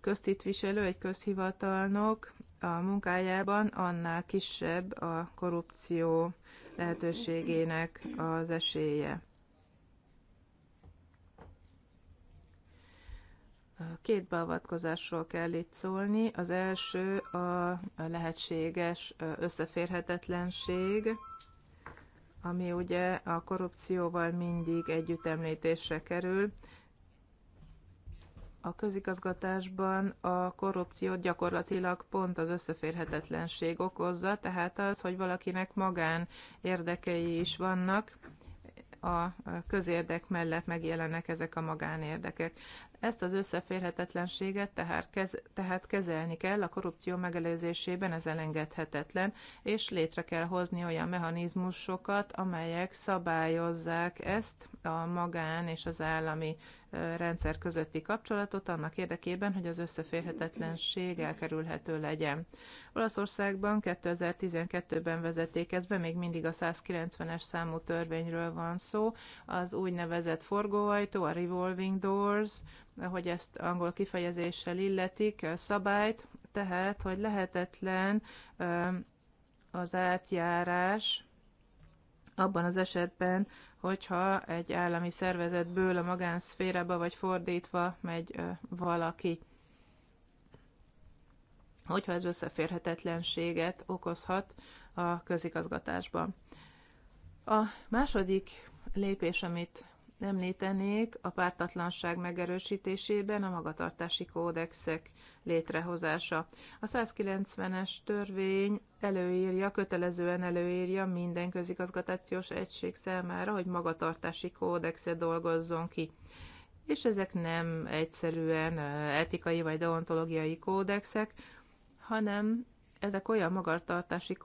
köztisztviselő, egy közhivatalnok a munkájában, annál kisebb a korrupció lehetőségének az esélye. Két beavatkozásról kell itt szólni. Az első a lehetséges összeférhetetlenség, ami ugye a korrupcióval mindig együtt említésre kerül. A közigazgatásban a korrupciót gyakorlatilag pont az összeférhetetlenség okozza, tehát az, hogy valakinek magán érdekei is vannak, a közérdek mellett megjelennek ezek a magánérdekek. Ezt az összeférhetetlenséget tehát, kez, tehát kezelni kell, a korrupció megelőzésében ez elengedhetetlen, és létre kell hozni olyan mechanizmusokat, amelyek szabályozzák ezt a magán és az állami rendszer közötti kapcsolatot annak érdekében, hogy az összeférhetetlenség elkerülhető legyen. Olaszországban 2012-ben vezették ezt be, még mindig a 190-es számú törvényről van szó, az úgynevezett forgóajtó, a revolving doors, hogy ezt angol kifejezéssel illetik, szabályt, tehát, hogy lehetetlen az átjárás, abban az esetben, hogyha egy állami szervezetből a magánszférába vagy fordítva megy valaki. Hogyha ez összeférhetetlenséget okozhat a közigazgatásban. A második lépés, amit említenék a pártatlanság megerősítésében a magatartási kódexek létrehozása. A 190-es törvény előírja, kötelezően előírja minden közigazgatációs egység számára, hogy magatartási kódexet dolgozzon ki. És ezek nem egyszerűen etikai vagy deontológiai kódexek, hanem ezek olyan magatartási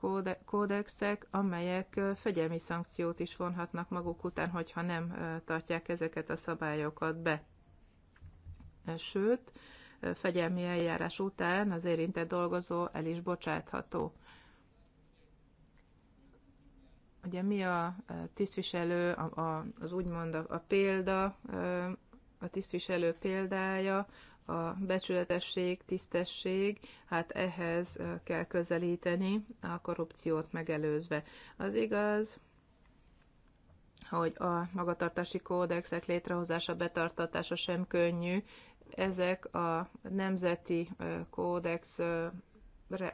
kódexek, amelyek fegyelmi szankciót is vonhatnak maguk után, hogyha nem tartják ezeket a szabályokat be. Sőt, fegyelmi eljárás után az érintett dolgozó el is bocsátható ugye mi a tisztviselő, a, a, az úgymond a, a példa, a tisztviselő példája, a becsületesség, tisztesség, hát ehhez kell közelíteni a korrupciót megelőzve. Az igaz, hogy a magatartási kódexek létrehozása, betartatása sem könnyű. Ezek a nemzeti kódex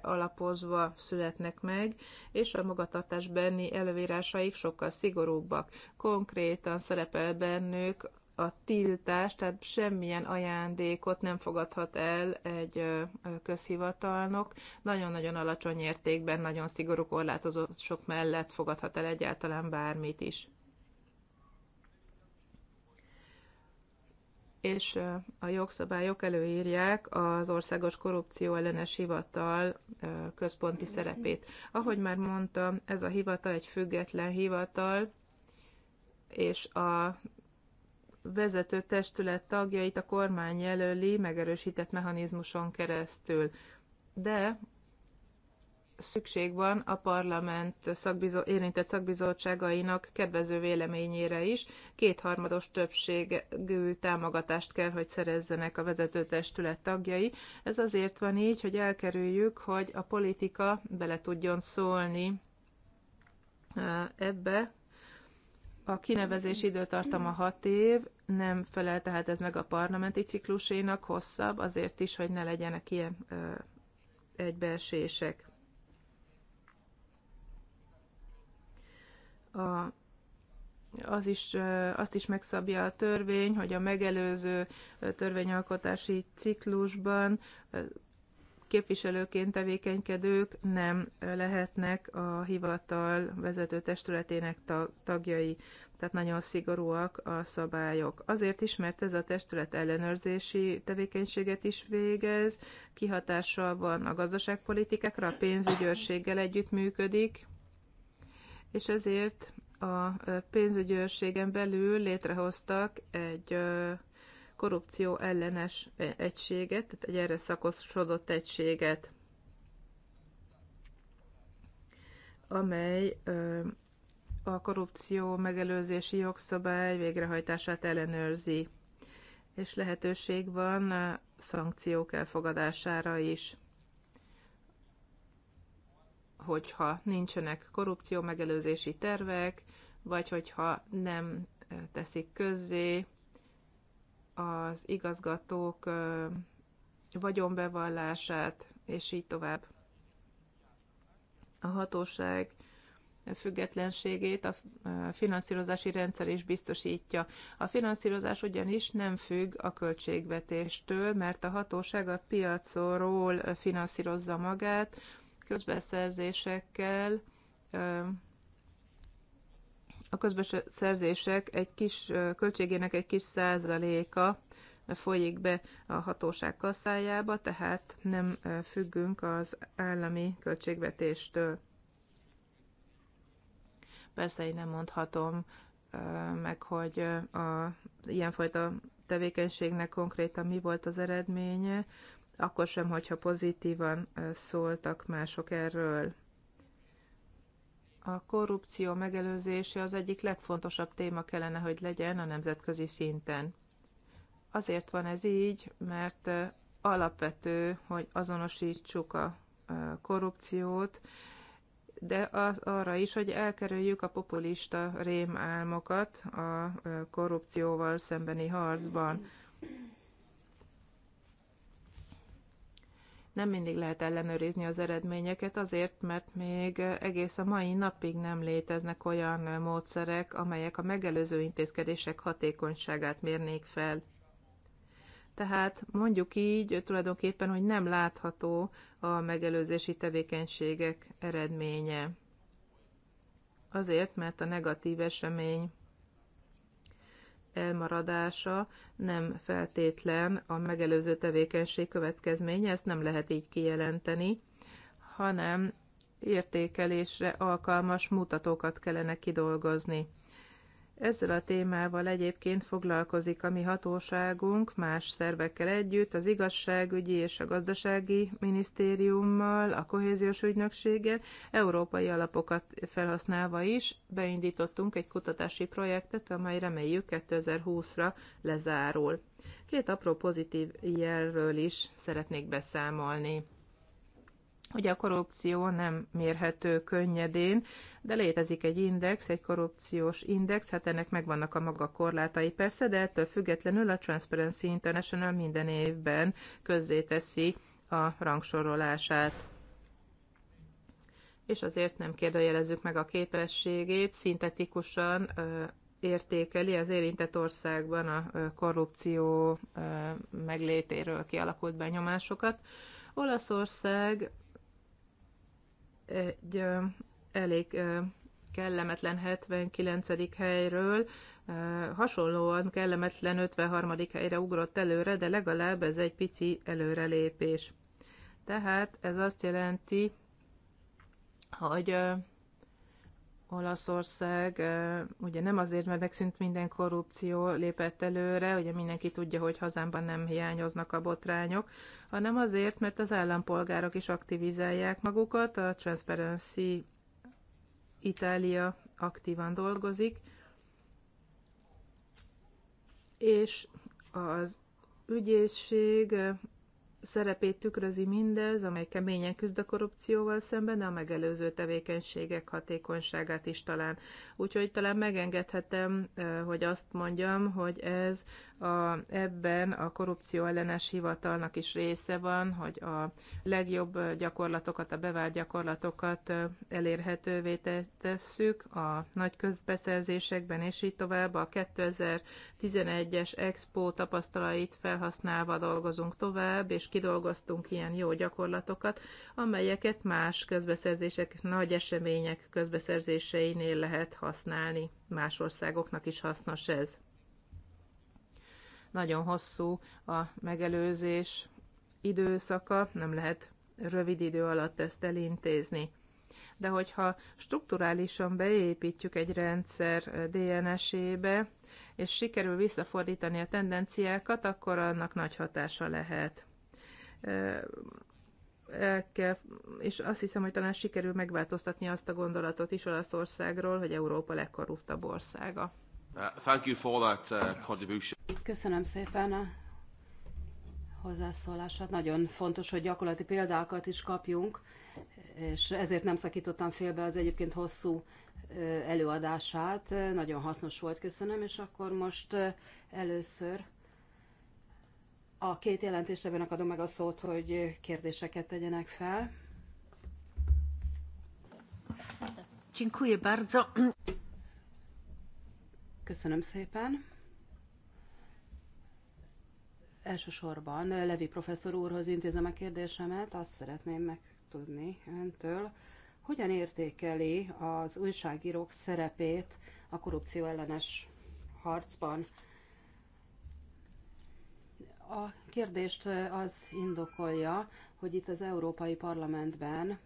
alapozva születnek meg, és a magatartás benni előírásaik sokkal szigorúbbak. Konkrétan szerepel bennük a tiltás, tehát semmilyen ajándékot nem fogadhat el egy közhivatalnok. Nagyon-nagyon alacsony értékben, nagyon szigorú korlátozások mellett fogadhat el egyáltalán bármit is. és a jogszabályok előírják az Országos Korrupció Ellenes Hivatal központi szerepét. Ahogy már mondtam, ez a hivatal egy független hivatal, és a vezető testület tagjait a kormány jelöli megerősített mechanizmuson keresztül. De szükség van a parlament szakbizo- érintett szakbizottságainak kedvező véleményére is. Kétharmados többségű támogatást kell, hogy szerezzenek a vezetőtestület tagjai. Ez azért van így, hogy elkerüljük, hogy a politika bele tudjon szólni ebbe. A kinevezés időtartama hat év, nem felel tehát ez meg a parlamenti ciklusénak, hosszabb, azért is, hogy ne legyenek ilyen egybeesések. a, az is, azt is megszabja a törvény, hogy a megelőző törvényalkotási ciklusban képviselőként tevékenykedők nem lehetnek a hivatal vezető testületének tagjai. Tehát nagyon szigorúak a szabályok. Azért is, mert ez a testület ellenőrzési tevékenységet is végez, kihatással van a gazdaságpolitikákra, a pénzügyőrséggel működik és ezért a pénzügyőrségen belül létrehoztak egy korrupció ellenes egységet, tehát egy erre szakosodott egységet, amely a korrupció megelőzési jogszabály végrehajtását ellenőrzi, és lehetőség van szankciók elfogadására is hogyha nincsenek korrupció megelőzési tervek, vagy hogyha nem teszik közzé az igazgatók vagyonbevallását, és így tovább. A hatóság függetlenségét a finanszírozási rendszer is biztosítja. A finanszírozás ugyanis nem függ a költségvetéstől, mert a hatóság a piacról finanszírozza magát, közbeszerzésekkel a közbeszerzések egy kis költségének egy kis százaléka folyik be a hatóság kasszájába, tehát nem függünk az állami költségvetéstől. Persze én nem mondhatom meg, hogy a, ilyenfajta tevékenységnek konkrétan mi volt az eredménye, akkor sem, hogyha pozitívan szóltak mások erről. A korrupció megelőzése az egyik legfontosabb téma kellene, hogy legyen a nemzetközi szinten. Azért van ez így, mert alapvető, hogy azonosítsuk a korrupciót, de arra is, hogy elkerüljük a populista rémálmokat a korrupcióval szembeni harcban. nem mindig lehet ellenőrizni az eredményeket, azért, mert még egész a mai napig nem léteznek olyan módszerek, amelyek a megelőző intézkedések hatékonyságát mérnék fel. Tehát mondjuk így tulajdonképpen, hogy nem látható a megelőzési tevékenységek eredménye. Azért, mert a negatív esemény elmaradása nem feltétlen a megelőző tevékenység következménye, ezt nem lehet így kijelenteni, hanem értékelésre alkalmas mutatókat kellene kidolgozni. Ezzel a témával egyébként foglalkozik a mi hatóságunk más szervekkel együtt, az igazságügyi és a gazdasági minisztériummal, a kohéziós ügynökséggel, európai alapokat felhasználva is beindítottunk egy kutatási projektet, amely reméljük 2020-ra lezárul. Két apró pozitív jelről is szeretnék beszámolni. Ugye a korrupció nem mérhető könnyedén, de létezik egy index, egy korrupciós index, hát ennek megvannak a maga korlátai persze, de ettől függetlenül a Transparency International minden évben közzéteszi a rangsorolását. És azért nem kérdőjelezzük meg a képességét, szintetikusan értékeli az érintett országban a korrupció meglétéről kialakult benyomásokat. Olaszország egy elég kellemetlen 79. helyről hasonlóan kellemetlen 53. helyre ugrott előre, de legalább ez egy pici előrelépés. Tehát ez azt jelenti, hogy Olaszország ugye nem azért, mert megszűnt minden korrupció, lépett előre, ugye mindenki tudja, hogy hazámban nem hiányoznak a botrányok, hanem azért, mert az állampolgárok is aktivizálják magukat, a Transparency Itália aktívan dolgozik, és az ügyészség szerepét tükrözi mindez, amely keményen küzd a korrupcióval szemben, de a megelőző tevékenységek hatékonyságát is talán. Úgyhogy talán megengedhetem, hogy azt mondjam, hogy ez a, ebben a korrupció ellenes hivatalnak is része van, hogy a legjobb gyakorlatokat, a bevált gyakorlatokat elérhetővé tesszük a nagy közbeszerzésekben, és így tovább a 2011-es Expo tapasztalait felhasználva dolgozunk tovább, és kidolgoztunk ilyen jó gyakorlatokat, amelyeket más közbeszerzések, nagy események közbeszerzéseinél lehet használni. Más országoknak is hasznos ez. Nagyon hosszú a megelőzés időszaka, nem lehet rövid idő alatt ezt elintézni de hogyha strukturálisan beépítjük egy rendszer DNS-ébe, és sikerül visszafordítani a tendenciákat, akkor annak nagy hatása lehet el kell, és azt hiszem, hogy talán sikerül megváltoztatni azt a gondolatot is Olaszországról, hogy Európa legkorruptabb országa. Uh, thank you for that, uh, Köszönöm szépen a hozzászólását. Nagyon fontos, hogy gyakorlati példákat is kapjunk, és ezért nem szakítottam félbe az egyébként hosszú előadását. Nagyon hasznos volt, köszönöm, és akkor most először a két jelentéstevőnek adom meg a szót, hogy kérdéseket tegyenek fel. Köszönöm szépen. Elsősorban Levi professzor úrhoz intézem a kérdésemet. Azt szeretném megtudni öntől, hogyan értékeli az újságírók szerepét a korrupció ellenes harcban. A kérdést eh, az indokolja, hogy itt az Európai Parlamentben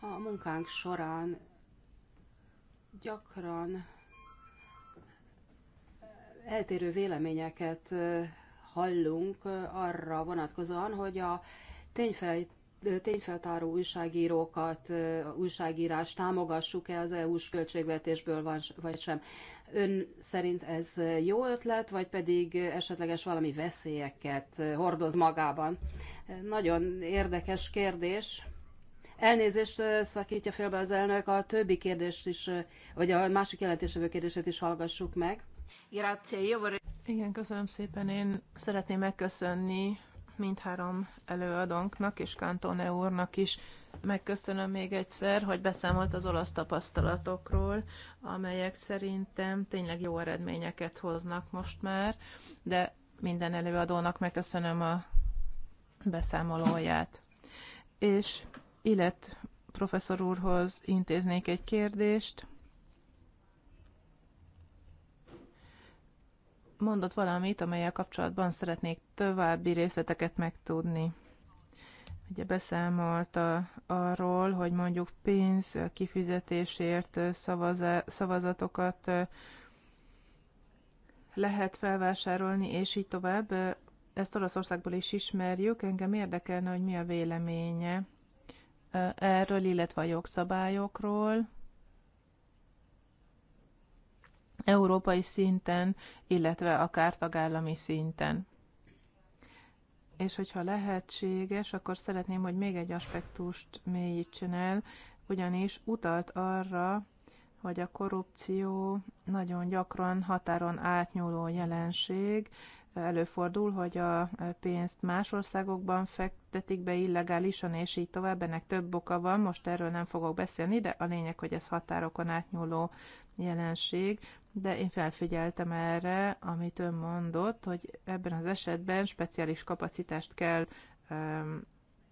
a munkánk során gyakran eh, eltérő véleményeket eh, hallunk arra vonatkozóan, hogy a tényfej, tényfeltáró újságírókat, újságírás támogassuk-e az EU-s költségvetésből vagy sem. Ön szerint ez jó ötlet, vagy pedig esetleges valami veszélyeket hordoz magában? Nagyon érdekes kérdés. Elnézést szakítja félbe az elnök, a többi kérdést is, vagy a másik jelentésevő kérdését is hallgassuk meg. Grazie, jó Igen, köszönöm szépen. Én szeretném megköszönni mindhárom előadónknak és Cantone úrnak is megköszönöm még egyszer, hogy beszámolt az olasz tapasztalatokról, amelyek szerintem tényleg jó eredményeket hoznak most már, de minden előadónak megköszönöm a beszámolóját. És illet professzor úrhoz intéznék egy kérdést. mondott valamit, amelyel kapcsolatban szeretnék további részleteket megtudni. Ugye beszámolt a, arról, hogy mondjuk pénz kifizetésért szavaza, szavazatokat lehet felvásárolni, és így tovább. Ezt Olaszországból is ismerjük. Engem érdekelne, hogy mi a véleménye erről, illetve a jogszabályokról európai szinten, illetve akár tagállami szinten. És hogyha lehetséges, akkor szeretném, hogy még egy aspektust mélyítsen el, ugyanis utalt arra, hogy a korrupció nagyon gyakran határon átnyúló jelenség. Előfordul, hogy a pénzt más országokban fektetik be illegálisan, és így tovább. Ennek több oka van, most erről nem fogok beszélni, de a lényeg, hogy ez határokon átnyúló jelenség de én felfigyeltem erre, amit ön mondott, hogy ebben az esetben speciális kapacitást kell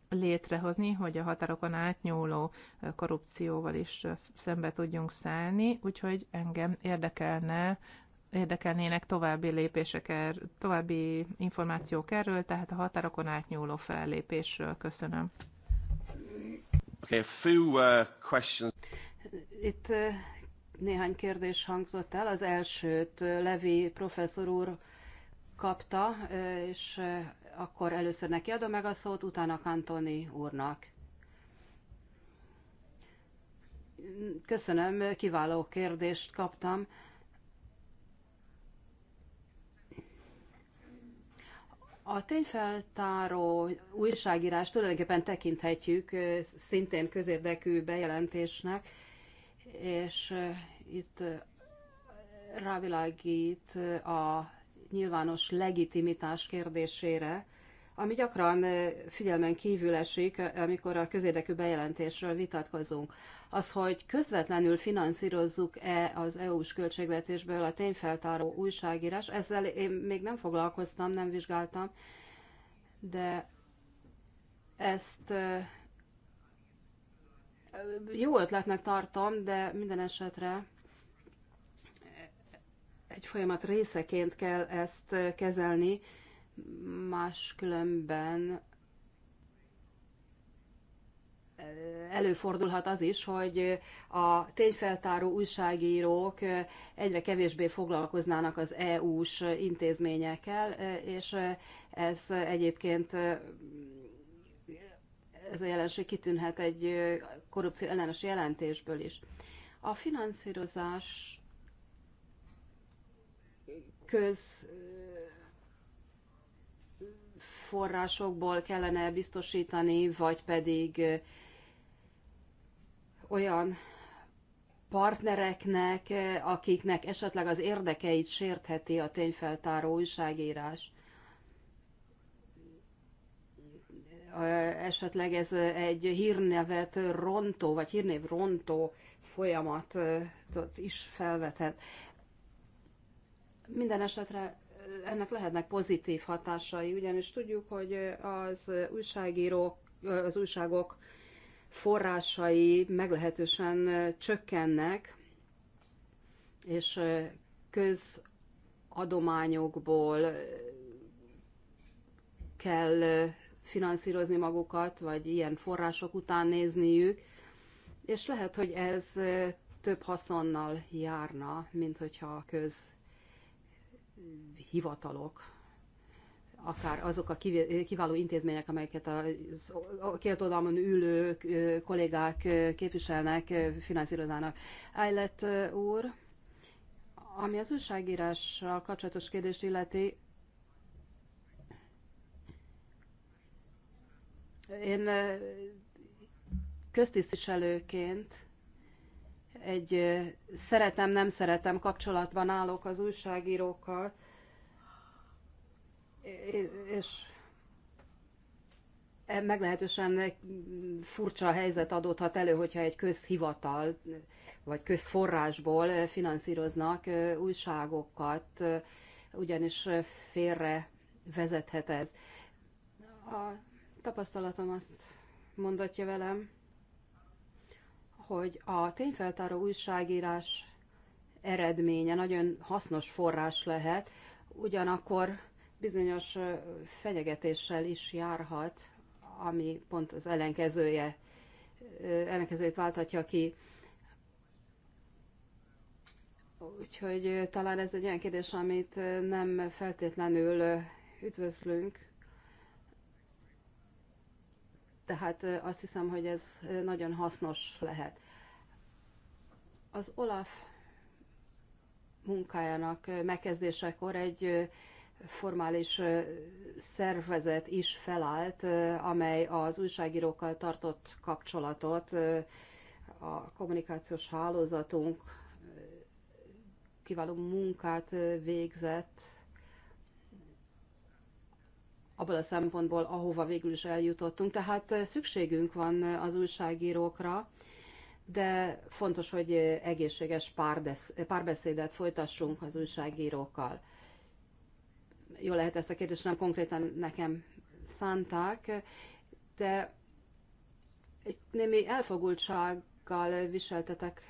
létrehozni, hogy a határokon átnyúló korrupcióval is szembe tudjunk szállni, úgyhogy engem érdekelne, érdekelnének további lépések, er, további információk erről, tehát a határokon átnyúló fellépésről. Köszönöm. Okay, a few, uh, questions. Itt uh, néhány kérdés hangzott el. Az elsőt Levi professzor úr kapta, és akkor először neki adom meg a szót, utána Kantoni úrnak. Köszönöm, kiváló kérdést kaptam. A tényfeltáró újságírás tulajdonképpen tekinthetjük szintén közérdekű bejelentésnek, és itt eh, rávilágít eh, a nyilvános legitimitás kérdésére, ami gyakran eh, figyelmen kívül esik, amikor a közérdekű bejelentésről vitatkozunk. Az, hogy közvetlenül finanszírozzuk-e az EU-s költségvetésből a tényfeltáró újságírás, ezzel én még nem foglalkoztam, nem vizsgáltam, de ezt jó ötletnek tartom, de minden esetre egy folyamat részeként kell ezt kezelni, máskülönben eh, előfordulhat az is, hogy a tényfeltáró újságírók eh, egyre kevésbé foglalkoznának az EU-s intézményekkel, eh, és ez egyébként ez a jelenség kitűnhet egy korrupció ellenes jelentésből is. A finanszírozás köz forrásokból kellene biztosítani, vagy pedig olyan partnereknek, akiknek esetleg az érdekeit sértheti a tényfeltáró újságírás. Esetleg ez egy hírnevet rontó, vagy hírnév rontó folyamatot is felvethet. Minden esetre eh, ennek lehetnek pozitív hatásai, ugyanis tudjuk, hogy eh, az újságírók, eh, az újságok forrásai meglehetősen csökkennek, és közadományokból kell finanszírozni magukat, vagy ilyen források után nézniük, és lehet, hogy ez több haszonnal járna, mint hogyha a köz hivatalok, akár azok a kiváló intézmények, amelyeket a két oldalon ülő kollégák képviselnek, finanszírozának. Eilett úr, ami az újságírással kapcsolatos kérdést illeti, én köztisztviselőként egy szeretem-nem szeretem kapcsolatban állok az újságírókkal, és e meglehetősen furcsa helyzet adódhat elő, hogyha egy közhivatal vagy közforrásból finanszíroznak újságokat, ugyanis félre vezethet ez. A tapasztalatom azt mondatja velem, hogy a tényfeltáró újságírás eredménye nagyon hasznos forrás lehet, ugyanakkor bizonyos fenyegetéssel is járhat, ami pont az ellenkezője, ellenkezőjét válthatja ki. Úgyhogy talán ez egy olyan kérdés, amit nem feltétlenül üdvözlünk, tehát azt hiszem, hogy ez nagyon hasznos lehet. Az Olaf munkájának megkezdésekor egy formális szervezet is felállt, amely az újságírókkal tartott kapcsolatot a kommunikációs hálózatunk kiváló munkát végzett abból a szempontból, ahova végül is eljutottunk. Tehát eh, szükségünk van eh, az újságírókra, de fontos, hogy eh, egészséges párbeszédet folytassunk az újságírókkal. Jó lehet ezt a kérdést nem konkrétan nekem szánták, de egy némi elfogultsággal viseltetek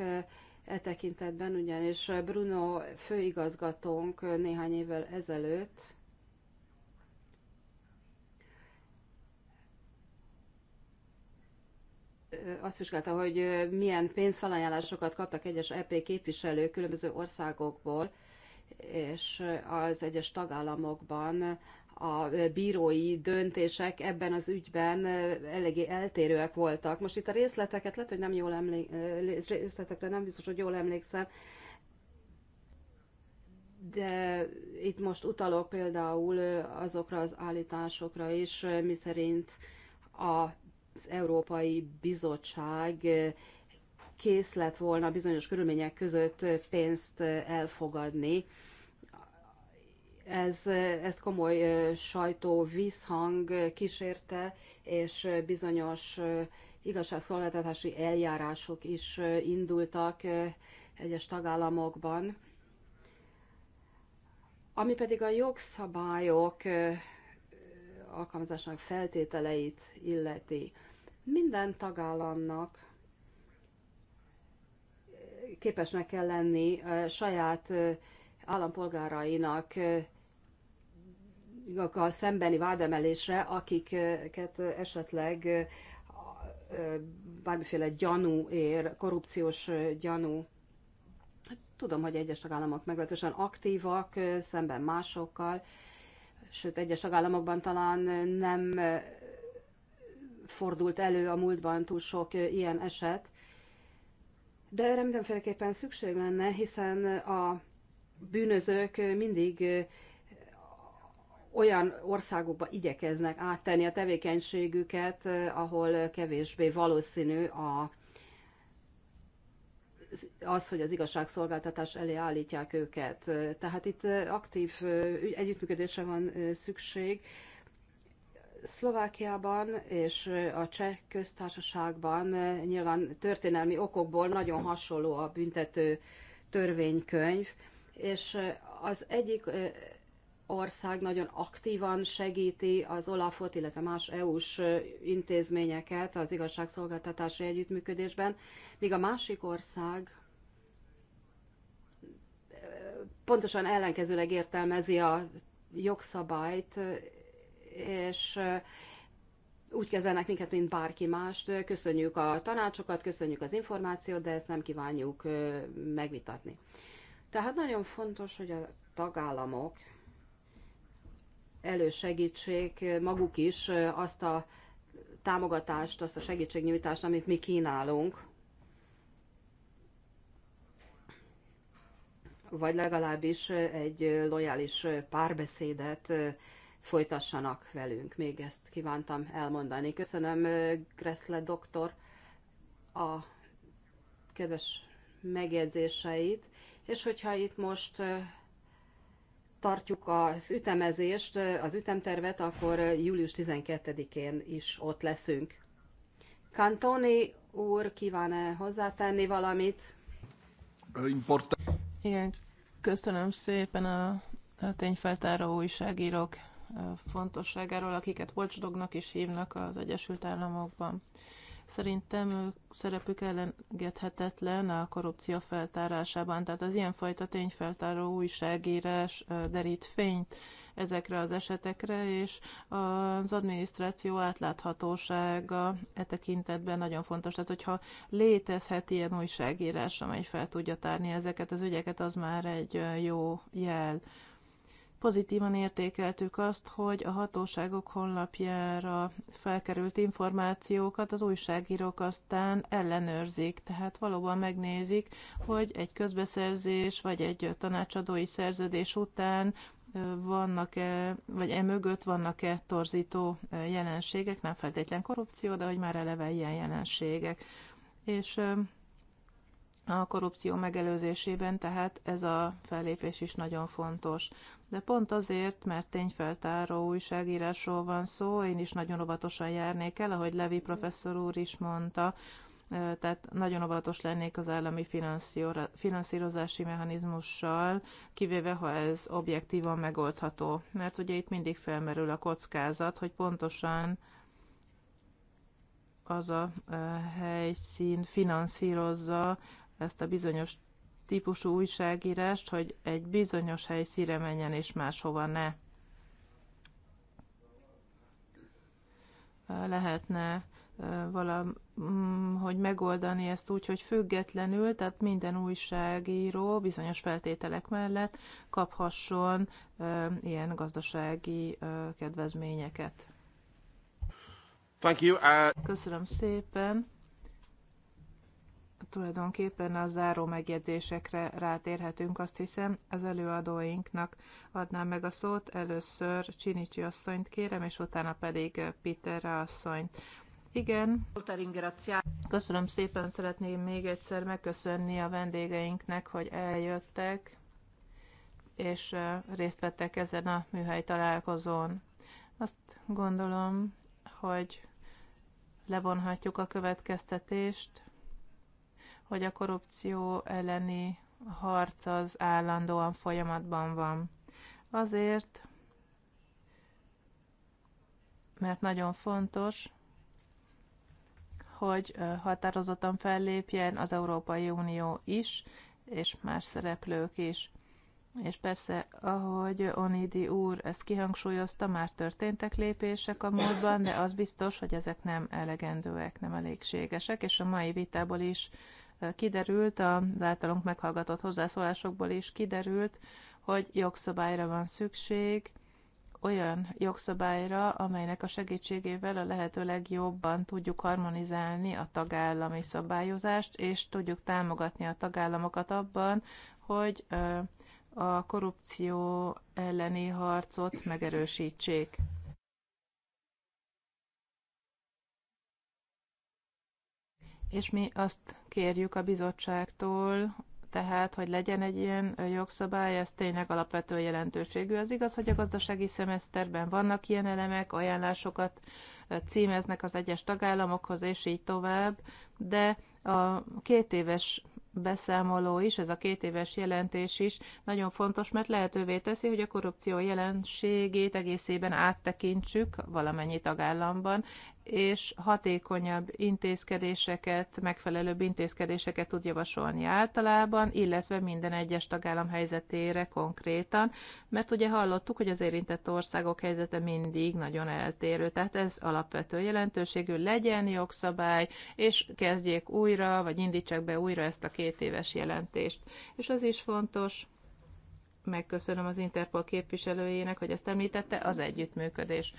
e tekintetben, ugyanis Bruno főigazgatónk néhány évvel ezelőtt azt vizsgálta, hogy milyen pénzfelajánlásokat kaptak egyes EP képviselők különböző országokból, és az egyes tagállamokban a bírói döntések ebben az ügyben eléggé eltérőek voltak. Most itt a részleteket lehet, hogy nem jól emlék, részletekre nem biztos, hogy jól emlékszem, de itt most utalok például azokra az állításokra is, miszerint a az Európai Bizottság kész lett volna bizonyos körülmények között pénzt elfogadni. Ez, ezt komoly sajtó visszhang kísérte, és bizonyos igazságszolgáltatási eljárások is indultak egyes tagállamokban. Ami pedig a jogszabályok alkalmazásának feltételeit illeti. Minden tagállamnak képesnek kell lenni saját állampolgárainak a szembeni vádemelésre, akiket esetleg bármiféle gyanú ér, korrupciós gyanú. Tudom, hogy egyes tagállamok meglehetősen aktívak szemben másokkal, sőt egyes tagállamokban talán nem fordult elő a múltban túl sok ilyen eset, de erre mindenféleképpen szükség lenne, hiszen a bűnözők mindig olyan országokba igyekeznek áttenni a tevékenységüket, ahol kevésbé valószínű a az, hogy az igazságszolgáltatás elé állítják őket. Tehát itt aktív együttműködésre van szükség. Szlovákiában és a cseh köztársaságban nyilván történelmi okokból nagyon hasonló a büntető törvénykönyv, és az egyik ország nagyon aktívan segíti az Olafot, illetve más EU-s intézményeket az igazságszolgáltatási együttműködésben, míg a másik ország pontosan ellenkezőleg értelmezi a jogszabályt, és úgy kezelnek minket, mint bárki mást. Köszönjük a tanácsokat, köszönjük az információt, de ezt nem kívánjuk megvitatni. Tehát nagyon fontos, hogy a tagállamok elősegítsék maguk is azt a támogatást, azt a segítségnyújtást, amit mi kínálunk. Vagy legalábbis egy lojális párbeszédet folytassanak velünk. Még ezt kívántam elmondani. Köszönöm, Gressle doktor, a kedves megjegyzéseit, és hogyha itt most tartjuk az ütemezést, az ütemtervet, akkor július 12-én is ott leszünk. Kantoni úr kíván-e hozzátenni valamit? Igen, köszönöm szépen a, a tényfeltáró újságírók fontosságáról, akiket watchdognak is hívnak az Egyesült Államokban. Szerintem ők szerepük elengedhetetlen a korrupció feltárásában, tehát az ilyenfajta tényfeltáró újságírás derít fényt ezekre az esetekre, és az adminisztráció átláthatósága e tekintetben nagyon fontos. Tehát, hogyha létezhet ilyen újságírás, amely fel tudja tárni ezeket az ügyeket, az már egy jó jel. Pozitívan értékeltük azt, hogy a hatóságok honlapjára felkerült információkat az újságírók aztán ellenőrzik, tehát valóban megnézik, hogy egy közbeszerzés vagy egy tanácsadói szerződés után vannak-e, vagy e mögött vannak-e torzító jelenségek, nem feltétlen korrupció, de hogy már eleve ilyen jelenségek. És a korrupció megelőzésében, tehát ez a fellépés is nagyon fontos. De pont azért, mert tényfeltáró újságírásról van szó, én is nagyon óvatosan járnék el, ahogy Levi professzor úr is mondta, tehát nagyon óvatos lennék az állami finanszírozási mechanizmussal, kivéve ha ez objektívan megoldható. Mert ugye itt mindig felmerül a kockázat, hogy pontosan az a helyszín finanszírozza ezt a bizonyos típusú újságírást, hogy egy bizonyos helyszíre menjen és máshova ne. Lehetne valahogy mm, megoldani ezt úgy, hogy függetlenül, tehát minden újságíró bizonyos feltételek mellett kaphasson ilyen gazdasági kedvezményeket. Thank you. Uh... Köszönöm szépen tulajdonképpen a záró megjegyzésekre rátérhetünk, azt hiszem, az előadóinknak adnám meg a szót. Először Csinicsi asszonyt kérem, és utána pedig Peterre asszonyt. Igen. Köszönöm szépen, szeretném még egyszer megköszönni a vendégeinknek, hogy eljöttek, és részt vettek ezen a műhely találkozón. Azt gondolom, hogy levonhatjuk a következtetést, hogy a korrupció elleni harc az állandóan folyamatban van. Azért, mert nagyon fontos, hogy határozottan fellépjen az Európai Unió is, és más szereplők is. És persze, ahogy Onidi úr ezt kihangsúlyozta, már történtek lépések a múltban, de az biztos, hogy ezek nem elegendőek, nem elégségesek, és a mai vitából is kiderült, az általunk meghallgatott hozzászólásokból is kiderült, hogy jogszabályra van szükség, olyan jogszabályra, amelynek a segítségével a lehető legjobban tudjuk harmonizálni a tagállami szabályozást, és tudjuk támogatni a tagállamokat abban, hogy a korrupció elleni harcot megerősítsék. és mi azt kérjük a bizottságtól, tehát, hogy legyen egy ilyen jogszabály, ez tényleg alapvető jelentőségű. Az igaz, hogy a gazdasági szemeszterben vannak ilyen elemek, ajánlásokat címeznek az egyes tagállamokhoz, és így tovább, de a két éves beszámoló is, ez a két éves jelentés is nagyon fontos, mert lehetővé teszi, hogy a korrupció jelenségét egészében áttekintsük valamennyi tagállamban, és hatékonyabb intézkedéseket, megfelelőbb intézkedéseket tud javasolni általában, illetve minden egyes tagállam helyzetére konkrétan, mert ugye hallottuk, hogy az érintett országok helyzete mindig nagyon eltérő, tehát ez alapvető jelentőségű, legyen jogszabály, és kezdjék újra, vagy indítsák be újra ezt a két éves jelentést. És az is fontos, megköszönöm az Interpol képviselőjének, hogy ezt említette, az együttműködés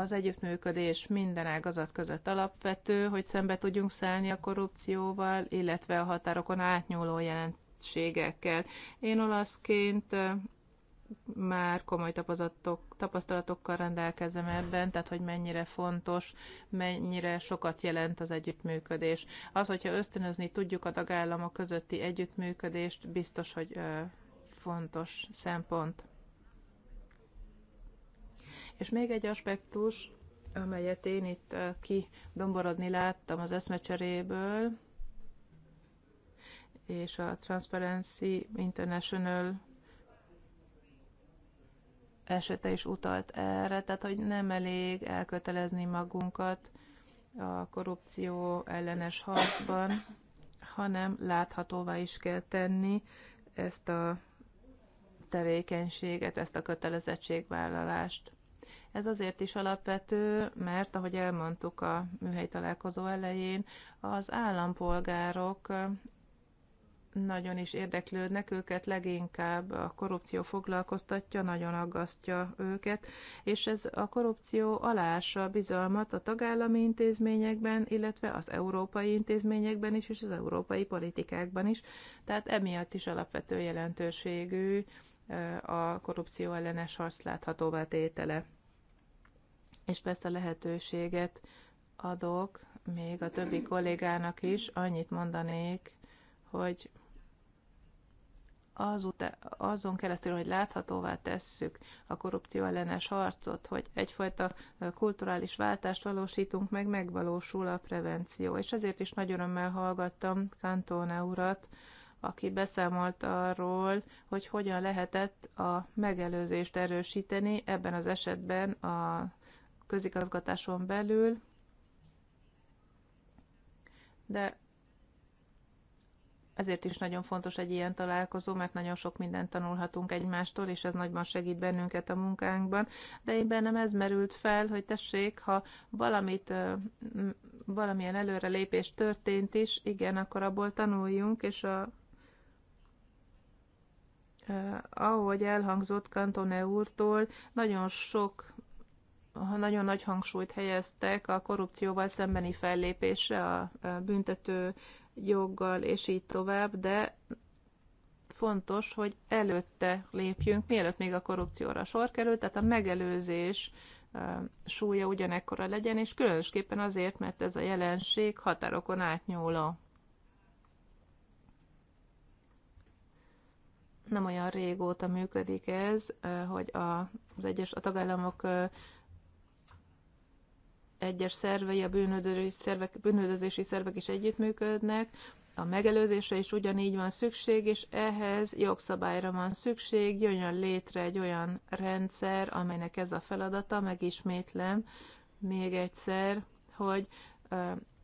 az együttműködés minden ágazat között alapvető, hogy szembe tudjunk szállni a korrupcióval, illetve a határokon átnyúló jelenségekkel. Én olaszként már komoly tapasztalatokkal rendelkezem ebben, tehát hogy mennyire fontos, mennyire sokat jelent az együttműködés. Az, hogyha ösztönözni tudjuk a tagállamok közötti együttműködést, biztos, hogy fontos szempont. És még egy aspektus, amelyet én itt eh, kidomborodni láttam az eszmecseréből, és a Transparency International esete is utalt erre, tehát hogy nem elég elkötelezni magunkat a korrupció ellenes harcban, hanem láthatóvá is kell tenni ezt a tevékenységet, ezt a kötelezettségvállalást. Ez azért is alapvető, mert ahogy elmondtuk a műhely találkozó elején, az állampolgárok nagyon is érdeklődnek őket, leginkább a korrupció foglalkoztatja, nagyon aggasztja őket, és ez a korrupció alása bizalmat a tagállami intézményekben, illetve az európai intézményekben is, és az európai politikákban is, tehát emiatt is alapvető jelentőségű a korrupció ellenes harc láthatóvá tétele és persze lehetőséget adok még a többi kollégának is, annyit mondanék, hogy azon keresztül, hogy láthatóvá tesszük a korrupció ellenes harcot, hogy egyfajta kulturális váltást valósítunk meg, megvalósul a prevenció. És ezért is nagy örömmel hallgattam Kantóne urat, aki beszámolt arról, hogy hogyan lehetett a megelőzést erősíteni, ebben az esetben a közigazgatáson belül, de ezért is nagyon fontos egy ilyen találkozó, mert nagyon sok mindent tanulhatunk egymástól, és ez nagyban segít bennünket a munkánkban. De én bennem ez merült fel, hogy tessék, ha valamit, valamilyen előrelépés történt is, igen, akkor abból tanuljunk, és a ahogy elhangzott Kantone úrtól, nagyon sok ha nagyon nagy hangsúlyt helyeztek a korrupcióval szembeni fellépésre, a büntető joggal, és így tovább, de fontos, hogy előtte lépjünk, mielőtt még a korrupcióra sor kerül, tehát a megelőzés súlya ugyanekkora legyen, és különösképpen azért, mert ez a jelenség határokon átnyúló. Nem olyan régóta működik ez, hogy az egyes a tagállamok egyes szervei, a szervek, bűnöldözési szervek is együttműködnek, a megelőzése is ugyanígy van szükség, és ehhez jogszabályra van szükség, jöjjön létre egy olyan rendszer, amelynek ez a feladata, megismétlem még egyszer, hogy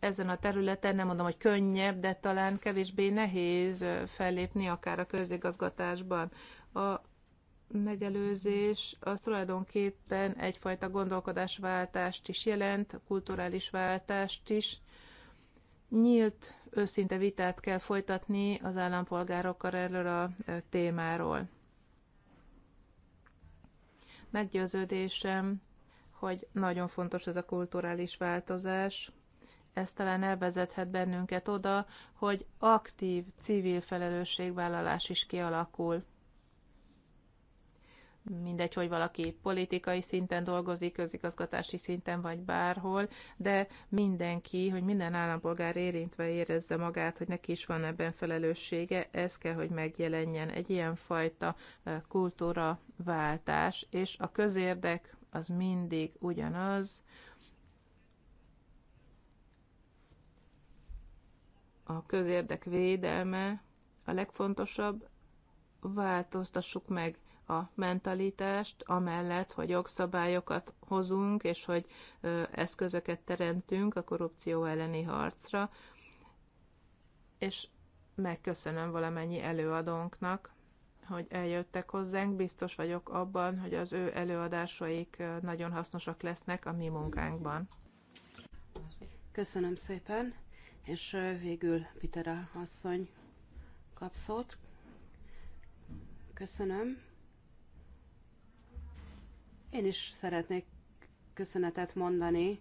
ezen a területen nem mondom, hogy könnyebb, de talán kevésbé nehéz fellépni akár a közigazgatásban. A megelőzés az tulajdonképpen egyfajta gondolkodásváltást is jelent, kulturális váltást is. Nyílt, őszinte vitát kell folytatni az állampolgárokkal erről a e, témáról. Meggyőződésem, hogy nagyon fontos ez a kulturális változás, ez talán elvezethet bennünket oda, hogy aktív civil felelősségvállalás is kialakul mindegy, hogy valaki politikai szinten dolgozik, közigazgatási szinten, vagy bárhol, de mindenki, hogy minden állampolgár érintve érezze magát, hogy neki is van ebben felelőssége, ez kell, hogy megjelenjen egy ilyen fajta e, váltás, és a közérdek az mindig ugyanaz, a közérdek védelme a legfontosabb, változtassuk meg a mentalitást, amellett, hogy jogszabályokat hozunk, és hogy eszközöket teremtünk a korrupció elleni harcra. És megköszönöm valamennyi előadónknak, hogy eljöttek hozzánk. Biztos vagyok abban, hogy az ő előadásaik nagyon hasznosak lesznek a mi munkánkban. Köszönöm szépen, és végül Pitera asszony kap szót. Köszönöm. Én is szeretnék köszönetet mondani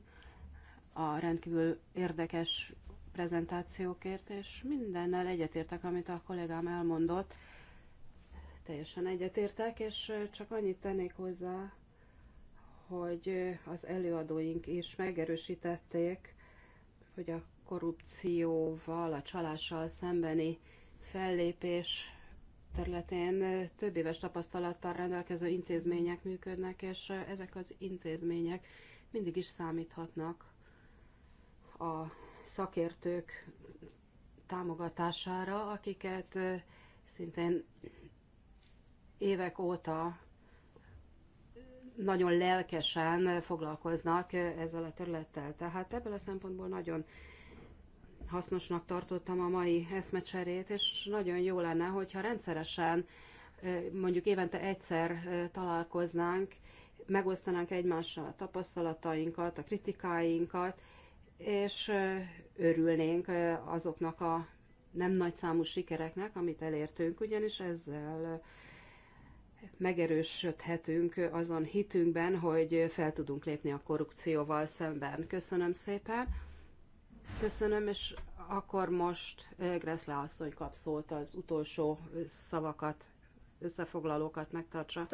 a rendkívül érdekes prezentációkért, és mindennel egyetértek, amit a kollégám elmondott. Teljesen egyetértek, és csak annyit tennék hozzá, hogy az előadóink is megerősítették, hogy a korrupcióval, a csalással szembeni fellépés területén több éves tapasztalattal rendelkező intézmények működnek, és ezek az intézmények mindig is számíthatnak a szakértők támogatására, akiket szintén évek óta nagyon lelkesen foglalkoznak ezzel a területtel. Tehát ebből a szempontból nagyon hasznosnak tartottam a mai eszmecserét, és nagyon jó lenne, hogyha rendszeresen, mondjuk évente egyszer találkoznánk, megosztanánk egymással a tapasztalatainkat, a kritikáinkat, és örülnénk azoknak a nem nagy számú sikereknek, amit elértünk, ugyanis ezzel megerősödhetünk azon hitünkben, hogy fel tudunk lépni a korrupcióval szemben. Köszönöm szépen! Köszönöm, és akkor most eh, Greszle asszony kap szót az utolsó szavakat, összefoglalókat megtartsa.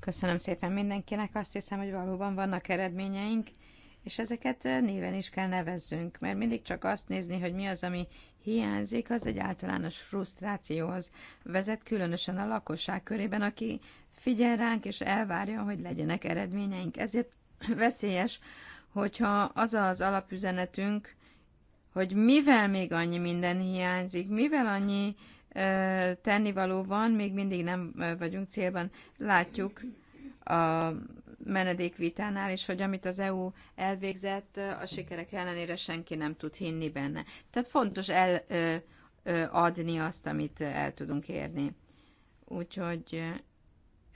Köszönöm szépen mindenkinek, azt hiszem, hogy valóban vannak eredményeink, és ezeket eh, néven is kell nevezzünk, mert mindig csak azt nézni, hogy mi az, ami hiányzik, az egy általános frusztrációhoz vezet, különösen a lakosság körében, aki figyel ránk és elvárja, hogy legyenek eredményeink. Ezért veszélyes, hogyha az az alapüzenetünk, hogy mivel még annyi minden hiányzik, mivel annyi ö, tennivaló van, még mindig nem vagyunk célban. Látjuk a menedékvitánál is, hogy amit az EU elvégzett, a sikerek ellenére senki nem tud hinni benne. Tehát fontos eladni azt, amit el tudunk érni. Úgyhogy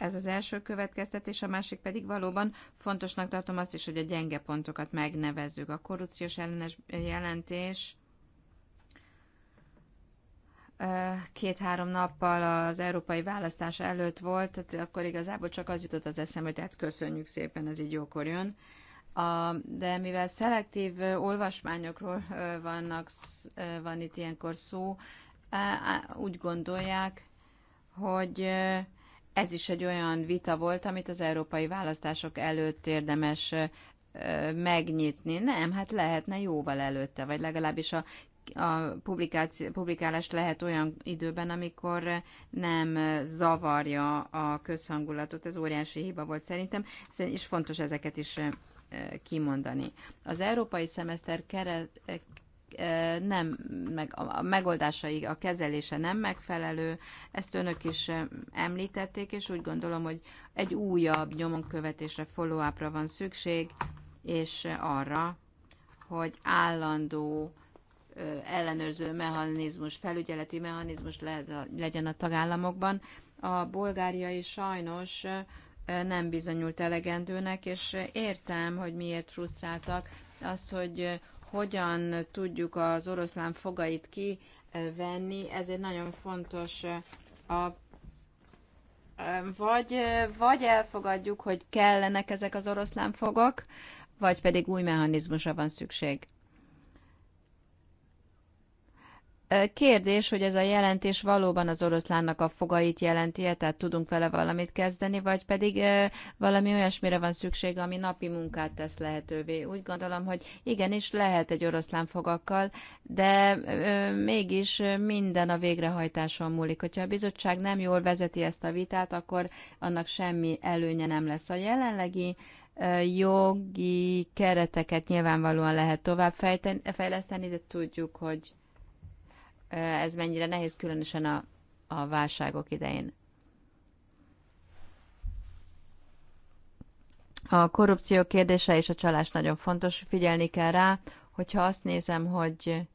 ez az első következtetés, a másik pedig valóban fontosnak tartom azt is, hogy a gyenge pontokat megnevezzük. A korrupciós ellenes jelentés két-három nappal az európai választás előtt volt, tehát akkor igazából csak az jutott az eszembe, tehát köszönjük szépen, ez így jókor jön. A, de mivel szelektív olvasmányokról vannak, van itt ilyenkor szó, úgy gondolják, hogy ez is egy olyan vita volt, amit az európai választások előtt érdemes megnyitni. Nem, hát lehetne jóval előtte, vagy legalábbis a a publikálást lehet olyan időben, amikor nem zavarja a közhangulatot. Ez óriási hiba volt szerintem, és fontos ezeket is kimondani. Az európai szemeszter nem, meg a megoldásai, a kezelése nem megfelelő, ezt önök is említették, és úgy gondolom, hogy egy újabb nyomonkövetésre, follow van szükség, és arra, hogy állandó ellenőrző mechanizmus, felügyeleti mechanizmus legyen a tagállamokban. A bolgáriai sajnos nem bizonyult elegendőnek, és értem, hogy miért frusztráltak, az, hogy hogyan tudjuk az oroszlán fogait kivenni, ez egy nagyon fontos a vagy, vagy elfogadjuk, hogy kellenek ezek az oroszlán fogok, vagy pedig új mechanizmusra van szükség. Kérdés, hogy ez a jelentés valóban az oroszlánnak a fogait jelenti -e, tehát tudunk vele valamit kezdeni, vagy pedig valami olyasmire van szükség, ami napi munkát tesz lehetővé. Úgy gondolom, hogy igenis lehet egy oroszlán fogakkal, de mégis minden a végrehajtáson múlik. Hogyha a bizottság nem jól vezeti ezt a vitát, akkor annak semmi előnye nem lesz. A jelenlegi jogi kereteket nyilvánvalóan lehet tovább fejleszteni, de tudjuk, hogy ez mennyire nehéz, különösen a, a válságok idején. A korrupció kérdése és a csalás nagyon fontos, figyelni kell rá, hogyha azt nézem, hogy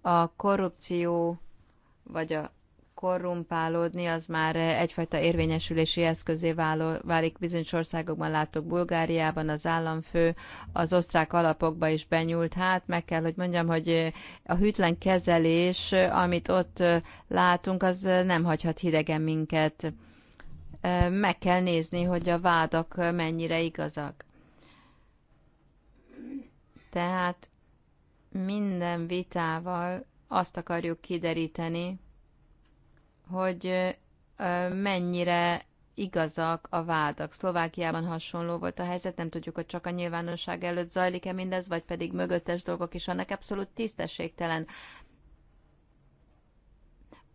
a korrupció vagy a, korrumpálódni, az már egyfajta érvényesülési eszközé válik bizonyos országokban, látok Bulgáriában, az államfő az osztrák alapokba is benyúlt. Hát meg kell, hogy mondjam, hogy a hűtlen kezelés, amit ott látunk, az nem hagyhat hidegen minket. Meg kell nézni, hogy a vádak mennyire igazak. Tehát minden vitával azt akarjuk kideríteni, hogy mennyire igazak a vádak. Szlovákiában hasonló volt a helyzet, nem tudjuk, hogy csak a nyilvánosság előtt zajlik-e mindez, vagy pedig mögöttes dolgok is vannak abszolút tisztességtelen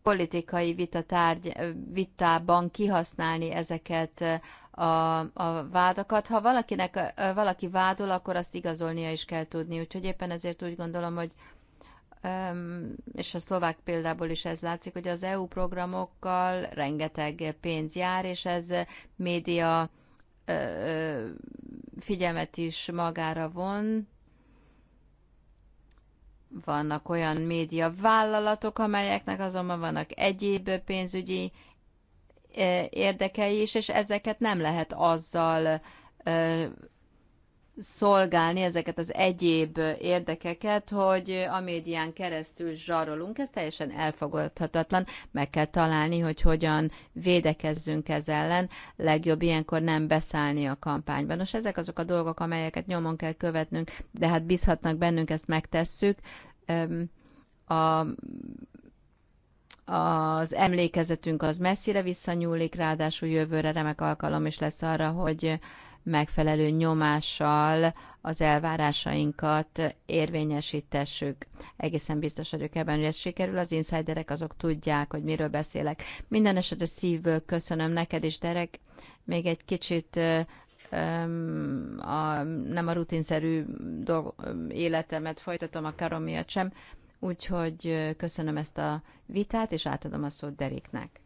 politikai vita tárgy, vitában kihasználni ezeket a, a vádakat. Ha valakinek valaki vádol, akkor azt igazolnia is kell tudni. Úgyhogy éppen ezért úgy gondolom, hogy és a szlovák példából is ez látszik, hogy az EU programokkal rengeteg pénz jár, és ez média figyelmet is magára von. Vannak olyan média vállalatok, amelyeknek azonban vannak egyéb pénzügyi érdekei is, és ezeket nem lehet azzal szolgálni ezeket az egyéb érdekeket, hogy a médián keresztül zsarolunk, ez teljesen elfogadhatatlan. Meg kell találni, hogy hogyan védekezzünk ez ellen. Legjobb ilyenkor nem beszállni a kampányban. Nos, ezek azok a dolgok, amelyeket nyomon kell követnünk, de hát bízhatnak bennünk, ezt megtesszük. A az emlékezetünk az messzire visszanyúlik, ráadásul jövőre remek alkalom is lesz arra, hogy megfelelő nyomással az elvárásainkat érvényesítessük. Egészen biztos vagyok ebben, hogy ez sikerül. Az insiderek azok tudják, hogy miről beszélek. Minden esetre szívből köszönöm neked is, Derek. Még egy kicsit a, nem a rutinszerű dolg, életemet folytatom a karom miatt sem, úgyhogy köszönöm ezt a vitát, és átadom a szót Deriknek.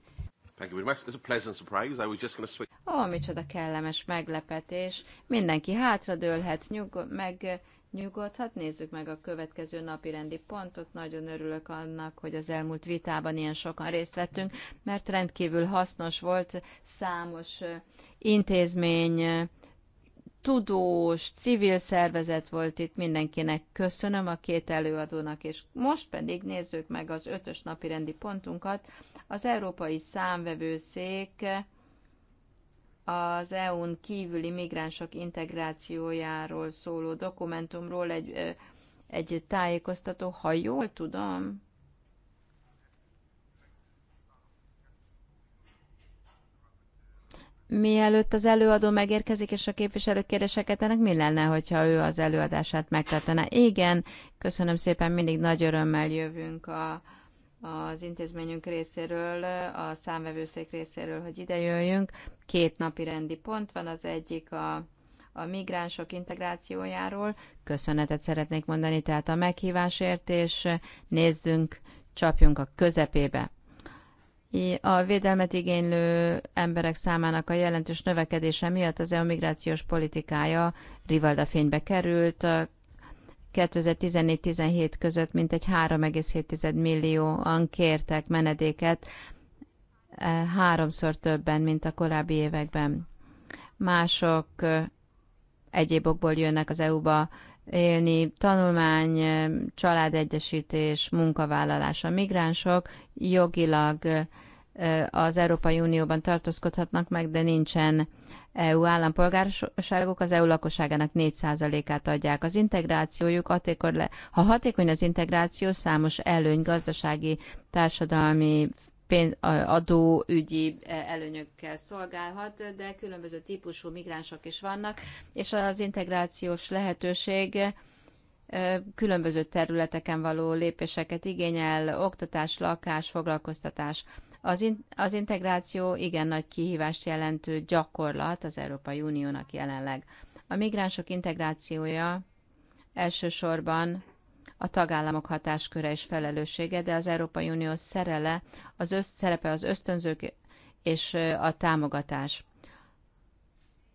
Thank you very much. It's a pleasant surprise. I was just going to switch. Ó, micsoda kellemes meglepetés. Mindenki hátradőlhet, nyug- meg nyugodhat. Nézzük meg a következő napi rendi pontot. Nagyon örülök annak, hogy az elmúlt vitában ilyen sokan részt vettünk, mert rendkívül hasznos volt számos intézmény tudós, civil szervezet volt itt mindenkinek. Köszönöm a két előadónak, és most pedig nézzük meg az ötös napi rendi pontunkat. Az Európai Számvevőszék az EU-n kívüli migránsok integrációjáról szóló dokumentumról egy, egy tájékoztató, ha jól tudom, Mielőtt az előadó megérkezik, és a képviselő kérdéseket ennek mi lenne, hogyha ő az előadását megtartaná? Igen, köszönöm szépen, mindig nagy örömmel jövünk a, az intézményünk részéről, a számvevőszék részéről, hogy ide jöjjünk. Két napi rendi pont van, az egyik a, a migránsok integrációjáról. Köszönetet szeretnék mondani tehát a meghívásért, és nézzünk, csapjunk a közepébe. A védelmet igénylő emberek számának a jelentős növekedése miatt az EU migrációs politikája rivalda fénybe került. 2014-17 között mintegy 3,7 millióan kértek menedéket, e, háromszor többen, mint a korábbi években. Mások e, egyéb okból jönnek az EU-ba, élni, tanulmány, családegyesítés, munkavállalás. A migránsok jogilag az Európai Unióban tartózkodhatnak meg, de nincsen EU állampolgárságok az EU lakosságának 4%-át adják. Az integrációjuk hatékony le, ha hatékony az integráció, számos előny, gazdasági, társadalmi, pénz, ügyi e, előnyökkel szolgálhat, de különböző típusú migránsok is vannak, és az integrációs lehetőség e, különböző területeken való lépéseket igényel, oktatás, lakás, foglalkoztatás. Az, in, az integráció igen nagy kihívást jelentő gyakorlat az Európai Uniónak jelenleg. A migránsok integrációja elsősorban a tagállamok hatásköre és felelőssége, de az Európai Unió szerele, az öszt, szerepe az ösztönzők és a támogatás.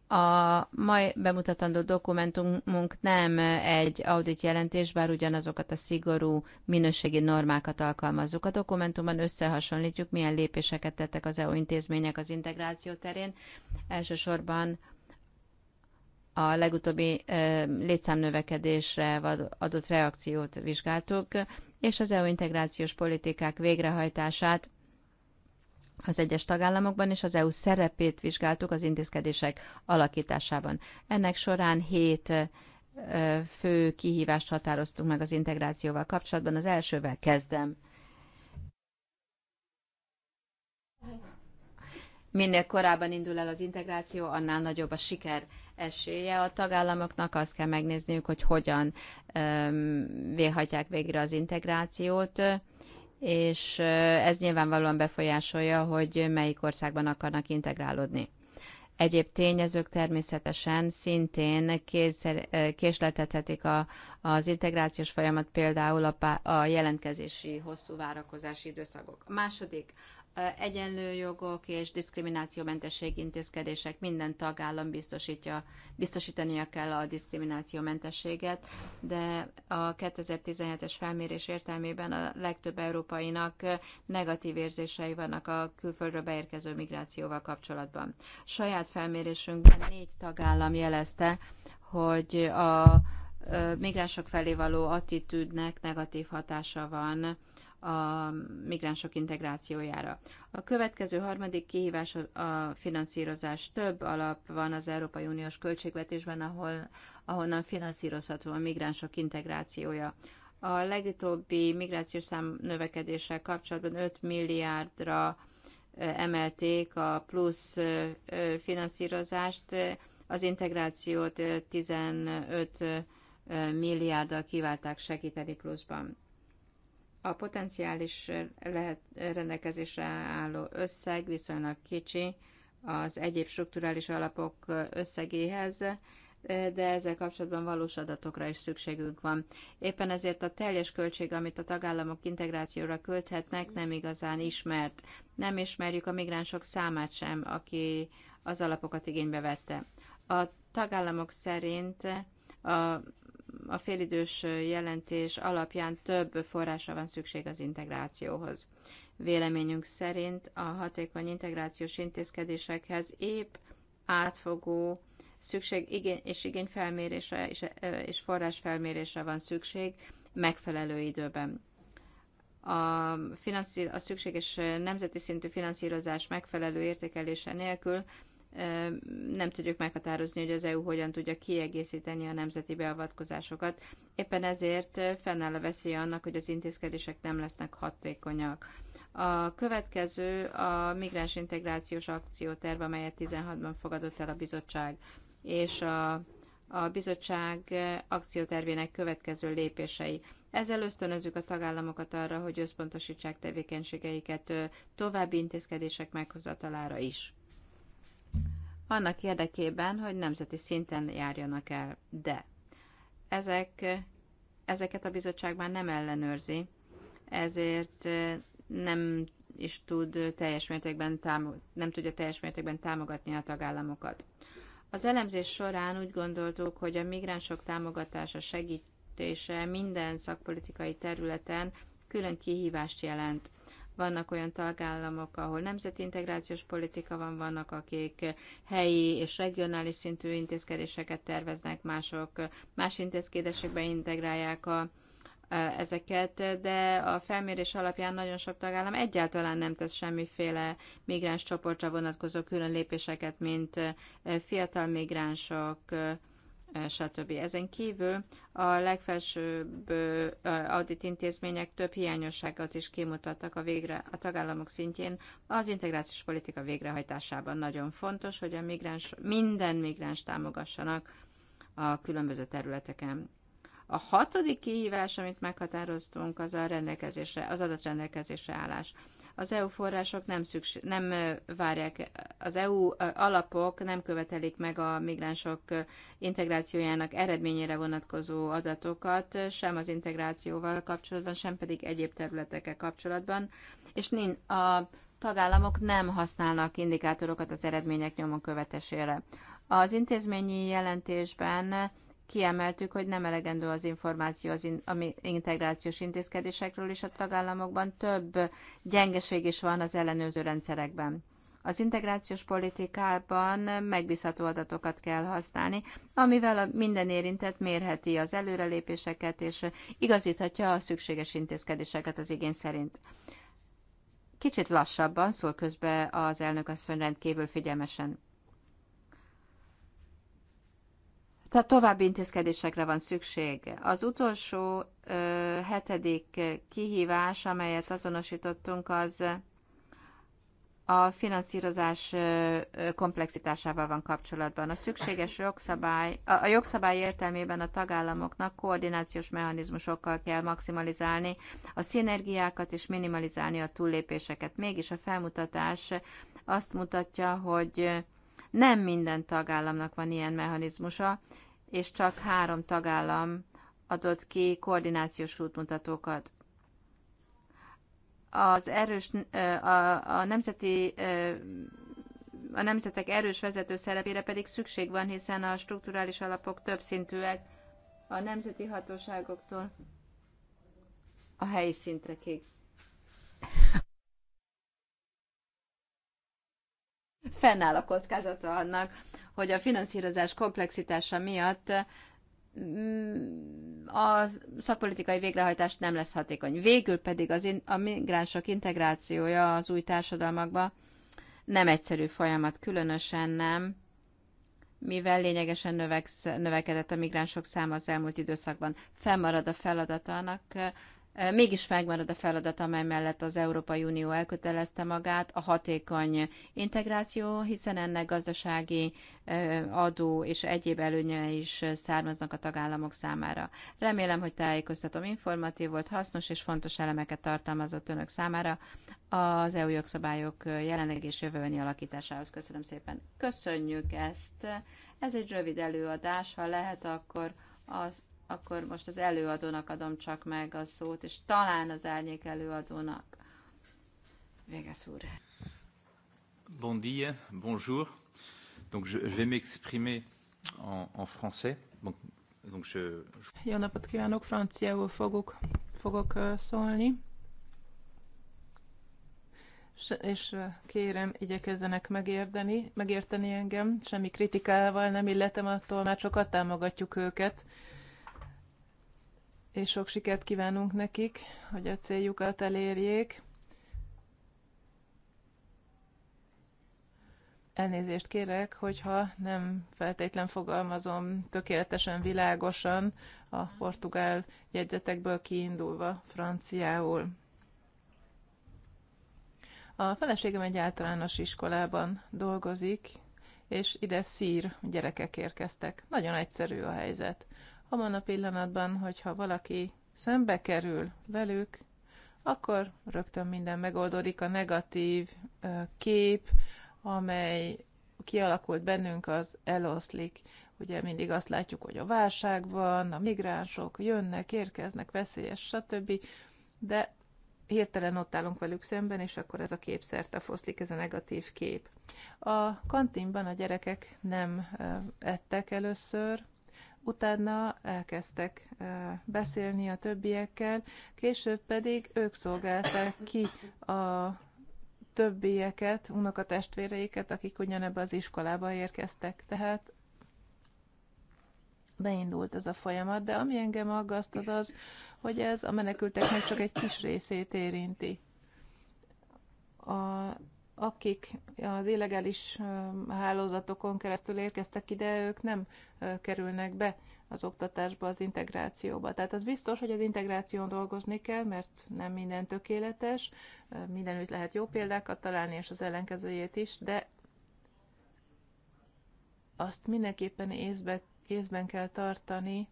A mai bemutatandó dokumentumunk nem egy audit jelentés, bár ugyanazokat a szigorú minőségi normákat alkalmazzuk. A dokumentumban összehasonlítjuk, milyen lépéseket tettek az EU intézmények az integráció terén, elsősorban a legutóbbi létszámnövekedésre adott reakciót vizsgáltuk, és az EU integrációs politikák végrehajtását az egyes tagállamokban, és az EU szerepét vizsgáltuk az intézkedések alakításában. Ennek során hét fő kihívást határoztunk meg az integrációval kapcsolatban. Az elsővel kezdem. Minél korábban indul el az integráció, annál nagyobb a siker esélye. A tagállamoknak azt kell megnézniük, hogy hogyan véhatják végre az integrációt, és ez nyilvánvalóan befolyásolja, hogy melyik országban akarnak integrálódni. Egyéb tényezők természetesen szintén kétszer, késleltethetik a, az integrációs folyamat, például a, a jelentkezési hosszú várakozási időszakok. A második, egyenlő jogok és diszkriminációmentesség intézkedések minden tagállam biztosítja, biztosítania kell a diszkriminációmentességet, de a 2017-es felmérés értelmében a legtöbb európainak negatív érzései vannak a külföldről beérkező migrációval kapcsolatban. Saját felmérésünkben négy tagállam jelezte, hogy a migránsok felé való attitűdnek negatív hatása van a migránsok integrációjára. A következő harmadik kihívás a finanszírozás. Több alap van az Európai Uniós költségvetésben, ahol, ahonnan finanszírozható a migránsok integrációja. A legutóbbi migrációs szám növekedéssel kapcsolatban 5 milliárdra emelték a plusz finanszírozást, az integrációt 15 milliárddal kiválták segíteni pluszban. A potenciális lehet rendelkezésre álló összeg viszonylag kicsi az egyéb strukturális alapok összegéhez, de ezzel kapcsolatban valós adatokra is szükségünk van. Éppen ezért a teljes költség, amit a tagállamok integrációra költhetnek, nem igazán ismert. Nem ismerjük a migránsok számát sem, aki az alapokat igénybe vette. A tagállamok szerint a a félidős jelentés alapján több forrásra van szükség az integrációhoz. Véleményünk szerint a hatékony integrációs intézkedésekhez épp átfogó szükség és igényfelmérésre és, és forrásfelmérésre van szükség megfelelő időben. A, finanszí a szükséges nemzeti szintű finanszírozás megfelelő értékelése nélkül nem tudjuk meghatározni, hogy az EU hogyan tudja kiegészíteni a nemzeti beavatkozásokat. Éppen ezért fennáll a veszély annak, hogy az intézkedések nem lesznek hatékonyak. A következő a migráns integrációs akcióterv, amelyet 16-ban fogadott el a bizottság, és a, a bizottság akciótervének következő lépései. Ezzel ösztönözzük a tagállamokat arra, hogy összpontosítsák tevékenységeiket további intézkedések meghozatalára is annak érdekében, hogy nemzeti szinten járjanak el. De ezek, ezeket a bizottság már nem ellenőrzi, ezért eh, nem is tud teljes mértékben támog, nem tudja teljes mértékben támogatni a tagállamokat. Az elemzés során úgy gondoltuk, hogy a migránsok támogatása, segítése minden szakpolitikai területen külön kihívást jelent – vannak olyan tagállamok, ahol nemzeti integrációs politika van, vannak, akik helyi és regionális szintű intézkedéseket terveznek, mások más intézkedésekbe integrálják a, ezeket, de a felmérés alapján nagyon sok tagállam egyáltalán nem tesz semmiféle migráns csoportra vonatkozó külön lépéseket, mint fiatal migránsok, stb. Ezen kívül a legfelsőbb audit intézmények több hiányosságot is kimutattak a, végre, a tagállamok szintjén. Az integrációs politika végrehajtásában nagyon fontos, hogy a migráns, minden migráns támogassanak a különböző területeken. A hatodik kihívás, amit meghatároztunk, az a rendelkezésre, az adatrendelkezésre állás. Az EU források nem, szükség, nem várják, az EU alapok nem követelik meg a migránsok integrációjának eredményére vonatkozó adatokat, sem az integrációval kapcsolatban, sem pedig egyéb területekkel kapcsolatban, és nincs a tagállamok nem használnak indikátorokat az eredmények nyomon követésére. Az intézményi jelentésben kiemeltük, hogy nem elegendő az információ az in, ami integrációs intézkedésekről, és a tagállamokban több gyengeség is van az ellenőrző rendszerekben. Az integrációs politikában megbízható adatokat kell használni, amivel a minden érintett mérheti az előrelépéseket, és igazíthatja a szükséges intézkedéseket az igény szerint. Kicsit lassabban szól közbe az elnök asszony rendkívül figyelmesen. Tehát további intézkedésekre van szükség. Az utolsó ö, hetedik kihívás, amelyet azonosítottunk, az a finanszírozás komplexitásával van kapcsolatban. A szükséges jogszabály, a jogszabály értelmében a tagállamoknak koordinációs mechanizmusokkal kell maximalizálni a szinergiákat és minimalizálni a túllépéseket. Mégis a felmutatás azt mutatja, hogy nem minden tagállamnak van ilyen mechanizmusa, és csak három tagállam adott ki koordinációs útmutatókat. Az erős, a, a nemzeti a nemzetek erős vezető szerepére pedig szükség van, hiszen a strukturális alapok többszintűek a nemzeti hatóságoktól a helyi szintekig. fennáll a kockázata annak, hogy a finanszírozás komplexitása miatt mm, a szakpolitikai végrehajtást nem lesz hatékony. Végül pedig az in, a migránsok integrációja az új társadalmakba nem egyszerű folyamat, különösen nem, mivel lényegesen növeksz, növekedett a migránsok száma az elmúlt időszakban. Fennmarad a feladat annak, Mégis megmarad a feladat, amely mellett az Európai Unió elkötelezte magát, a hatékony integráció, hiszen ennek gazdasági adó és egyéb előnye is származnak a tagállamok számára. Remélem, hogy tájékoztatom informatív volt, hasznos és fontos elemeket tartalmazott önök számára az EU jogszabályok jelenleg és jövőbeni alakításához. Köszönöm szépen. Köszönjük ezt. Ez egy rövid előadás, ha lehet, akkor az akkor most az előadónak adom csak meg a szót, és talán az árnyék előadónak. Véges úr. Bon dia, bonjour. Donc je, je vais m'exprimer en, en français. Bon, donc je, je... Jó napot kívánok, franciául fogok, fogok szólni. És kérem, igyekezzenek megérteni, megérteni engem, semmi kritikával nem illetem a tolmácsokat, támogatjuk őket és sok sikert kívánunk nekik, hogy a céljukat elérjék. Elnézést kérek, hogyha nem feltétlen fogalmazom tökéletesen világosan a portugál jegyzetekből kiindulva franciául. A feleségem egy általános iskolában dolgozik, és ide szír gyerekek érkeztek. Nagyon egyszerű a helyzet. Abban a pillanatban, hogyha valaki szembe kerül velük, akkor rögtön minden megoldódik, a negatív kép, amely kialakult bennünk, az eloszlik. Ugye mindig azt látjuk, hogy a válság van, a migránsok jönnek, érkeznek, veszélyes, stb. De hirtelen ott állunk velük szemben, és akkor ez a kép szerte foszlik, ez a negatív kép. A kantinban a gyerekek nem ettek először, utána elkezdtek beszélni a többiekkel, később pedig ők szolgálták ki a többieket, unokatestvéreiket, akik ugyanebbe az iskolába érkeztek. Tehát beindult ez a folyamat, de ami engem aggaszt az az, hogy ez a menekülteknek csak egy kis részét érinti. A akik az illegális hálózatokon keresztül érkeztek ide, ők nem kerülnek be az oktatásba, az integrációba. Tehát az biztos, hogy az integráción dolgozni kell, mert nem minden tökéletes, mindenütt lehet jó példákat találni, és az ellenkezőjét is, de azt mindenképpen észbe, észben kell tartani,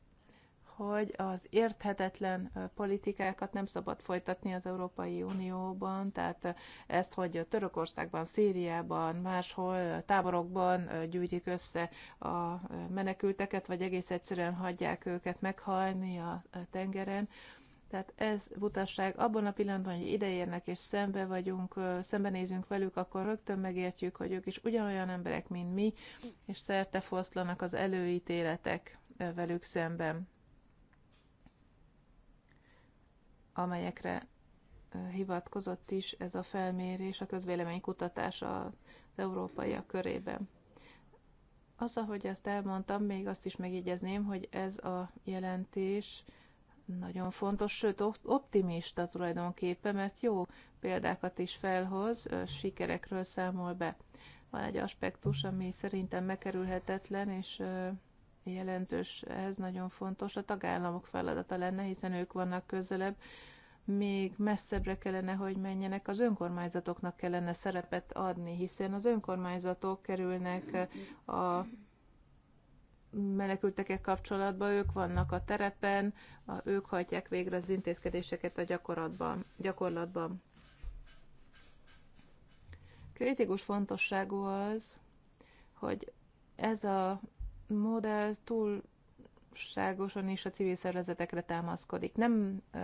hogy az érthetetlen politikákat nem szabad folytatni az Európai Unióban, tehát ez, hogy Törökországban, Szíriában, máshol táborokban gyűjtik össze a menekülteket, vagy egész egyszerűen hagyják őket meghalni a tengeren, tehát ez butasság. abban a pillanatban, hogy ideérnek és szembe vagyunk, szembenézünk velük, akkor rögtön megértjük, hogy ők is ugyanolyan emberek, mint mi, és szerte foszlanak az előítéletek velük szemben. amelyekre hivatkozott is ez a felmérés, a közvélemény kutatása az európaiak körében. Az, ahogy azt elmondtam, még azt is megjegyezném, hogy ez a jelentés nagyon fontos, sőt optimista tulajdonképpen, mert jó példákat is felhoz, sikerekről számol be. Van egy aspektus, ami szerintem megkerülhetetlen, és jelentős, ez nagyon fontos. A tagállamok feladata lenne, hiszen ők vannak közelebb, még messzebbre kellene, hogy menjenek, az önkormányzatoknak kellene szerepet adni, hiszen az önkormányzatok kerülnek a menekültekkel kapcsolatban, ők vannak a terepen, a, ők hajtják végre az intézkedéseket a gyakorlatban. gyakorlatban. Kritikus fontosságú az, hogy ez a modell túlságosan is a civil szervezetekre támaszkodik. Nem ö,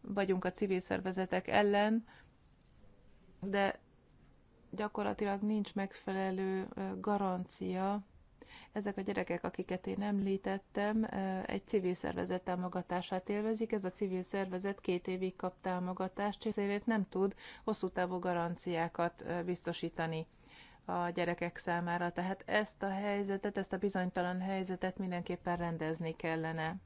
vagyunk a civil szervezetek ellen, de gyakorlatilag nincs megfelelő garancia. Ezek a gyerekek, akiket én említettem, egy civil szervezet támogatását élvezik. Ez a civil szervezet két évig kap támogatást, és ezért nem tud hosszú távú garanciákat biztosítani a gyerekek számára. Tehát ezt a helyzetet, ezt a bizonytalan helyzetet mindenképpen rendezni kellene.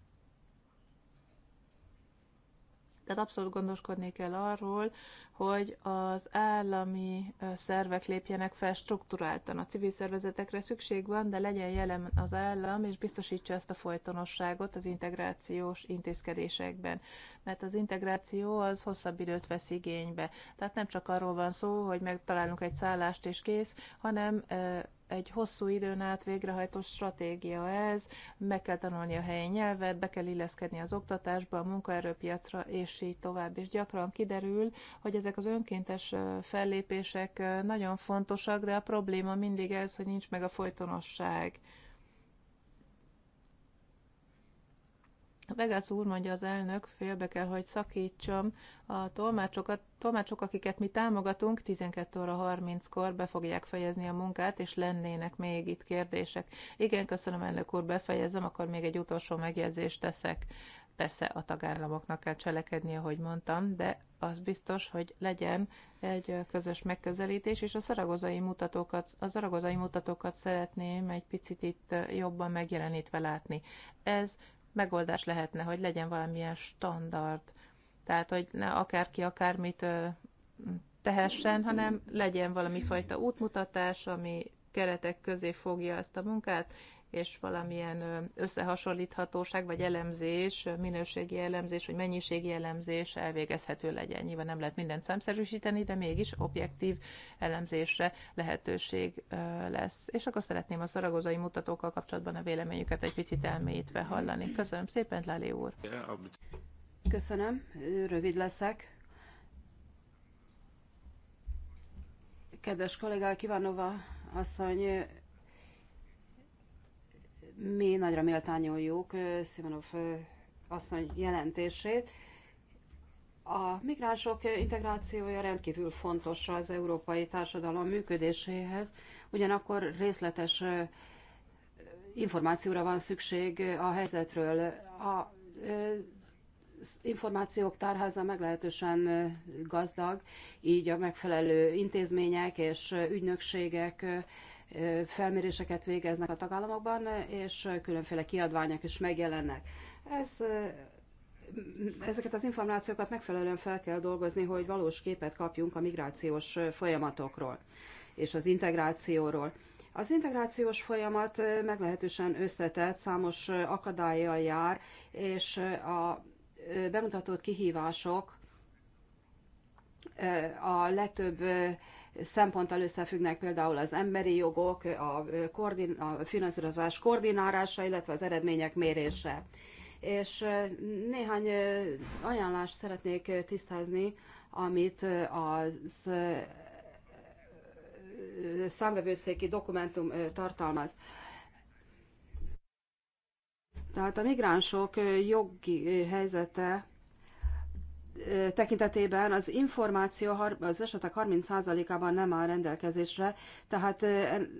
Tehát abszolút gondoskodni kell arról, hogy az állami szervek lépjenek fel struktúráltan. A civil szervezetekre szükség van, de legyen jelen az állam, és biztosítsa ezt a folytonosságot az integrációs intézkedésekben. Mert az integráció az hosszabb időt vesz igénybe. Tehát nem csak arról van szó, hogy megtalálunk egy szállást és kész, hanem egy hosszú időn át végrehajtott stratégia ez, meg kell tanulni a helyi nyelvet, be kell illeszkedni az oktatásba, a munkaerőpiacra, és így tovább. És gyakran kiderül, hogy ezek az önkéntes fellépések nagyon fontosak, de a probléma mindig ez, hogy nincs meg a folytonosság. Vegas úr, mondja az elnök, félbe kell, hogy szakítsam. A tolmácsokat, tolmácsok, akiket mi támogatunk, 12 óra 30-kor be fogják fejezni a munkát, és lennének még itt kérdések. Igen, köszönöm, elnök úr, befejezem, akkor még egy utolsó megjegyzést teszek. Persze a tagállamoknak kell cselekedni, ahogy mondtam, de az biztos, hogy legyen egy közös megközelítés, és a szaragozai mutatókat, a szaragozai mutatókat szeretném egy picit itt jobban megjelenítve látni. Ez megoldás lehetne, hogy legyen valamilyen standard. Tehát, hogy ne akárki akármit tehessen, hanem legyen valami fajta útmutatás, ami keretek közé fogja ezt a munkát, és valamilyen összehasonlíthatóság vagy elemzés, minőségi elemzés vagy mennyiségi elemzés elvégezhető legyen. Nyilván nem lehet mindent számszerűsíteni, de mégis objektív elemzésre lehetőség lesz. És akkor szeretném a szaragozai mutatókkal kapcsolatban a véleményüket egy picit elmélyítve hallani. Köszönöm szépen, Lali úr! Köszönöm, rövid leszek. Kedves kollégák, Ivanova asszony mi nagyra méltányoljuk Szimonov asszony jelentését. A migránsok integrációja rendkívül fontos az európai társadalom működéséhez, ugyanakkor részletes információra van szükség a helyzetről. A információk tárháza meglehetősen gazdag, így a megfelelő intézmények és ügynökségek felméréseket végeznek a tagállamokban, és különféle kiadványok is megjelennek. Ez, ezeket az információkat megfelelően fel kell dolgozni, hogy valós képet kapjunk a migrációs folyamatokról és az integrációról. Az integrációs folyamat meglehetősen összetett, számos akadályjal jár, és a bemutatott kihívások a legtöbb szemponttal összefüggnek például az emberi jogok, a, koordin, a finanszírozás koordinálása, illetve az eredmények mérése. És néhány ajánlást szeretnék tisztázni, amit az számvevőszéki dokumentum tartalmaz. Tehát a migránsok jogi helyzete tekintetében az információ az esetek 30%-ában nem áll rendelkezésre, tehát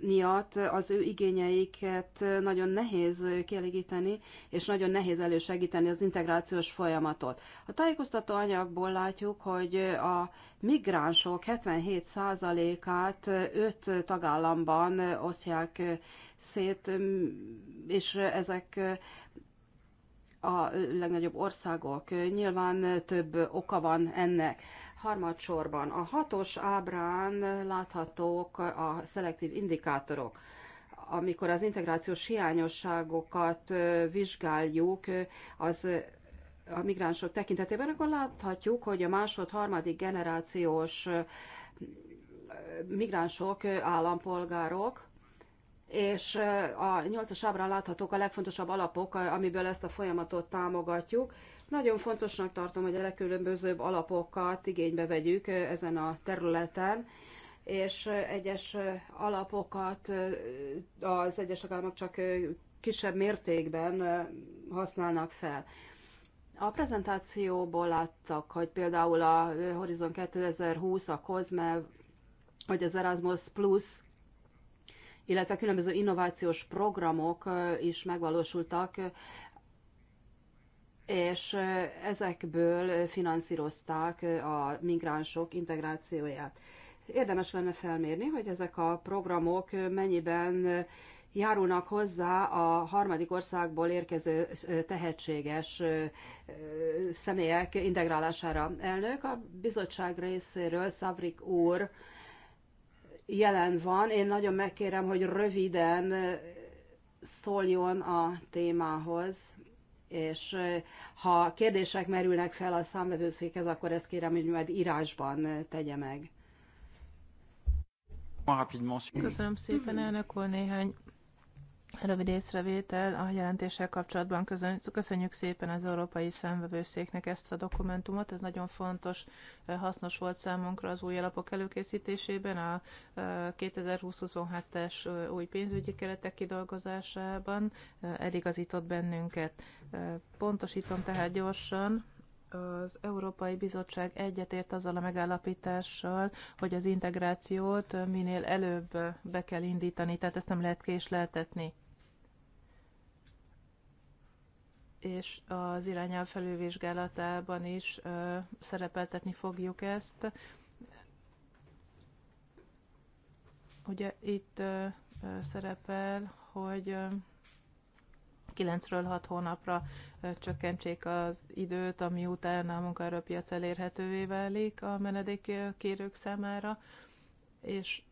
miatt az ő igényeiket nagyon nehéz kielégíteni, és nagyon nehéz elősegíteni az integrációs folyamatot. A tájékoztató anyagból látjuk, hogy a migránsok 77%-át öt tagállamban osztják szét, és ezek a legnagyobb országok. Nyilván több oka van ennek. Harmadsorban a hatos ábrán láthatók a szelektív indikátorok. Amikor az integrációs hiányosságokat vizsgáljuk, az a migránsok tekintetében, akkor láthatjuk, hogy a másod-harmadik generációs migránsok állampolgárok, és a nyolcas ábrán láthatók a legfontosabb alapok, amiből ezt a folyamatot támogatjuk. Nagyon fontosnak tartom, hogy a legkülönbözőbb alapokat igénybe vegyük ezen a területen, és egyes alapokat az egyes tagállamok csak kisebb mértékben használnak fel. A prezentációból láttak, hogy például a Horizon 2020, a COSME, vagy az Erasmus Plus illetve különböző innovációs programok is megvalósultak, és ezekből finanszírozták a migránsok integrációját. Érdemes lenne felmérni, hogy ezek a programok mennyiben járulnak hozzá a harmadik országból érkező tehetséges személyek integrálására. Elnök, a bizottság részéről Szavrik úr jelen van. Én nagyon megkérem, hogy röviden szóljon a témához, és ha kérdések merülnek fel a számvevőszékhez, akkor ezt kérem, hogy majd írásban tegye meg. Köszönöm szépen, elnök úr, néhány Rövid észrevétel a jelentéssel kapcsolatban. Köszönjük szépen az Európai Számvevőszéknek ezt a dokumentumot. Ez nagyon fontos, eh, hasznos volt számunkra az új alapok előkészítésében, a 2020-27-es eh, eh, új pénzügyi keretek kidolgozásában eligazított bennünket. Pontosítom tehát gyorsan, az Európai Bizottság egyetért azzal a megállapítással, hogy az integrációt minél előbb be kell indítani, tehát ezt nem lehet késleltetni. és az irányelv felülvizsgálatában is ö, szerepeltetni fogjuk ezt. Ugye itt ö, ö, szerepel, hogy ö, 9-ről 6 hónapra csökkentsék az időt, ami után a munkaerőpiac elérhetővé válik a menedékkérők számára, és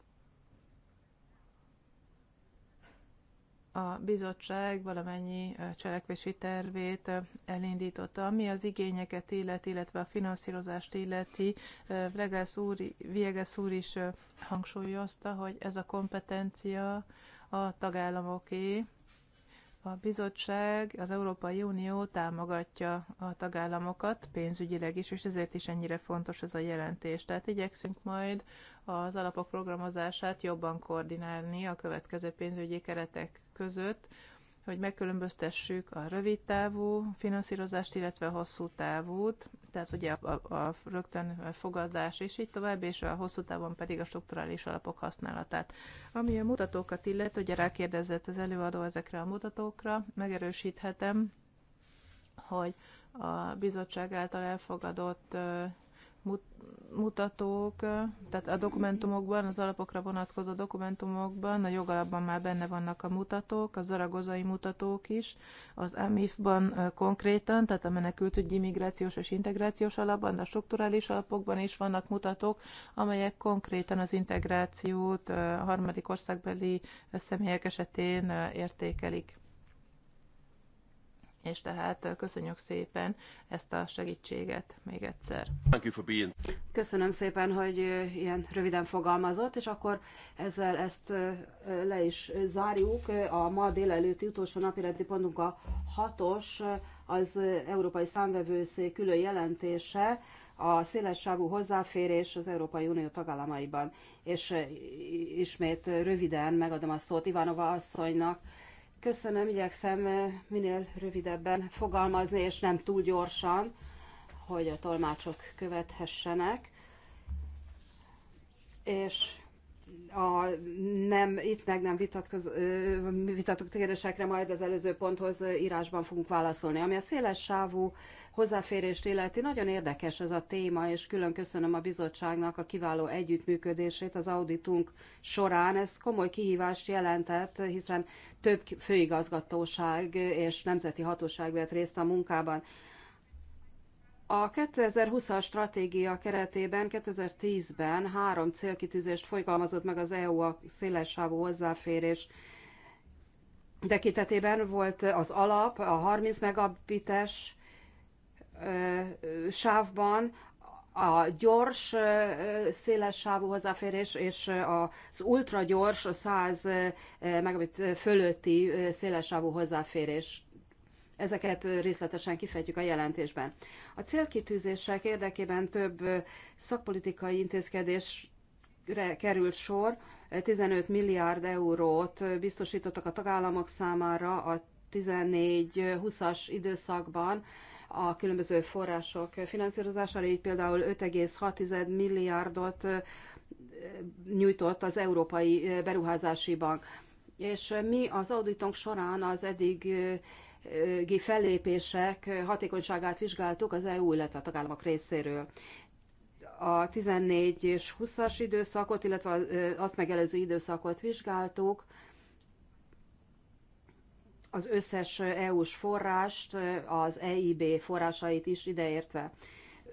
a bizottság valamennyi cselekvési tervét elindította, ami az igényeket illeti, illetve a finanszírozást illeti. Viegas úr, úr is hangsúlyozta, hogy ez a kompetencia a tagállamoké. A bizottság, az Európai Unió támogatja a tagállamokat pénzügyileg is, és ezért is ennyire fontos ez a jelentés. Tehát igyekszünk majd az alapok programozását jobban koordinálni a következő pénzügyi keretek között, hogy megkülönböztessük a rövid távú finanszírozást, illetve a hosszú távút, tehát ugye a, a, a rögtön fogadás és így tovább, és a hosszú távon pedig a strukturális alapok használatát. Ami a mutatókat illet, ugye rákérdezett az előadó ezekre a mutatókra, megerősíthetem, hogy a bizottság által elfogadott mutatók, tehát a dokumentumokban, az alapokra vonatkozó dokumentumokban, a jogalapban már benne vannak a mutatók, a zaragozai mutatók is, az AMIF-ban konkrétan, tehát a menekültügyi, migrációs és integrációs alapban, de a strukturális alapokban is vannak mutatók, amelyek konkrétan az integrációt a harmadik országbeli személyek esetén értékelik és tehát köszönjük szépen ezt a segítséget még egyszer. Köszönöm szépen, hogy ilyen röviden fogalmazott, és akkor ezzel ezt le is zárjuk. A ma délelőtti utolsó napirendi pontunk a hatos, az Európai Számvevőszék külön jelentése, a szélessávú hozzáférés az Európai Unió tagállamaiban. És ismét röviden megadom a szót Ivanova asszonynak, Köszönöm, igyekszem eh, minél rövidebben fogalmazni, és nem túl gyorsan, hogy a tolmácsok követhessenek. És a nem, itt meg nem vitatok kérdésekre, majd az előző ponthoz írásban fogunk válaszolni. Ami a széles sávú hozzáférést illeti, nagyon érdekes ez a téma, és külön köszönöm a bizottságnak a kiváló együttműködését az auditunk során. Ez komoly kihívást jelentett, hiszen több főigazgatóság és nemzeti hatóság vett részt a munkában. A 2020-as stratégia keretében 2010-ben három célkitűzést fogalmazott meg az EU a szélessávú hozzáférés tekintetében volt az alap, a 30 megabites sávban, a gyors széles sávú hozzáférés és az ultragyors 100 megabit fölötti széles sávú hozzáférés Ezeket részletesen kifejtjük a jelentésben. A célkitűzések érdekében több szakpolitikai intézkedésre került sor, 15 milliárd eurót biztosítottak a tagállamok számára a 14-20-as időszakban a különböző források finanszírozására, így például 5,6 milliárdot nyújtott az Európai Beruházási Bank. És mi az auditunk során az eddig fellépések hatékonyságát vizsgáltuk az EU, illetve a tagállamok részéről. A 14 és 20-as időszakot, illetve azt megelőző időszakot vizsgáltuk, az összes EU-s forrást, az EIB forrásait is ideértve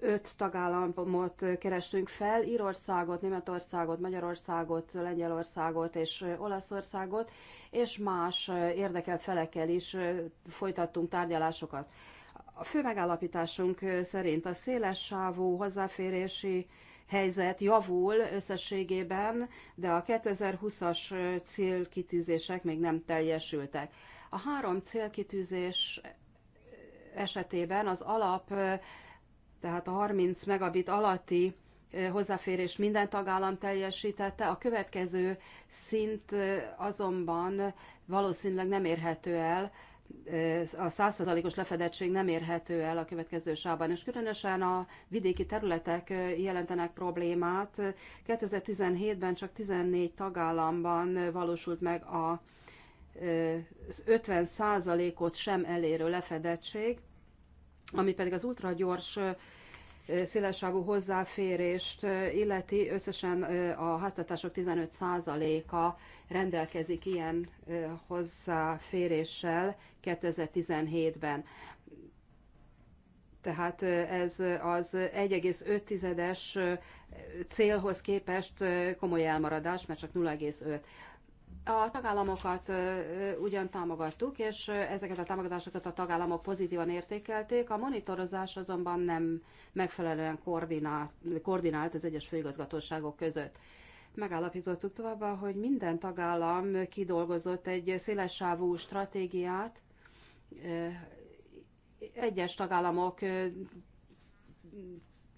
öt tagállamot kerestünk fel, Írországot, Németországot, Magyarországot, Lengyelországot és Olaszországot, és más érdekelt felekkel is folytattunk tárgyalásokat. A fő megállapításunk szerint a széles sávú hozzáférési helyzet javul összességében, de a 2020-as célkitűzések még nem teljesültek. A három célkitűzés esetében az alap tehát a 30 megabit alatti hozzáférés minden tagállam teljesítette, a következő szint azonban valószínűleg nem érhető el, a százszerzalékos lefedettség nem érhető el a következő sávban, és különösen a vidéki területek jelentenek problémát. 2017-ben csak 14 tagállamban valósult meg a 50 százalékot sem elérő lefedettség, ami pedig az ultragyors szélesávú hozzáférést illeti, összesen a háztartások 15%-a rendelkezik ilyen hozzáféréssel 2017-ben. Tehát ez az 1,5-es célhoz képest komoly elmaradás, mert csak a tagállamokat ugyan támogattuk, és ezeket a támogatásokat a tagállamok pozitívan értékelték, a monitorozás azonban nem megfelelően koordinált, koordinált az egyes főigazgatóságok között. Megállapítottuk továbbá, hogy minden tagállam kidolgozott egy szélessávú stratégiát, egyes tagállamok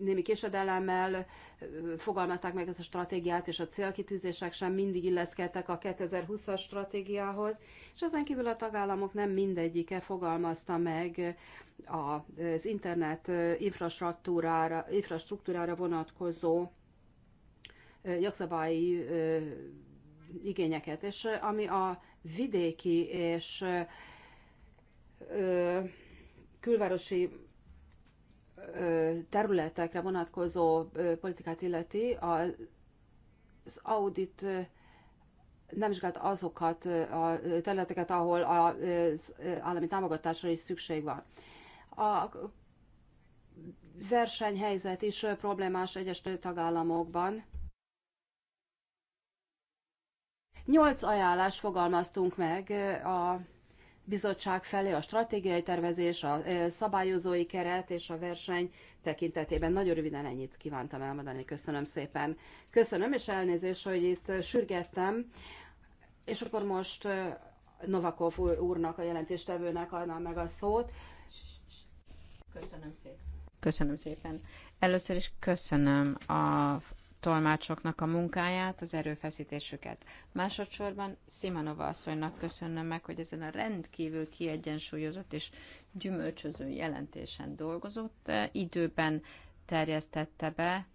némi késedelemmel fogalmazták meg ezt a stratégiát, és a célkitűzések sem mindig illeszkedtek a 2020-as stratégiához, és ezen kívül a tagállamok nem mindegyike fogalmazta meg az internet infrastruktúrára, infrastruktúrára vonatkozó jogszabályi igényeket, és ami a vidéki és külvárosi területekre vonatkozó politikát illeti, az audit nem vizsgált azokat a területeket, ahol az állami támogatásra is szükség van. A versenyhelyzet is problémás egyes tagállamokban. Nyolc ajánlást fogalmaztunk meg a bizottság felé a stratégiai tervezés, a szabályozói keret és a verseny tekintetében. Nagyon röviden ennyit kívántam elmondani. Köszönöm szépen. Köszönöm, és elnézést, hogy itt sürgettem. És akkor most Novakov úrnak, a jelentéstevőnek adnám meg a szót. Köszönöm szépen. Köszönöm szépen. Először is köszönöm a tolmácsoknak a munkáját, az erőfeszítésüket. Másodszorban Szimanova asszonynak köszönöm meg, hogy ezen a rendkívül kiegyensúlyozott és gyümölcsöző jelentésen dolgozott, eh, időben terjesztette be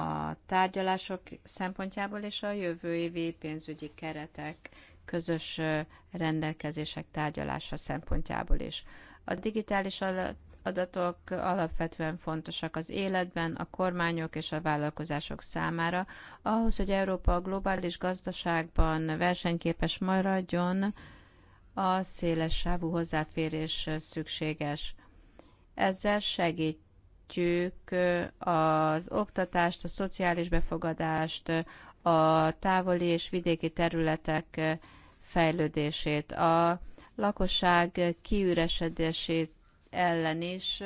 a tárgyalások szempontjából és a jövő évi pénzügyi keretek közös eh, rendelkezések tárgyalása szempontjából is. A digitális adatok alapvetően fontosak az életben, a kormányok és a vállalkozások számára. Ahhoz, hogy Európa a globális gazdaságban versenyképes maradjon, a széles sávú hozzáférés szükséges. Ezzel segítjük az oktatást, a szociális befogadást, a távoli és vidéki területek fejlődését, a lakosság kiüresedését ellen is,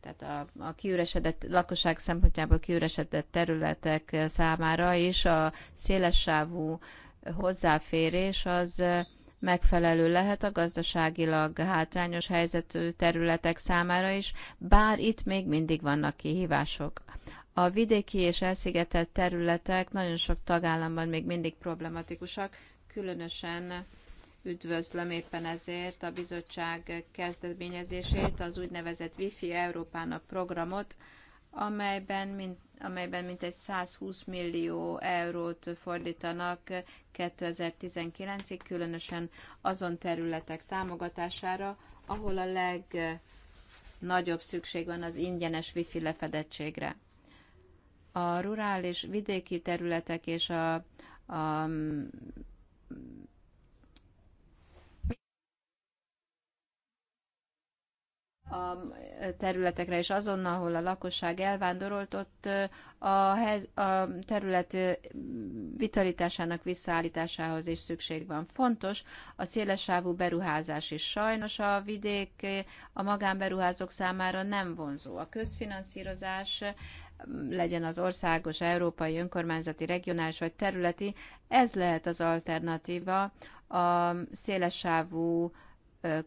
tehát a, a kiüresedett lakosság szempontjából kiüresedett területek számára is a szélessávú hozzáférés az megfelelő lehet a gazdaságilag hátrányos helyzetű területek számára is, bár itt még mindig vannak kihívások. A vidéki és elszigetelt területek nagyon sok tagállamban még mindig problematikusak, különösen Üdvözlöm éppen ezért a bizottság kezdeményezését, az úgynevezett Wi-Fi Európának programot, amelyben, mint, amelyben mintegy 120 millió eurót fordítanak 2019-ig, különösen azon területek támogatására, ahol a legnagyobb szükség van az ingyenes wifi lefedettségre. A rurális vidéki területek és a, a a területekre, és azon, ahol a lakosság elvándorolt, ott a, hez, a terület vitalitásának visszaállításához is szükség van. Fontos a szélesávú beruházás is. Sajnos a vidék a magánberuházók számára nem vonzó. A közfinanszírozás legyen az országos, európai, önkormányzati, regionális vagy területi, ez lehet az alternatíva a szélesávú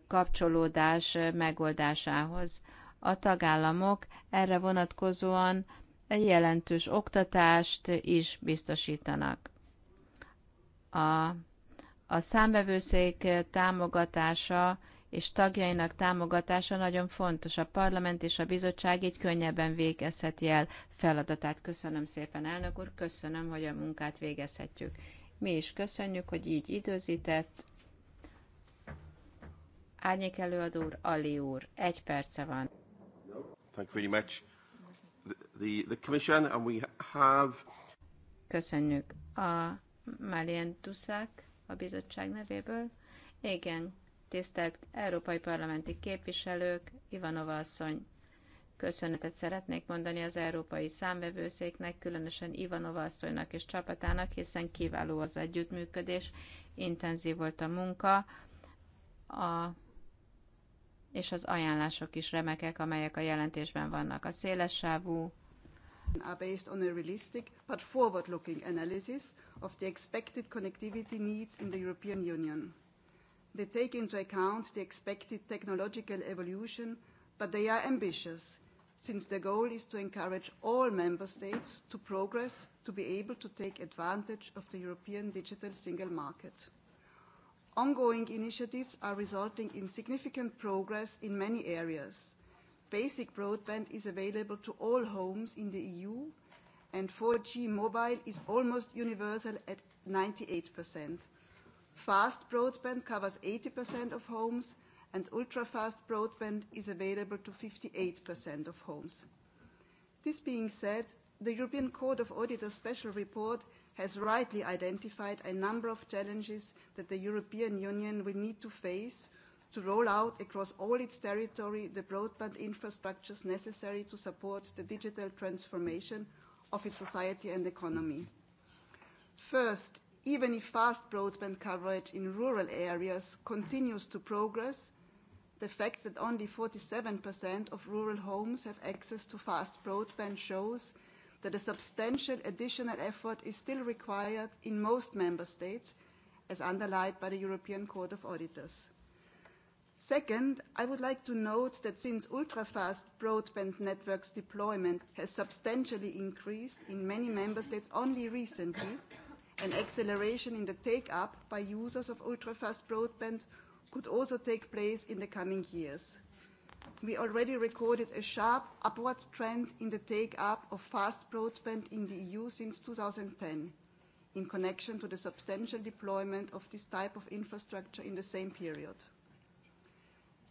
kapcsolódás megoldásához. A tagállamok erre vonatkozóan jelentős oktatást is biztosítanak. A, a számbevőszék támogatása és tagjainak támogatása nagyon fontos. A parlament és a bizottság így könnyebben végezheti el feladatát. Köszönöm szépen, elnök úr, köszönöm, hogy a munkát végezhetjük. Mi is köszönjük, hogy így időzített, Árnyék előadó úr, Ali úr, egy perce van. Thank you very much. The, the commission and we have... Köszönjük. A Malien Tuszák a bizottság nevéből. Igen, tisztelt Európai Parlamenti képviselők, Ivanova asszony, Köszönetet szeretnék mondani az Európai Számvevőszéknek, különösen Ivanova asszonynak és csapatának, hiszen kiváló az együttműködés, intenzív volt a munka. A és az ajánlások is remekek, amelyek a jelentésben vannak. A széles sávú are based on a realistic but forward-looking analysis of the expected connectivity needs in the European Union. They take into account the expected technological evolution, but they are ambitious, since the goal is to encourage all member states to progress to be able to take advantage of the European digital single market. Ongoing initiatives are resulting in significant progress in many areas. Basic broadband is available to all homes in the EU, and 4G mobile is almost universal at 98%. Fast broadband covers 80% of homes, and ultra-fast broadband is available to 58% of homes. This being said, the European Court of Auditors Special Report has rightly identified a number of challenges that the European Union will need to face to roll out across all its territory the broadband infrastructures necessary to support the digital transformation of its society and economy. First, even if fast broadband coverage in rural areas continues to progress, the fact that only 47% of rural homes have access to fast broadband shows that a substantial additional effort is still required in most member states, as underlined by the European Court of Auditors. Second, I would like to note that since ultra-fast broadband networks deployment has substantially increased in many member states only recently, an acceleration in the take-up by users of ultra-fast broadband could also take place in the coming years we already recorded a sharp upward trend in the take-up of fast broadband in the EU since 2010, in connection to the substantial deployment of this type of infrastructure in the same period.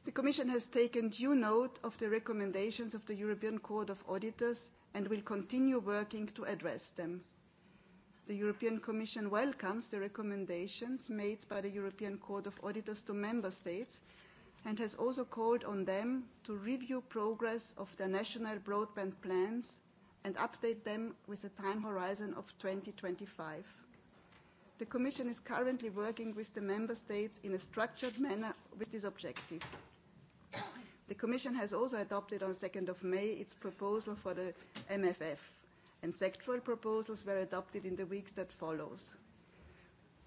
The Commission has taken due note of the recommendations of the European Court of Auditors and will continue working to address them. The European Commission welcomes the recommendations made by the European Court of Auditors to Member States and has also called on them to review progress of their national broadband plans and update them with a time horizon of 2025. The Commission is currently working with the Member States in a structured manner with this objective. The Commission has also adopted on 2nd of May its proposal for the MFF, and sectoral proposals were adopted in the weeks that follows.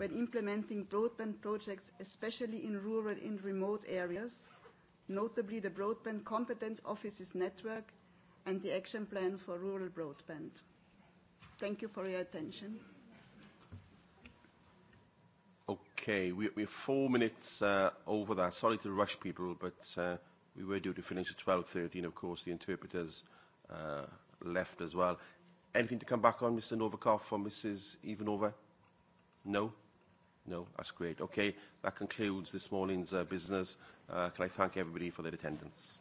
when implementing broadband projects, especially in rural and remote areas, notably the Broadband Competence Offices Network and the Action Plan for Rural Broadband. Thank you for your attention. Okay, we, we're four minutes uh, over that. Sorry to rush people, but uh, we were due to finish at 12.30, and of course the interpreters uh, left as well. Anything to come back on, Mr Novakov or Mrs Ivanova? No? No, that's great. Okay, that concludes this morning's uh, business. Uh, can I thank everybody for their attendance?